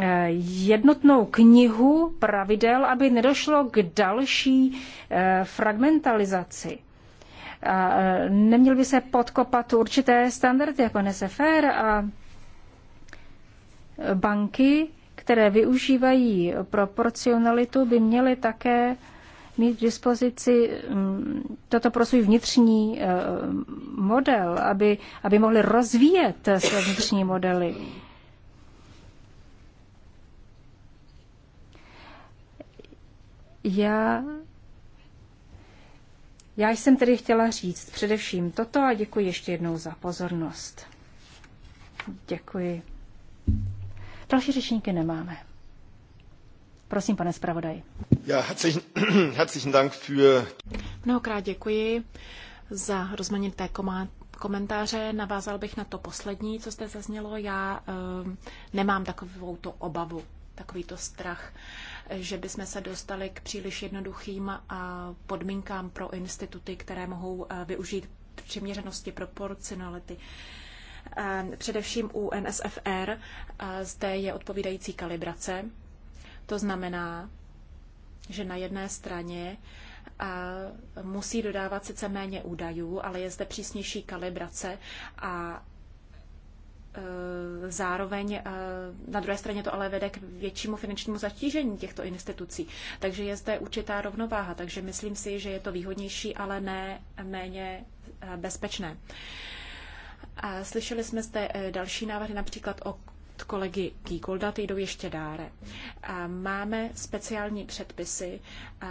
eh, jednotnou knihu pravidel, aby nedošlo k další eh, fragmentalizaci. A neměl by se podkopat určité standardy jako NSFR a banky, které využívají proporcionalitu, by měly také mít k dispozici mm, toto pro svůj vnitřní eh, model, aby, aby mohli rozvíjet své vnitřní modely. Já, já jsem tedy chtěla říct především toto a děkuji ještě jednou za pozornost. Děkuji. Další řečníky nemáme. Prosím, pane [CLEARS THROAT] herzlichen, Dank für... Mnohokrát děkuji za rozmanité komentáře. Navázal bych na to poslední, co zde zaznělo. Já ehm, nemám takovou to obavu, takový to strach, že bychom se dostali k příliš jednoduchým eh, podmínkám pro instituty, které mohou eh, využít přiměřenosti, proporcionality. Ehm, především u NSFR eh, zde je odpovídající kalibrace to znamená, že na jedné straně a musí dodávat sice méně údajů, ale je zde přísnější kalibrace a e, zároveň e, na druhé straně to ale vede k většímu finančnímu zatížení těchto institucí. Takže je zde určitá rovnováha, takže myslím si, že je to výhodnější, ale ne méně e, bezpečné. A slyšeli jsme zde další návrhy, například o kolegy Kýkolda, ty jdou ještě dále. Máme speciální předpisy,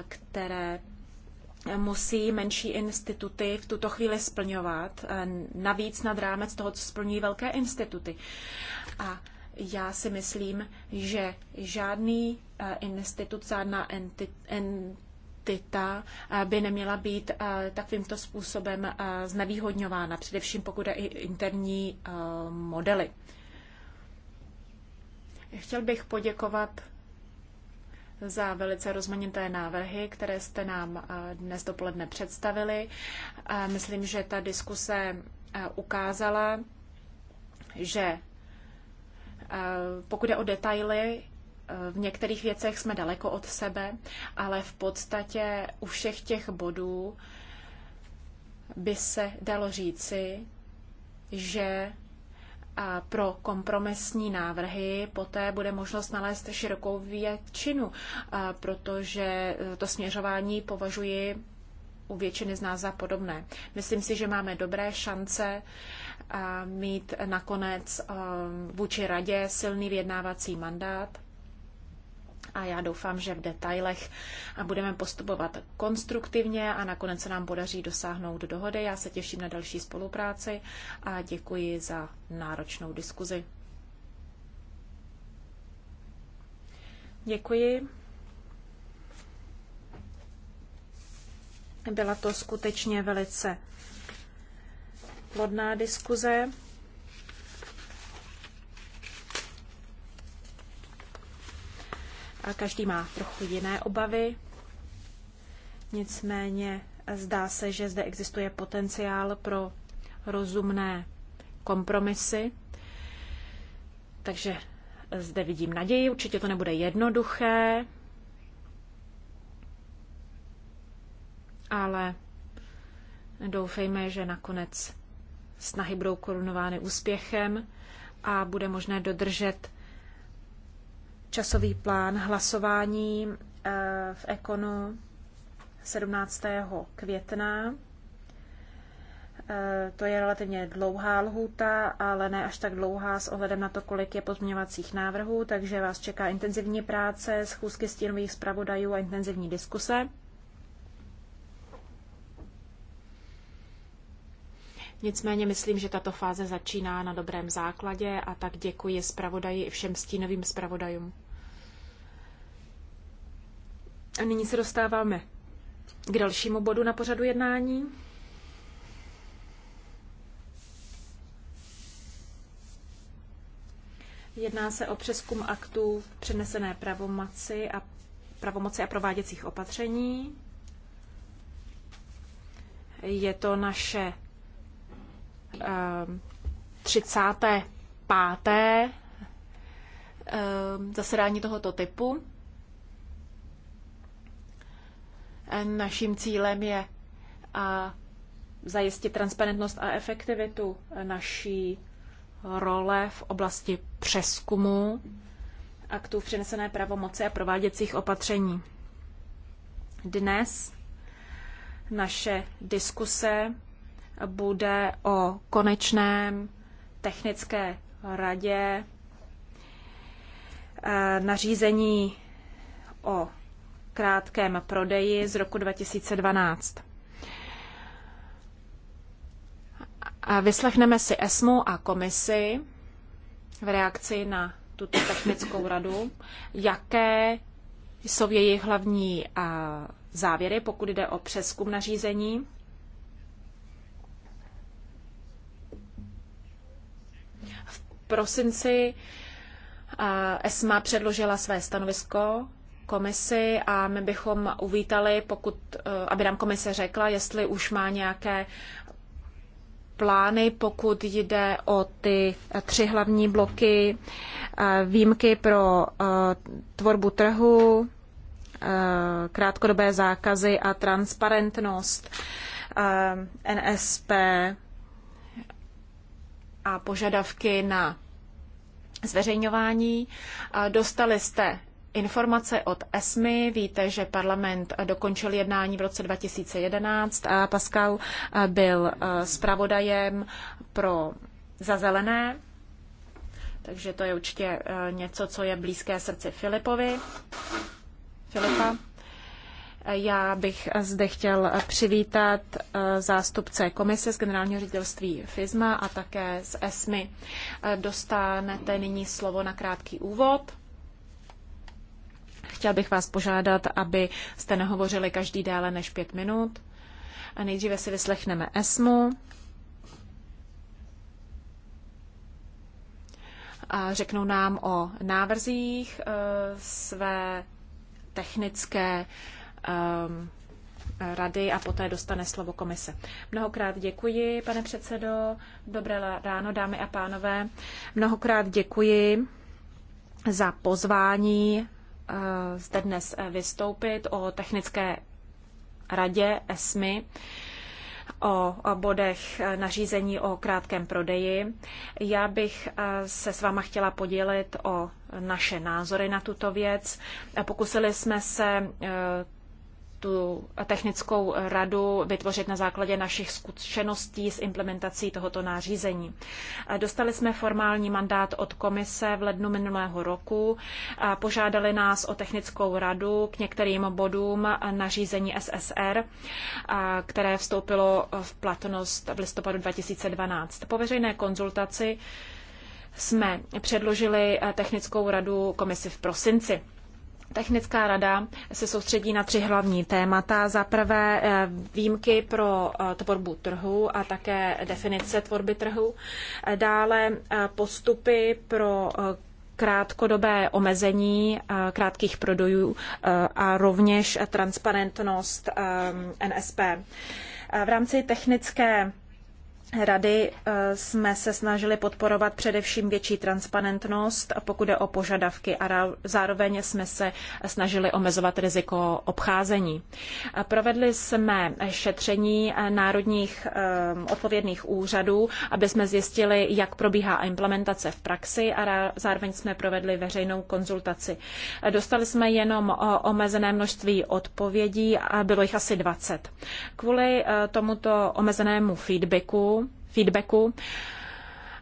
které musí menší instituty v tuto chvíli splňovat, navíc nad rámec toho, co splňují velké instituty. A já si myslím, že žádný institut, žádná entita by neměla být takovýmto způsobem znevýhodňována, především pokud je i interní modely. Chtěl bych poděkovat za velice rozmanité návrhy, které jste nám eh, dnes dopoledne představili. Myslím, že ta diskuse eh, ukázala, že eh, pokud je o detaily, v některých věcech jsme daleko od sebe, ale v podstatě u všech těch bodů by se dalo říci, že pro kompromisní návrhy. Poté bude možnost nalézt širokou většinu, protože e, to směřování považuji u většiny z nás za podobné. Myslím si, že máme dobré šance e, mít nakonec e, vůči radě silný vyjednávací mandát a já doufám, že v detailech a budeme postupovat konstruktivně a nakonec se nám podaří dosáhnout dohody. Já se těším na další spolupráci a děkuji za náročnou diskuzi. Děkuji. Byla to skutečně velice plodná diskuze. A každý má trochu jiné obavy. Nicméně zdá se, že zde existuje potenciál pro rozumné kompromisy. Takže zde vidím naději, určitě to nebude jednoduché, ale doufejme, že nakonec snahy budou korunovány úspěchem a bude možné dodržet časový plán hlasování eh, v Ekonu 17. května. Eh, to je relativně dlouhá lhůta, ale ne až tak dlouhá s ohledem na to, kolik je pozměňovacích návrhů, takže vás čeká intenzivní práce, schůzky stínových zpravodajů a intenzivní diskuse. Nicméně myslím, že tato fáze začíná na dobrém základě a tak děkuji zpravodaji i všem stínovým zpravodajům. A nyní se dostáváme k dalšímu bodu na pořadu jednání. Jedná se o přeskum aktů přenesené pravomoci a, pravomoci a prováděcích opatření. Je to naše uh, 35. Uh, zasedání tohoto typu. Naším cílem je a zajistit transparentnost a efektivitu naší role v oblasti přeskumu aktů v přenesené pravomoci a prováděcích opatření. Dnes naše diskuse bude o konečném technické radě eh, nařízení o krátkém prodeji z roku 2012. A vyslechneme si ESMU a komisi v reakci na tuto technickou radu, jaké jsou jejich hlavní závěry, pokud jde o přeskum nařízení. V prosinci ESMA předložila své stanovisko komisi a my bychom uvítali, pokud, eh, aby nám komise řekla, jestli už má nějaké plány, pokud jde o ty eh, tři hlavní bloky eh, výjimky pro tvorbu trhu, krátkodobé zákazy a transparentnost NSP a požadavky na zveřejňování. Dostali jste informace od ESMI. Víte, že parlament dokončil jednání v roce 2011 a Pascal byl eh, zpravodajem pro za zelené. Takže to je určitě eh, něco, co je blízké srdci Filipovi. Filipa. Já bych zde chtěl přivítat eh, zástupce komise z generálního ředitelství FISMA a také z ESMI. Dostanete nyní slovo na krátký úvod. Chtěl bych vás požádat, aby jste nehovořili každý déle než pět minut. A nejdříve si vyslechneme ESMu. A řeknou nám o návrzích eh, své technické ehm, rady a poté dostane slovo komise. Mnohokrát děkuji, pane předsedo. Dobré ráno, dámy a pánové. Mnohokrát děkuji za pozvání Eh, zde dnes eh, vystoupit o technické radě ESMI, o bodech eh, nařízení o krátkém prodeji. Já bych se s váma chtěla podělit o naše názory na tuto věc. Pokusili jsme se tu technickou radu vytvořit na základě našich zkušeností s implementací tohoto nářízení. Dostali jsme formální mandát od komise v lednu minulého roku. Požádali nás o technickou radu k některým bodům nařízení SSR, které vstoupilo v platnost v listopadu 2012. Po veřejné konzultaci jsme předložili technickou radu komisi v prosinci. Technická rada se soustředí na tři hlavní témata. Za prvé eh, výjimky pro eh, tvorbu trhu a také definice tvorby trhu. Eh, dále postupy pro krátkodobé omezení krátkých prodojů a rovněž transparentnost NSP. V rámci technické Rady eh, jsme se snažili podporovat především větší transparentnost, pokud jde o požadavky a zároveň jsme se snažili omezovat riziko obcházení. Eh, provedli jsme šetření eh, národních odpovědných úřadů, aby jsme zjistili, jak probíhá implementace v praxi a zároveň jsme provedli veřejnou konzultaci. Dostali jsme jenom omezené množství odpovědí a bylo jich asi 20. Kvůli tomuto omezenému feedbacku feedbacku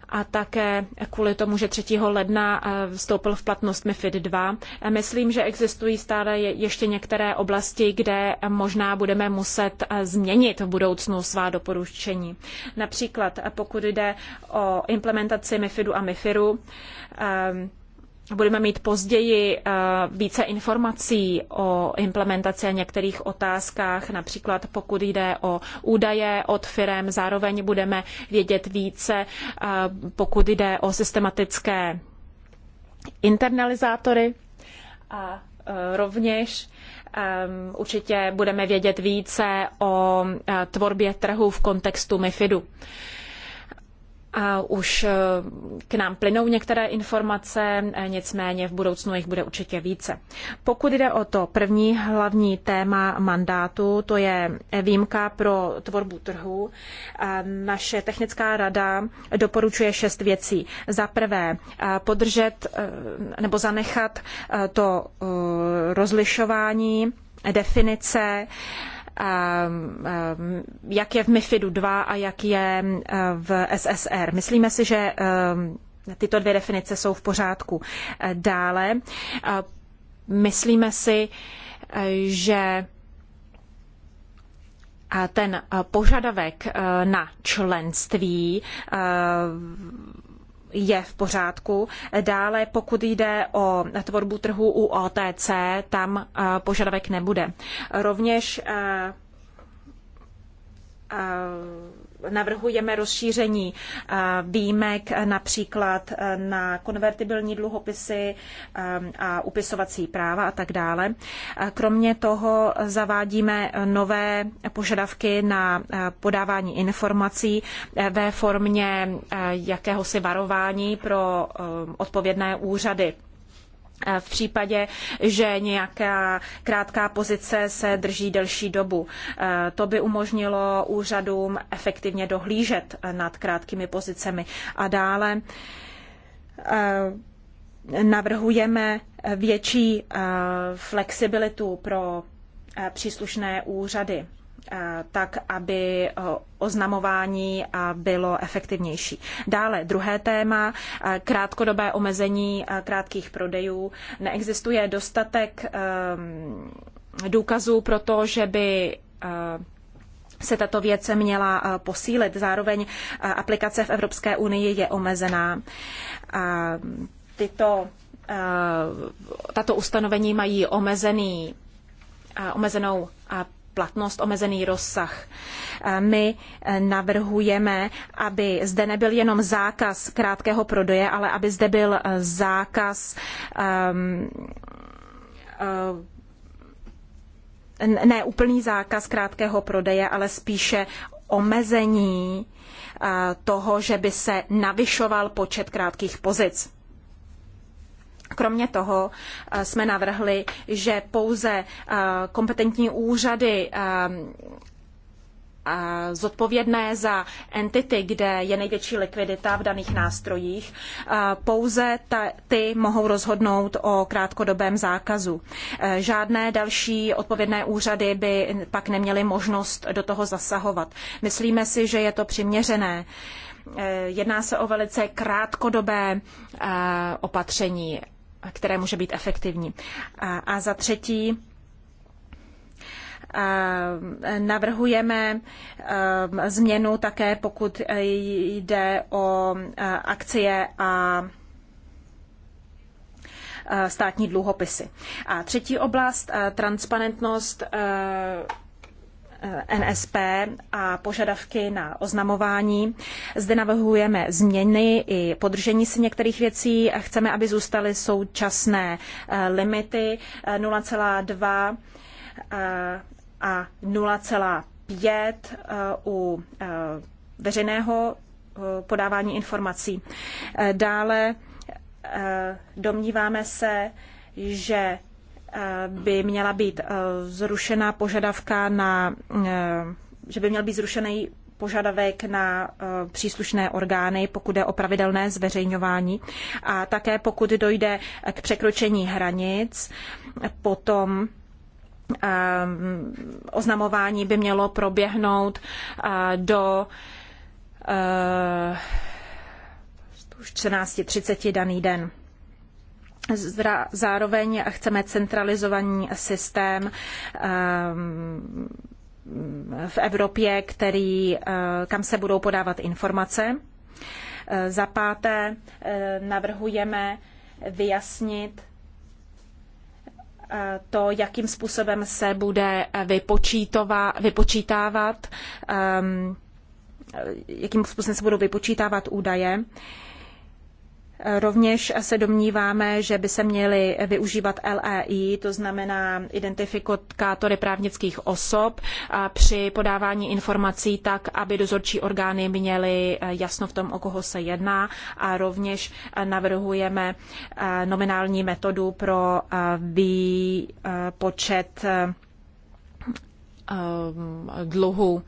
a také kvůli tomu, že 3. ledna eh, vstoupil v platnost MIFID 2. Myslím, že existují stále ještě některé oblasti, kde možná budeme muset eh, změnit v budoucnu svá doporučení. Například eh, pokud jde o implementaci MIFIDu a MIFIRu, budeme mít později eh, více informací o implementaci některých otázkách, například pokud jde o údaje od firm, zároveň budeme vědět více, eh, pokud jde o systematické internalizátory a eh, rovněž určitě budeme vědět více o tvorbě trhu v kontextu MIFIDu. A už eh, k nám plynou některé informace, eh, nicméně v budoucnu jich bude určitě více. Pokud jde o to první hlavní téma mandátu, to je eh, výjimka pro tvorbu trhu. Naše technická rada doporučuje šest věcí. Za prvé, podržet nebo zanechat to rozlišování definice Ehm, ehm, jak je v MIFIDu 2 a jak je ehm, v SSR. Myslíme si, že tyto dvě definice jsou v pořádku. E, dále e, myslíme si, e, že ten požadavek na členství je v pořádku. Dále, pokud jde o tvorbu trhu u OTC, tam eh, požadavek nebude. Rovněž eh, eh, navrhujeme rozšíření eh, výjimek eh, například eh, na konvertibilní dluhopisy a upisovací práva a tak dále. Kromě toho zavádíme nové požadavky na podávání informací ve formě jakéhosi varování pro odpovědné úřady. Eh, v případě, že nějaká krátká pozice se drží delší dobu. Eh, to by umožnilo úřadům efektivně dohlížet eh, nad krátkými pozicemi. A dále navrhujeme větší flexibilitu pro příslušné úřady. Eh, tak, aby eh, oznamování eh, bylo efektivnější. Dále druhé téma, krátkodobé omezení krátkých prodejů. Neexistuje dostatek důkazů pro to, že by se tato věc měla posílit. Zároveň aplikace v Evropské unii je omezená. Tyto, tato ustanovení mají omezený, omezenou platnost omezený rozsah. My eh, navrhujeme, aby zde nebyl jenom zákaz krátkého prodeje, ale aby zde byl eh, zákaz um, ne úplný zákaz krátkého prodeje, ale spíše omezení toho, že by se navyšoval počet krátkých pozic. Kromě toho eh, jsme navrhli, že pouze eh, kompetentní úřady eh, zodpovědné za entity, kde je největší likvidita v daných nástrojích, pouze ty mohou rozhodnout o krátkodobém zákazu. Žádné další odpovědné úřady by pak neměly možnost do toho zasahovat. Myslíme si, že je to přiměřené. Jedná se o velice krátkodobé opatření které může být efektivní. A, a za třetí, navrhujeme změnu také, pokud jde o akcie a státní dluhopisy. A třetí oblast, transparentnost Eh, NSP a požadavky na oznamování. Zde navrhujeme změny i podržení si některých věcí. Chceme, aby zůstaly současné eh, limity 0,2 eh, a 0,5 u veřejného podávání informací. Dále domníváme se, že by měla být eh, zrušena požadavka na, eh, že by měl být zrušený požadavek na eh, příslušné orgány, pokud je o pravidelné zveřejňování. A také pokud dojde k překročení hranic, potom oznamování by mělo proběhnout do 14.30 daný den. Zároveň chceme centralizovaný systém ehm, v Evropě, který, eh, kam se budou podávat informace. Eh, za páté eh, navrhujeme vyjasnit to, jakým způsobem se bude vypočítávat, ehm, jakým způsobem se budou vypočítávat údaje. Rovněž se domníváme, že by se měly využívat LEI, to znamená identifikátory právnických osob, při podávání informací tak, aby dozorčí orgány měly eh, jasno v tom, o koho se jedná a rovněž eh, navrhujeme eh, nominální metodu pro výpočet dluhu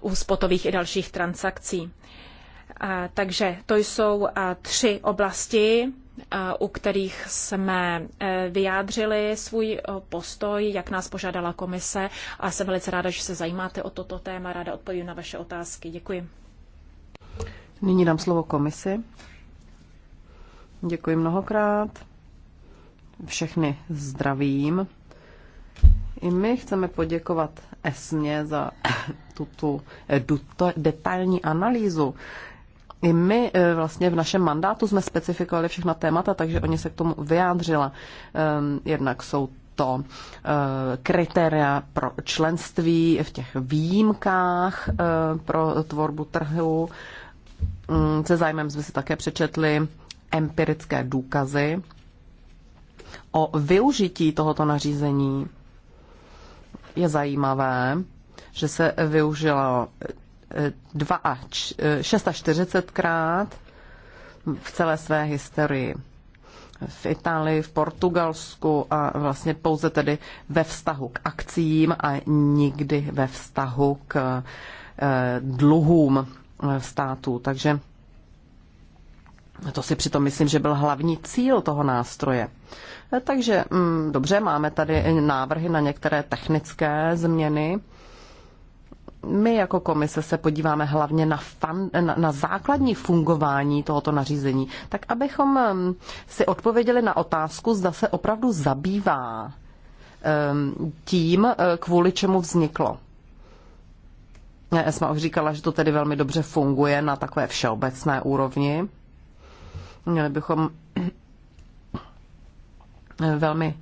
u spotových i dalších transakcí. Takže to jsou tři oblasti, u kterých jsme e, vyjádřili svůj e, postoj, jak nás požádala komise a jsem velice ráda, že se zajímáte o toto téma. Ráda odpovím na vaše otázky. Děkuji. Nyní dám slovo komisi. Děkuji mnohokrát. Všechny zdravím. I my chceme poděkovat Esmě za [COUGHS] eh, tuto detailní analýzu, i my eh, vlastně v našem mandátu jsme specifikovali všechna témata, takže oni se k tomu vyjádřila. Ehm, jednak jsou to eh, kritéria pro členství v těch výjimkách eh, pro tvorbu trhu. Mm, se zájmem jsme si také přečetli empirické důkazy o využití tohoto nařízení. Je zajímavé, že se využilo 2 46 krát v celé své historii. V Itálii, v Portugalsku a vlastně pouze tedy ve vztahu k akcím a nikdy ve vztahu k e, dluhům států. Takže to si přitom myslím, že byl hlavní cíl toho nástroje. E, takže mm, dobře, máme tady návrhy na některé technické změny my jako komise se podíváme hlavně na, fan, na, na základní fungování tohoto nařízení, tak abychom um, si odpověděli na otázku, zda se opravdu zabývá um, tím, uh, kvůli čemu vzniklo. Esma už říkala, že to tedy velmi dobře funguje na takové všeobecné úrovni. Měli bychom [CLEARS THROAT] velmi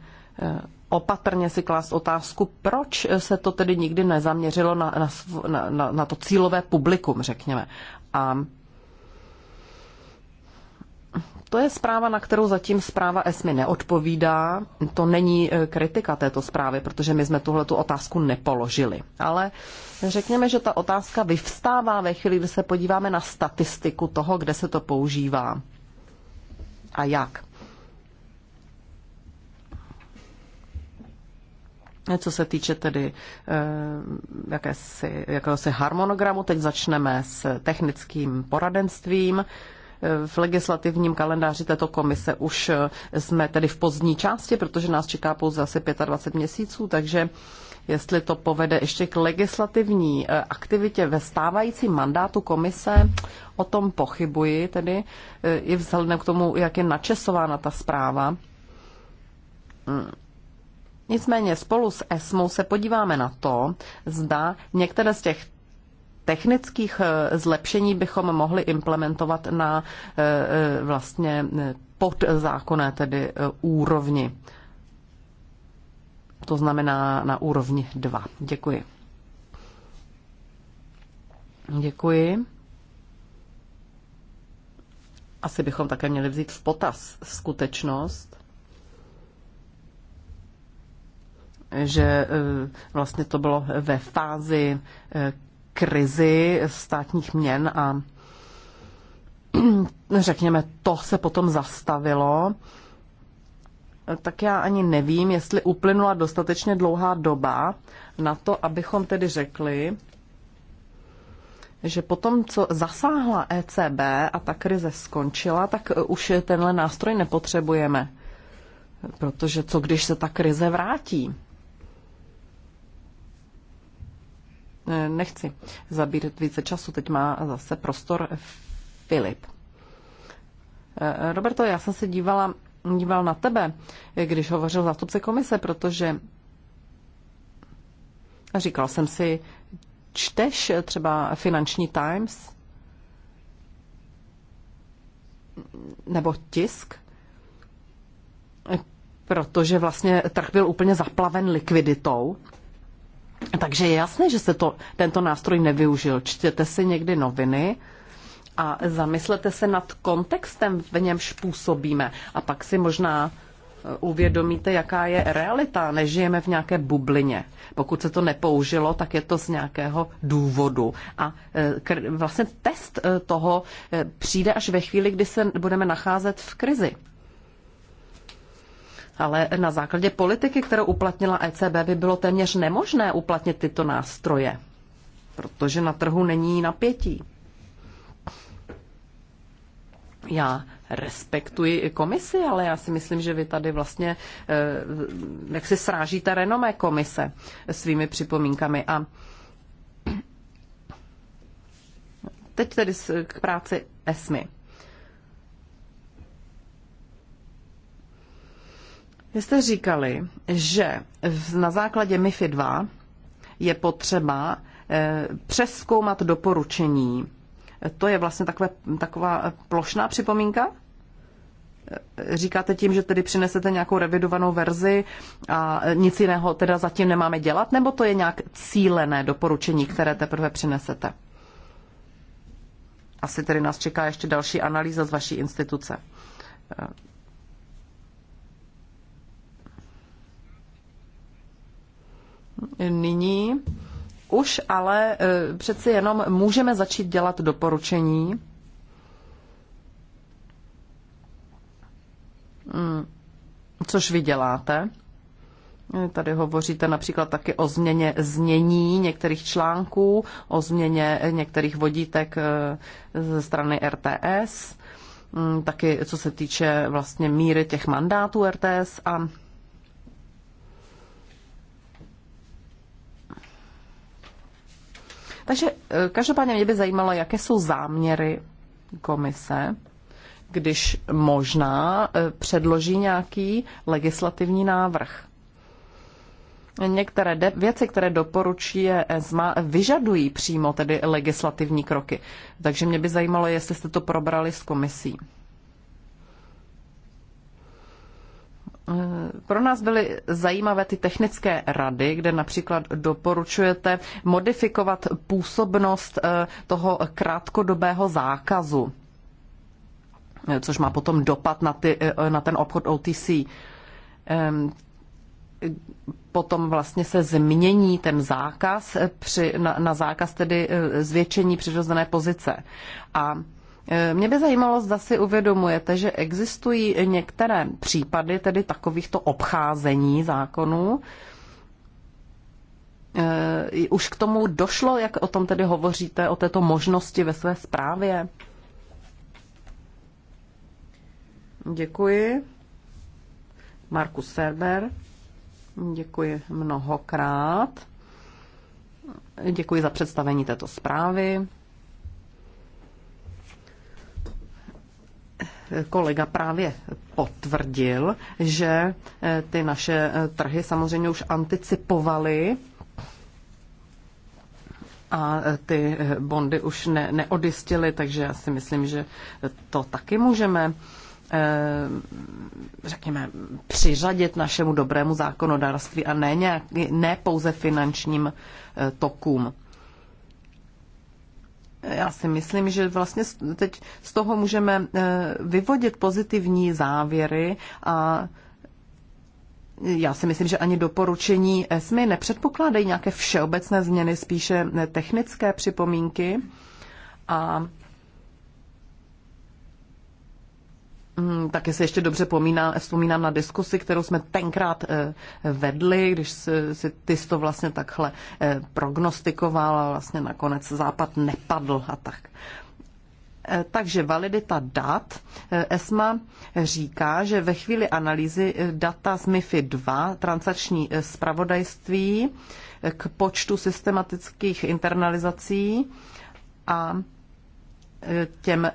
opatrně si klást otázku, proč se to tedy nikdy nezaměřilo na, na, na, na to cílové publikum, řekněme. A to je zpráva, na kterou zatím zpráva ESMI neodpovídá. To není e, kritika této zprávy, protože my jsme tuhle tu otázku nepoložili. Ale řekněme, že ta otázka vyvstává ve chvíli, kdy se podíváme na statistiku toho, kde se to používá a jak. Co se týče tedy eh, jakési, jakéhosi harmonogramu, teď začneme s technickým poradenstvím. Eh, v legislativním kalendáři této komise už eh, jsme tedy v pozdní části, protože nás čeká pouze asi 25 měsíců, takže jestli to povede ještě k legislativní aktivitě ve stávajícím mandátu komise, o tom pochybuji tedy i vzhledem k tomu, jak je načesována ta zpráva mm. Nicméně spolu s ESMou se podíváme na to, zda některé z těch technických eh, zlepšení bychom mohli implementovat na eh, eh, vlastně podzákonné tedy úrovni. To znamená na úrovni 2. Děkuji. Děkuji. Asi bychom také měli vzít v potaz skutečnost, že e, vlastně to bylo ve fázi e, krizi státních měn a [CLEARS THROAT] řekněme, to se potom zastavilo, tak já ani nevím, jestli uplynula dostatečně dlouhá doba na to, abychom tedy řekli, že potom, co zasáhla ECB a ta krize skončila, tak e, už tenhle nástroj nepotřebujeme. Protože co když se ta krize vrátí? nechci zabírat více času, teď má zase prostor Filip. Eh, Roberto, já jsem se dívala, díval na tebe, když hovořil zástupce komise, protože říkal jsem si, čteš třeba Finanční Times nebo tisk, protože vlastně trh byl úplně zaplaven likviditou takže je jasné, že se to, tento nástroj nevyužil. Čtěte si někdy noviny a zamyslete se nad kontextem, v němž působíme. A pak si možná eh, uvědomíte, jaká je realita. Nežijeme v nějaké bublině. Pokud se to nepoužilo, tak je to z nějakého důvodu. A eh, vlastně test eh, toho přijde až ve chvíli, kdy se budeme nacházet v krizi ale na základě politiky, kterou uplatnila ECB, by bylo téměř nemožné uplatnit tyto nástroje, protože na trhu není napětí. Já respektuji i komisi, ale já si myslím, že vy tady vlastně eh, jak si srážíte renomé komise svými připomínkami. A teď tedy k práci ESMI. Vy jste říkali, že na základě MIFI 2 je potřeba eh, přeskoumat doporučení. To je vlastně takové, taková eh, plošná připomínka? Eh, říkáte tím, že tedy přinesete nějakou revidovanou verzi a nic jiného teda zatím nemáme dělat, nebo to je nějak cílené doporučení, které teprve přinesete? Asi tedy nás čeká ještě další analýza z vaší instituce. nyní už ale e, přeci jenom můžeme začít dělat doporučení. Hmm, což vy děláte. E, tady hovoříte například taky o změně znění některých článků, o změně některých vodítek e, ze strany RTS, taky co se týče vlastně míry těch mandátů RTS a Takže eh, každopádně mě by zajímalo, jaké jsou záměry komise, když možná eh, předloží nějaký legislativní návrh. Některé věci, které doporučí ESMA, eh, vyžadují přímo tedy legislativní kroky. Takže mě by zajímalo, jestli jste to probrali s komisí. Pro nás byly zajímavé ty technické rady, kde například doporučujete modifikovat působnost eh, toho krátkodobého zákazu, což má potom dopad na, ty, eh, na ten obchod OTC. Ehm, potom vlastně se změní ten zákaz eh, při, na, na zákaz tedy zvětšení přirozené pozice. A mě by zajímalo, zda si uvědomujete, že existují některé případy tedy takovýchto obcházení zákonů. Eh, už k tomu došlo, jak o tom tedy hovoříte, o této možnosti ve své zprávě? Děkuji. Markus Serber, děkuji mnohokrát. Děkuji za představení této zprávy. kolega právě potvrdil, že eh, ty naše eh, trhy samozřejmě už anticipovaly a eh, ty bondy už ne, neodistily, takže já si myslím, že to taky můžeme řekněme, přiřadit našemu dobrému zákonodárství a ne, nějak, ne pouze finančním tokům já si myslím, že vlastně teď z toho můžeme eh, vyvodit pozitivní závěry a já si myslím, že ani doporučení ESMI nepředpokládají nějaké všeobecné změny, spíše eh, technické připomínky. A Mm, taky se ještě dobře pomíná, vzpomínám na diskusi, kterou jsme tenkrát eh, vedli, když si ty to vlastně takhle eh, prognostikoval a vlastně nakonec západ nepadl a tak. Eh, takže validita dat. ESMA říká, že ve chvíli analýzy data z MIFI 2, transační spravodajství, k počtu systematických internalizací a těm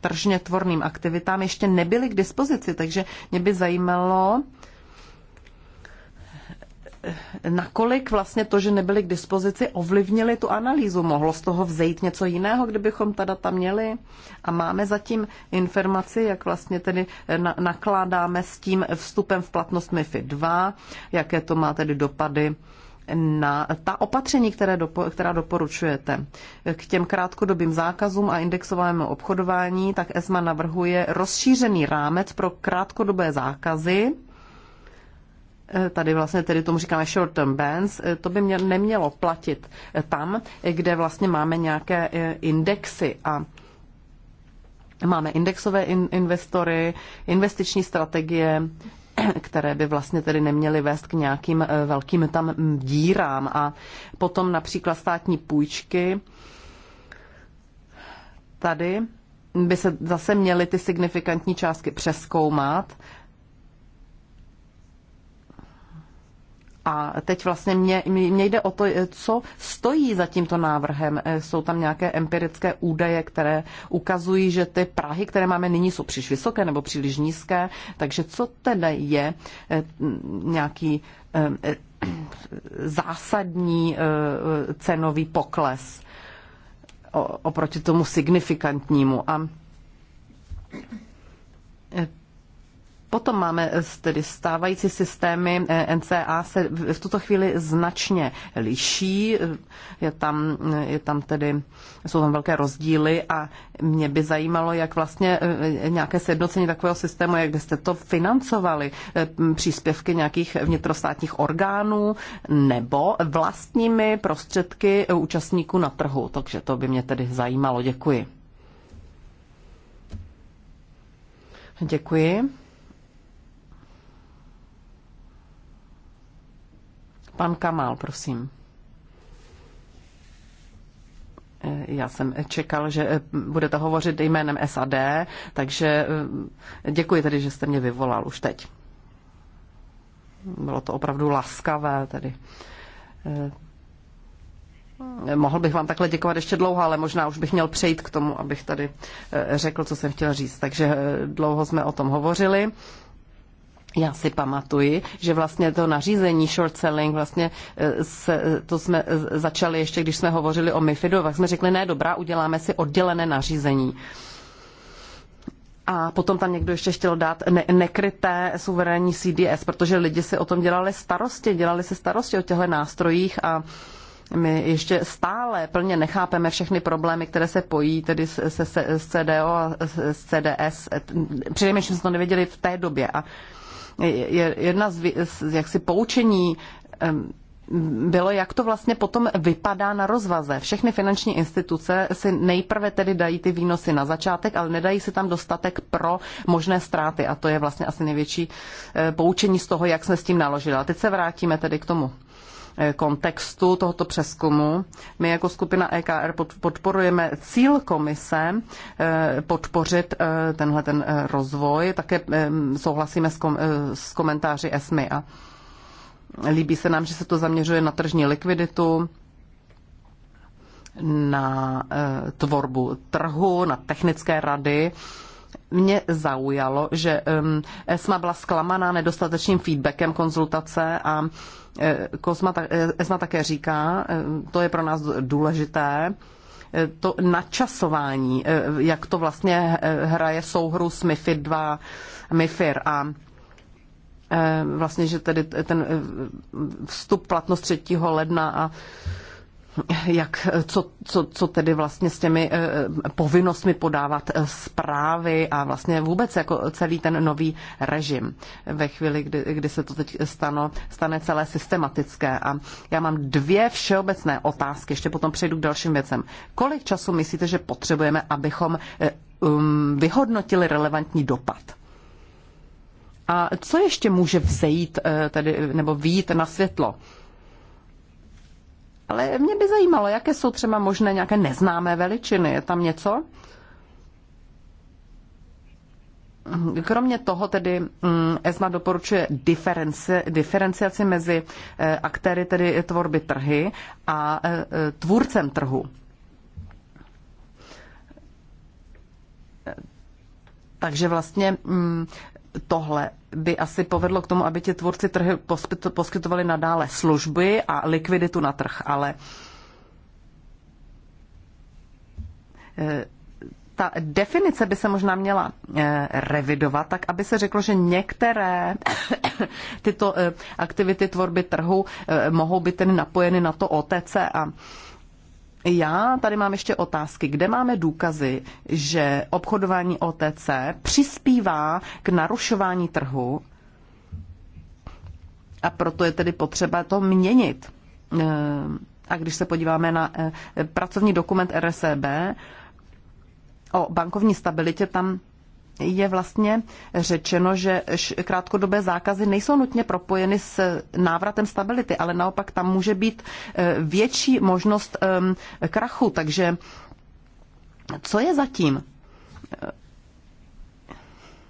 tržně tvorným aktivitám ještě nebyly k dispozici, takže mě by zajímalo, nakolik vlastně to, že nebyly k dispozici, ovlivnili tu analýzu. Mohlo z toho vzejít něco jiného, kdybychom ta data měli? A máme zatím informaci, jak vlastně tedy na- nakládáme s tím vstupem v platnost MIFI 2, jaké to má tedy dopady na ta opatření, které dopo, která doporučujete. K těm krátkodobým zákazům a indexovanému obchodování, tak ESMA navrhuje rozšířený rámec pro krátkodobé zákazy. E, tady vlastně tedy tomu říkáme short term bans. E, to by mě nemělo platit tam, kde vlastně máme nějaké e, indexy a Máme indexové in- investory, investiční strategie, které by vlastně tedy neměly vést k nějakým eh, velkým tam dírám. A potom například státní půjčky. Tady by se zase měly ty signifikantní částky přeskoumat A teď vlastně mě, mě jde o to, co stojí za tímto návrhem. Eh, jsou tam nějaké empirické údaje, které ukazují, že ty Prahy, které máme nyní, jsou příliš vysoké nebo příliš nízké. Takže co tedy je eh, nějaký eh, zásadní cenový pokles oproti tomu signifikantnímu? A Potom máme eh, tedy stávající systémy eh, NCA se v tuto chvíli značně liší. Eh, je tam, je tam tedy, jsou tam velké rozdíly a mě by zajímalo, jak vlastně nějaké sjednocení takového systému, jak byste to financovali, příspěvky nějakých vnitrostátních orgánů nebo vlastními prostředky účastníků na trhu. Takže to by mě tedy zajímalo. Děkuji. Děkuji. Pan Kamal, prosím. Eh, já jsem čekal, že eh, budete hovořit jménem SAD, takže eh, děkuji tedy, že jste mě vyvolal už teď. Bylo to opravdu laskavé tedy. Mohl bych vám takhle děkovat ještě dlouho, ale možná už bych měl přejít k tomu, abych tady řekl, co jsem chtěl říct. Takže dlouho jsme o tom hovořili já si pamatuji, že vlastně to nařízení short selling, vlastně e, se, e, to jsme e, začali ještě, když jsme hovořili o MIFIDu, tak jsme řekli, ne, dobrá, uděláme si oddělené nařízení. A potom tam někdo ještě chtěl dát ne- nekryté suverénní CDS, protože lidi si o tom dělali starosti, dělali si starosti o těchto nástrojích a my ještě stále plně nechápeme všechny problémy, které se pojí tedy se, se, se s CDO a s CDS. Především jsme to nevěděli v té době. A jedna z, z jaksi poučení bylo, jak to vlastně potom vypadá na rozvaze. Všechny finanční instituce si nejprve tedy dají ty výnosy na začátek, ale nedají si tam dostatek pro možné ztráty. A to je vlastně asi největší eh, poučení z toho, jak jsme s tím naložili. A teď se vrátíme tedy k tomu Eh, kontextu tohoto přeskumu. My jako skupina EKR podporujeme cíl komise eh, podpořit eh, tenhle ten rozvoj. Také souhlasíme s komentáři ESMI a líbí se nám, že se to zaměřuje na tržní likviditu, na tvorbu trhu, na technické rady mě zaujalo, že ESMA byla zklamaná nedostatečným feedbackem konzultace a Eh, Kosma, eh, ESMA také říká, eh, to je pro nás důležité, to načasování, jak to vlastně hraje souhru s MIFID 2, MIFIR a vlastně, že tedy ten vstup platnost 3. ledna a jak, co, co, co tedy vlastně s těmi eh, povinnostmi podávat eh, zprávy a vlastně vůbec jako celý ten nový režim ve chvíli, kdy, kdy se to teď stano, stane celé systematické. A já mám dvě všeobecné otázky, ještě potom přejdu k dalším věcem. Kolik času myslíte, že potřebujeme, abychom eh, um, vyhodnotili relevantní dopad? A co ještě může vzejít tedy, nebo výjít na světlo? Ale mě by zajímalo, jaké jsou třeba možné nějaké neznámé veličiny. Je tam něco? Kromě toho tedy mm, ESMA doporučuje diferenci, diferenciaci mezi eh, aktéry, tedy tvorby trhy a eh, tvůrcem trhu. Eh, takže vlastně mm, tohle by asi povedlo k tomu, aby ti tvůrci trhy poskytovali nadále služby a likviditu na trh, ale e, ta definice by se možná měla e, revidovat, tak aby se řeklo, že některé tyto e, aktivity tvorby trhu mohou být tedy napojeny na to OTC a já tady mám ještě otázky. Kde máme důkazy, že obchodování OTC přispívá k narušování trhu a proto je tedy potřeba to měnit? Eh, a když se podíváme na eh, pracovní dokument RSEB o bankovní stabilitě, tam je vlastně řečeno, že krátkodobé zákazy nejsou nutně propojeny s návratem stability, ale naopak tam může být eh, větší možnost eh, krachu. Takže co je zatím? Eh,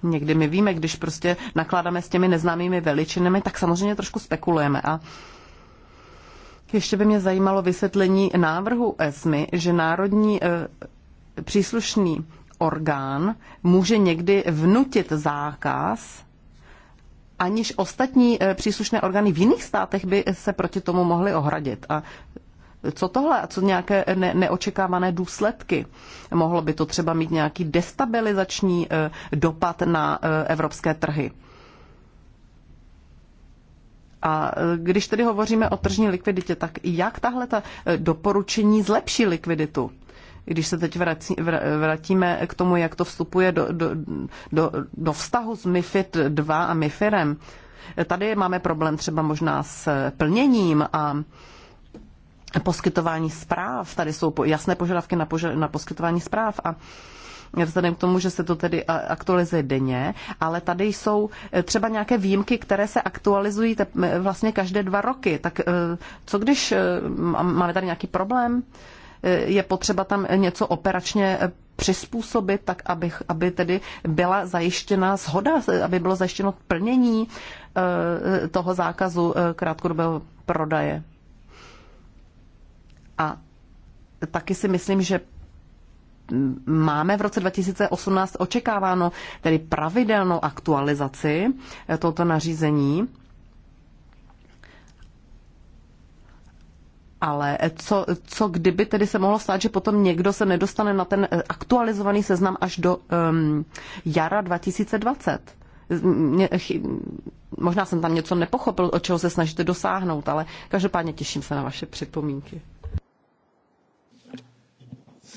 někdy my víme, když prostě nakládáme s těmi neznámými veličinami, tak samozřejmě trošku spekulujeme. A ještě by mě zajímalo vysvětlení návrhu ESMY, že národní příslušný orgán může někdy vnutit zákaz, aniž ostatní eh, příslušné orgány v jiných státech by se proti tomu mohly ohradit. A co tohle? A co nějaké ne- neočekávané důsledky? Mohlo by to třeba mít nějaký destabilizační eh, dopad na eh, evropské trhy? A když tedy hovoříme o tržní likviditě, tak jak tahle ta doporučení zlepší likviditu? když se teď vrací, vrátíme k tomu, jak to vstupuje do, do, do, do vztahu s MIFID 2 a MIFIRem, tady máme problém třeba možná s plněním a poskytování zpráv. Tady jsou jasné požadavky na, poža- na poskytování zpráv a vzhledem k tomu, že se to tedy aktualizuje denně, ale tady jsou eh, třeba nějaké výjimky, které se aktualizují vlastně každé dva roky. Tak eh, co když eh, máme tady nějaký problém? je potřeba tam něco operačně přizpůsobit, tak aby, aby tedy byla zajištěna shoda, aby bylo zajištěno plnění eh, toho zákazu eh, krátkodobého prodaje. A taky si myslím, že máme v roce 2018 očekáváno tedy pravidelnou aktualizaci eh, tohoto nařízení ale co, co kdyby tedy se mohlo stát, že potom někdo se nedostane na ten eh, aktualizovaný seznam až do um, jara 2020? Mě, chy, možná jsem tam něco nepochopil, o čeho se snažíte dosáhnout, ale každopádně těším se na vaše připomínky.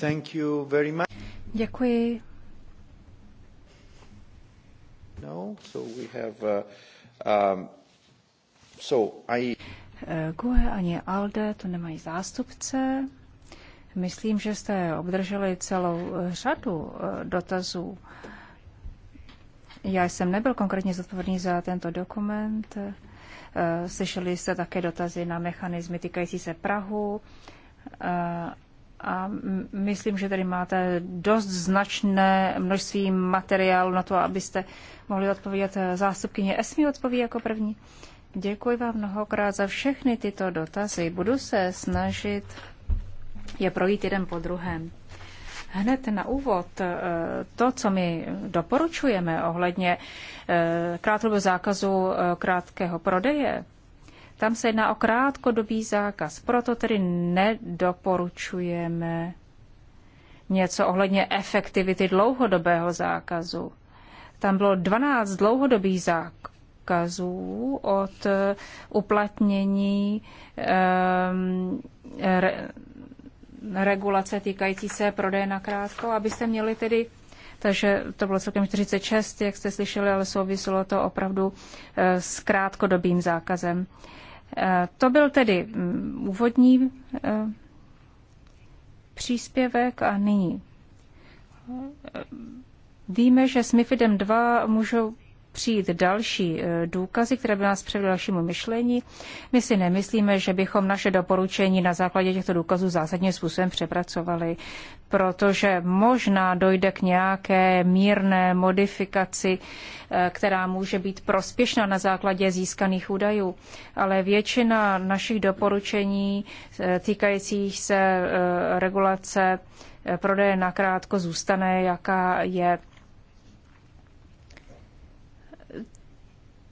Thank you very much. Děkuji. No, so we have, uh, um, so I... Eh, GUE ani ALDE to nemají zástupce. Myslím, že jste obdrželi celou eh, řadu eh, dotazů. Já jsem nebyl konkrétně zodpovědný za tento dokument. Slyšeli jste také dotazy na mechanizmy týkající se Prahu. A myslím, že tady máte dost značné množství materiálu na to, abyste mohli odpovědět zástupkyně. Esmi odpoví jako první. Uh, Děkuji vám mnohokrát za všechny tyto dotazy. Budu se snažit je projít jeden po druhém. Hned na úvod eh, to, co my doporučujeme ohledně eh, krátkodobého zákazu eh, krátkého prodeje, tam se jedná o krátkodobý zákaz. Proto tedy nedoporučujeme něco ohledně efektivity dlouhodobého zákazu. Tam bylo 12 dlouhodobých zák- odkazů od eh, uplatnění eh, re, regulace týkající se prodeje na krátko, abyste měli tedy takže to bylo celkem 46, jak jste slyšeli, ale souviselo to opravdu eh, s krátkodobým zákazem. To byl tedy mm, úvodní příspěvek a nyní. Víme, že s MIFIDem 2 můžou přijít další eh, důkazy, které by nás přivedly dalšímu myšlení. My si nemyslíme, že bychom naše doporučení na základě těchto důkazů zásadním způsobem přepracovali, protože možná dojde k nějaké mírné modifikaci, eh, která může být prospěšná na základě získaných údajů. Ale většina našich doporučení eh, týkajících se regulace prodeje nakrátko zůstane, jaká je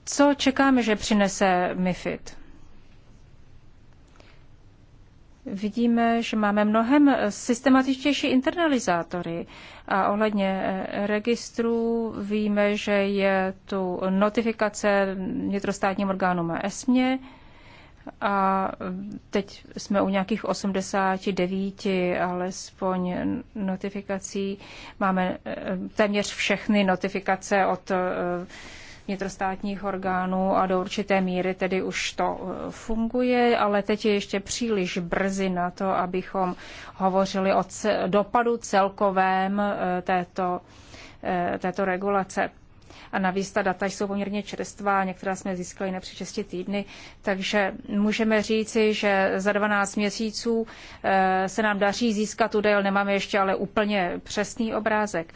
Co čekáme, že přinese MIFID? Vidíme, že máme mnohem systematičtější internalizátory a ohledně registrů víme, že je tu notifikace vnitrostátním orgánům a ESMě a teď jsme u nějakých 89 alespoň notifikací. Máme téměř všechny notifikace od eh, vnitrostátních orgánů a do určité míry tedy už to eh, funguje, ale teď je ještě příliš brzy na to, abychom hovořili o dopadu celkovém eh, této, eh, této regulace. A navíc ta data jsou poměrně čerstvá, některá jsme získali nepřed 6 týdny, takže můžeme říci, že za 12 měsíců se nám daří získat údaj, ale nemáme ještě ale úplně přesný obrázek.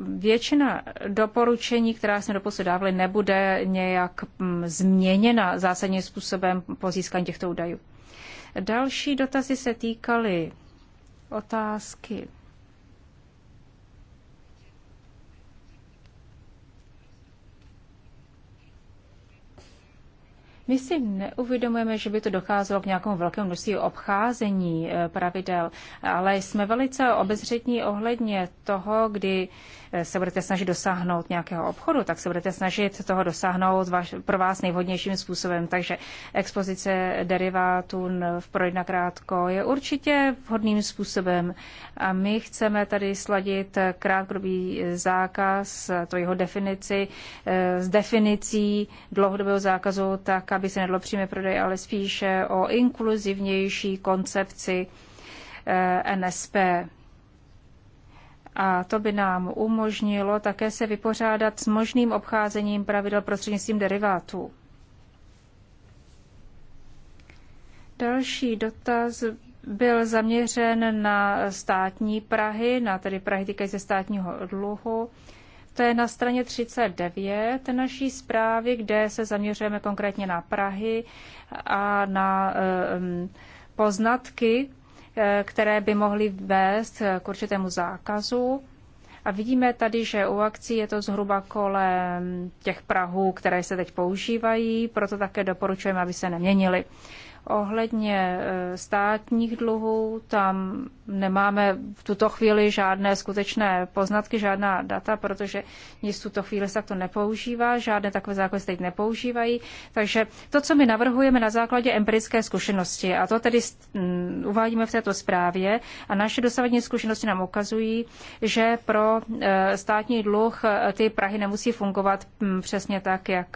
Většina doporučení, která jsme doposud dávali, nebude nějak mm, změněna zásadním způsobem po získání těchto údajů. Další dotazy se týkaly otázky My si neuvědomujeme, že by to docházelo k nějakému velkému množství obcházení eh, pravidel, ale jsme velice obezřetní ohledně toho, kdy eh, se budete snažit dosáhnout nějakého obchodu, tak se budete snažit toho dosáhnout vaš, pro vás nejvhodnějším způsobem. Takže expozice derivátů v projedna krátko je určitě vhodným způsobem. A my chceme tady sladit eh, krátkodobý zákaz, to jeho definici, s definicí dlouhodobého zákazu, tak aby se nedlo přímé prodej, ale spíše o inkluzivnější koncepci eh, NSP. A to by nám umožnilo také se vypořádat s možným obcházením pravidel prostřednictvím derivátů. Další dotaz byl zaměřen na státní Prahy, na tedy Prahy týkající se státního dluhu. To je na straně 39 naší zprávy, kde se zaměřujeme konkrétně na Prahy a na ehm, poznatky, eh, které by mohly vést k určitému zákazu. A vidíme tady, že u akcí je to zhruba kolem těch Prahů, které se teď používají, proto také doporučujeme, aby se neměnily. Ohledně e, státních dluhů, tam nemáme v tuto chvíli žádné skutečné poznatky, žádná data, protože nic v tuto chvíli se to nepoužívá, žádné takové zákony se teď nepoužívají. Takže to, co my navrhujeme na základě empirické zkušenosti, a to tedy uvádíme v této zprávě, a naše dosavadní zkušenosti nám ukazují, že pro e, státní dluh e, ty Prahy nemusí fungovat přesně tak, jak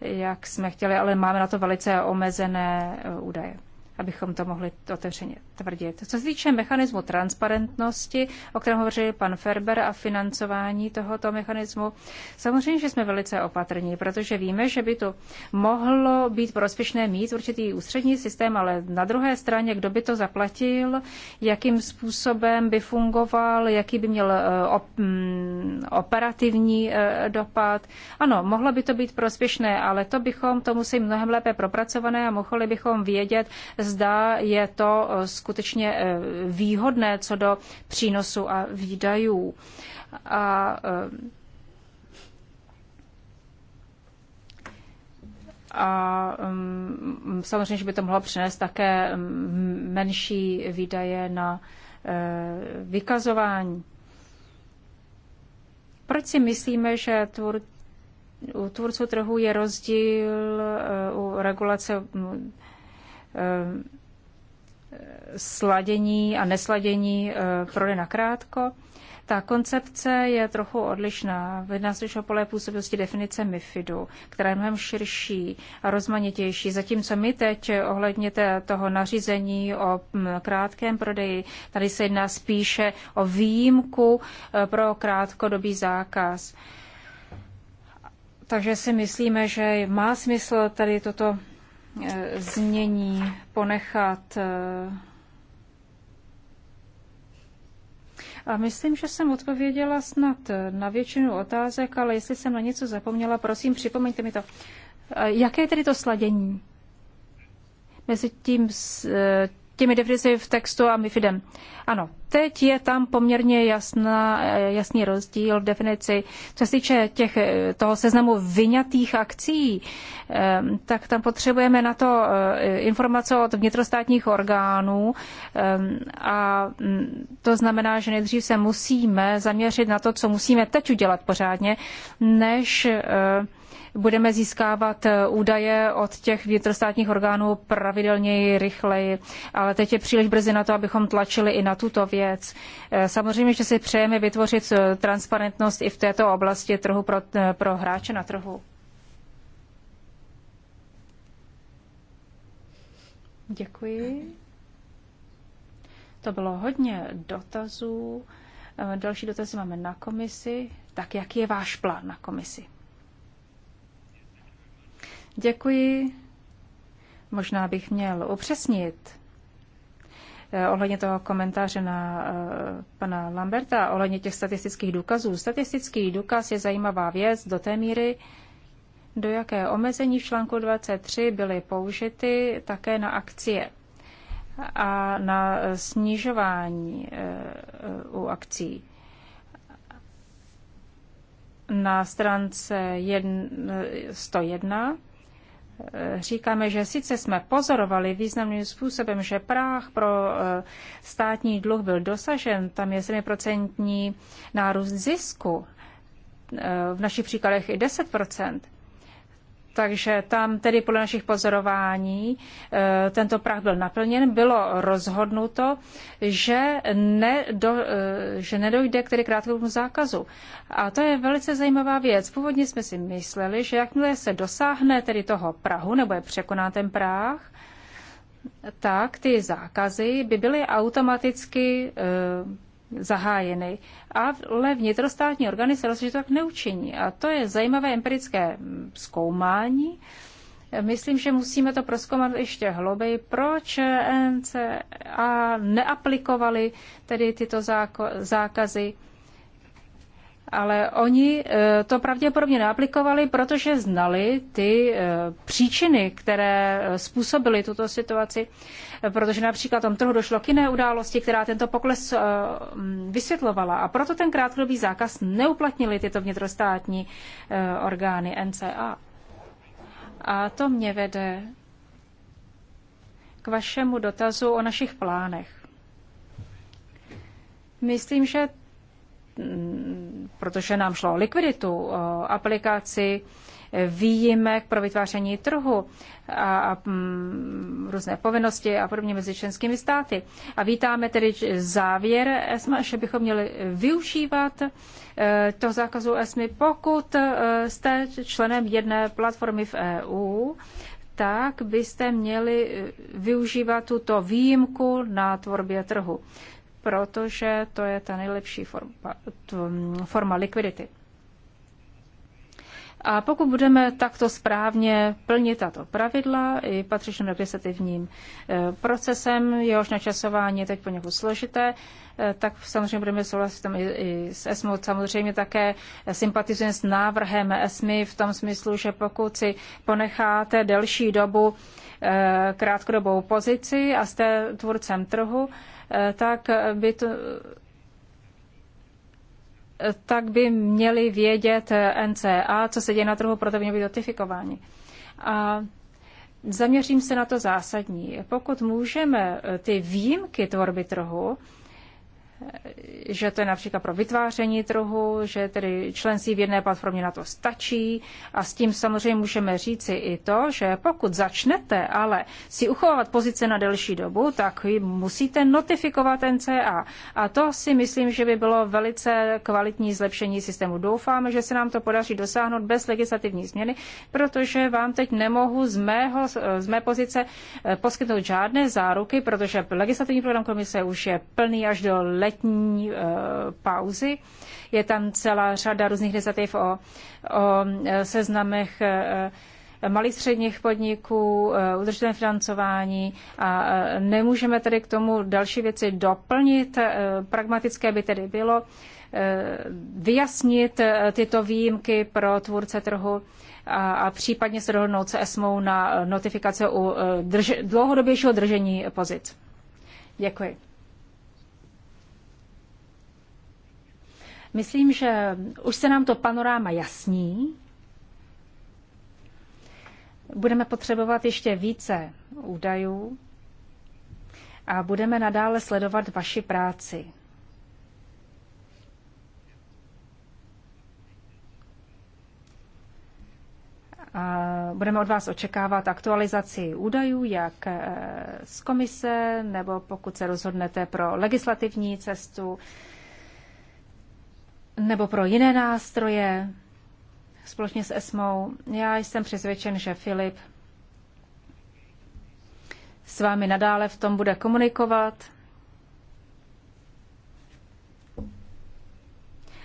jak jsme chtěli, ale máme na to velice omezené eh, údaje abychom to mohli otevřeně tvrdit. Co se týče mechanismu transparentnosti, o kterém hovořil pan Ferber a financování tohoto mechanismu, samozřejmě, že jsme velice opatrní, protože víme, že by to mohlo být prospěšné mít určitý ústřední systém, ale na druhé straně, kdo by to zaplatil, jakým způsobem by fungoval, jaký by měl eh, mm, operativní eh, dopad. Ano, mohlo by to být prospěšné, ale to bychom to musí mnohem lépe propracované a mohli bychom vědět, zda je to eh, skutečně eh, výhodné co do přínosu a výdajů. A eh, a um, samozřejmě, že by to mohlo přinést také mm, menší výdaje na uh, vykazování. Proč si myslíme, že tvůr, u tvůrců trhu je rozdíl uh, u regulace mm, Eh, sladění a nesladění eh, prody na krátko. Ta koncepce je trochu odlišná. Jedná se o pole působnosti definice MIFIDu, která je mnohem širší a rozmanitější. Zatímco my teď ohledně toho nařízení o mm, krátkém prodeji, tady se jedná spíše o výjimku eh, pro krátkodobý zákaz. Takže si myslíme, že má smysl tady toto Eh, znění ponechat. Eh, A myslím, že jsem odpověděla snad eh, na většinu otázek, ale jestli jsem na něco zapomněla, prosím, připomeňte mi to. Jaké je tedy to sladění? Mezi tím těmi definicemi v textu a MIFIDem. Ano, teď je tam poměrně jasná, jasný rozdíl v definici. Co se týče těch, toho seznamu vyňatých akcí, ehm, tak tam potřebujeme na to eh, informace od vnitrostátních orgánů ehm, a mm, to znamená, že nejdřív se musíme zaměřit na to, co musíme teď udělat pořádně, než eh, budeme získávat eh, údaje od těch vnitrostátních orgánů pravidelněji, rychleji. Ale teď je příliš brzy na to, abychom tlačili i na tuto věc. Eh, samozřejmě, že si přejeme vytvořit eh, transparentnost i v této oblasti trhu pro, pro hráče na trhu. Děkuji. To bylo hodně dotazů. Další dotazy máme na komisi. Tak jaký je váš plán na komisi? Děkuji. Možná bych měl upřesnit eh, ohledně toho komentáře na eh, pana Lamberta, ohledně těch statistických důkazů. Statistický důkaz je zajímavá věc do té míry, do jaké omezení v článku 23 byly použity také na akcie a na eh, snižování u akcí. Na stránce 101 Eh, říkáme, že sice jsme pozorovali významným způsobem, že práh pro eh, státní dluh byl dosažen, tam je 7% nárůst zisku, eh, v našich příkladech i takže tam tedy podle našich pozorování eh, tento prach byl naplněn. Bylo rozhodnuto, že, nedo, eh, že nedojde k tedy krátkému zákazu. A to je velice zajímavá věc. Původně jsme si mysleli, že jakmile se dosáhne tedy toho prahu, nebo je překoná ten práh, tak ty zákazy by byly automaticky eh, zahájeny, ale vnitrostátní orgány se rozhodně tak neučiní. A to je zajímavé empirické zkoumání. Myslím, že musíme to proskoumat ještě hlouběji, proč NCA neaplikovali tedy tyto zákazy ale oni eh, to pravděpodobně neaplikovali, protože znali ty eh, příčiny, které eh, způsobily tuto situaci, protože například tam trhu došlo k jiné události, která tento pokles mm, vysvětlovala a proto ten krátkodobý zákaz neuplatnili tyto vnitrostátní orgány NCA. A to mě vede k vašemu dotazu o našich plánech. Myslím, že protože nám šlo o likviditu, o aplikaci výjimek pro vytváření trhu a, a m, mm, různé povinnosti a podobně mezi členskými státy. A vítáme tedy závěr ESMA, že bychom měli využívat e, to zákazu ESMA, pokud e, jste členem jedné platformy v EU, tak byste měli e, využívat tuto výjimku na tvorbě trhu protože to je ta nejlepší forma, forma likvidity. A pokud budeme takto správně plnit tato pravidla i patřičným legislativním e, procesem, jehož načasování je teď poněkud složité, e, tak samozřejmě budeme souhlasit tam i, i s ESMO. Samozřejmě také sympatizujeme s návrhem ESMI v tom smyslu, že pokud si ponecháte delší dobu e, krátkodobou pozici a jste tvůrcem trhu, Eh, tak by to eh, tak by měli vědět eh, NCA, co se děje na trhu, proto by měli být notifikováni. A zaměřím se na to zásadní. Pokud můžeme ty výjimky tvorby trhu že to je například pro vytváření trhu, že tedy členství v jedné platformě na to stačí a s tím samozřejmě můžeme říci i to, že pokud začnete ale si uchovávat pozice na delší dobu, tak musíte notifikovat NCA. A to si myslím, že by bylo velice kvalitní zlepšení systému. Doufáme, že se nám to podaří dosáhnout bez legislativní změny, protože vám teď nemohu z, mého, z mé pozice eh, poskytnout žádné záruky, protože legislativní program komise už je plný až do letní eh, pauzy. Je tam celá řada různých iniciativ o, o eh, seznamech eh, malých středních podniků, udržitelné financování a nemůžeme tedy k tomu další věci doplnit. Pragmatické by tedy bylo vyjasnit tyto výjimky pro tvůrce trhu a, a případně se dohodnout se ESMou na notifikace u drž- dlouhodobějšího držení pozic. Děkuji. Myslím, že už se nám to panoráma jasní. Budeme potřebovat ještě více údajů a budeme nadále sledovat vaši práci. A budeme od vás očekávat aktualizaci údajů, jak eh, z komise, nebo pokud se rozhodnete pro legislativní cestu, nebo pro jiné nástroje společně s ESMou. Já jsem přesvědčen, že Filip s vámi nadále v tom bude komunikovat.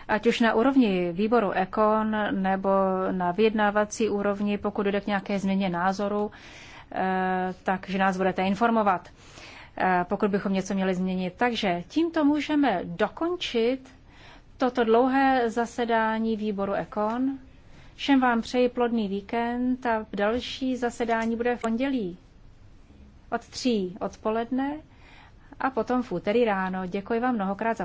Ať už na úrovni výboru Ekon nebo na vyjednávací úrovni, pokud jde k nějaké změně názoru, eh, takže nás budete informovat, eh, pokud bychom něco měli změnit. Takže tímto můžeme dokončit toto dlouhé zasedání výboru Ekon. Všem vám přeji plodný víkend a další zasedání bude v pondělí od tří odpoledne a potom v úterý ráno. Děkuji vám mnohokrát za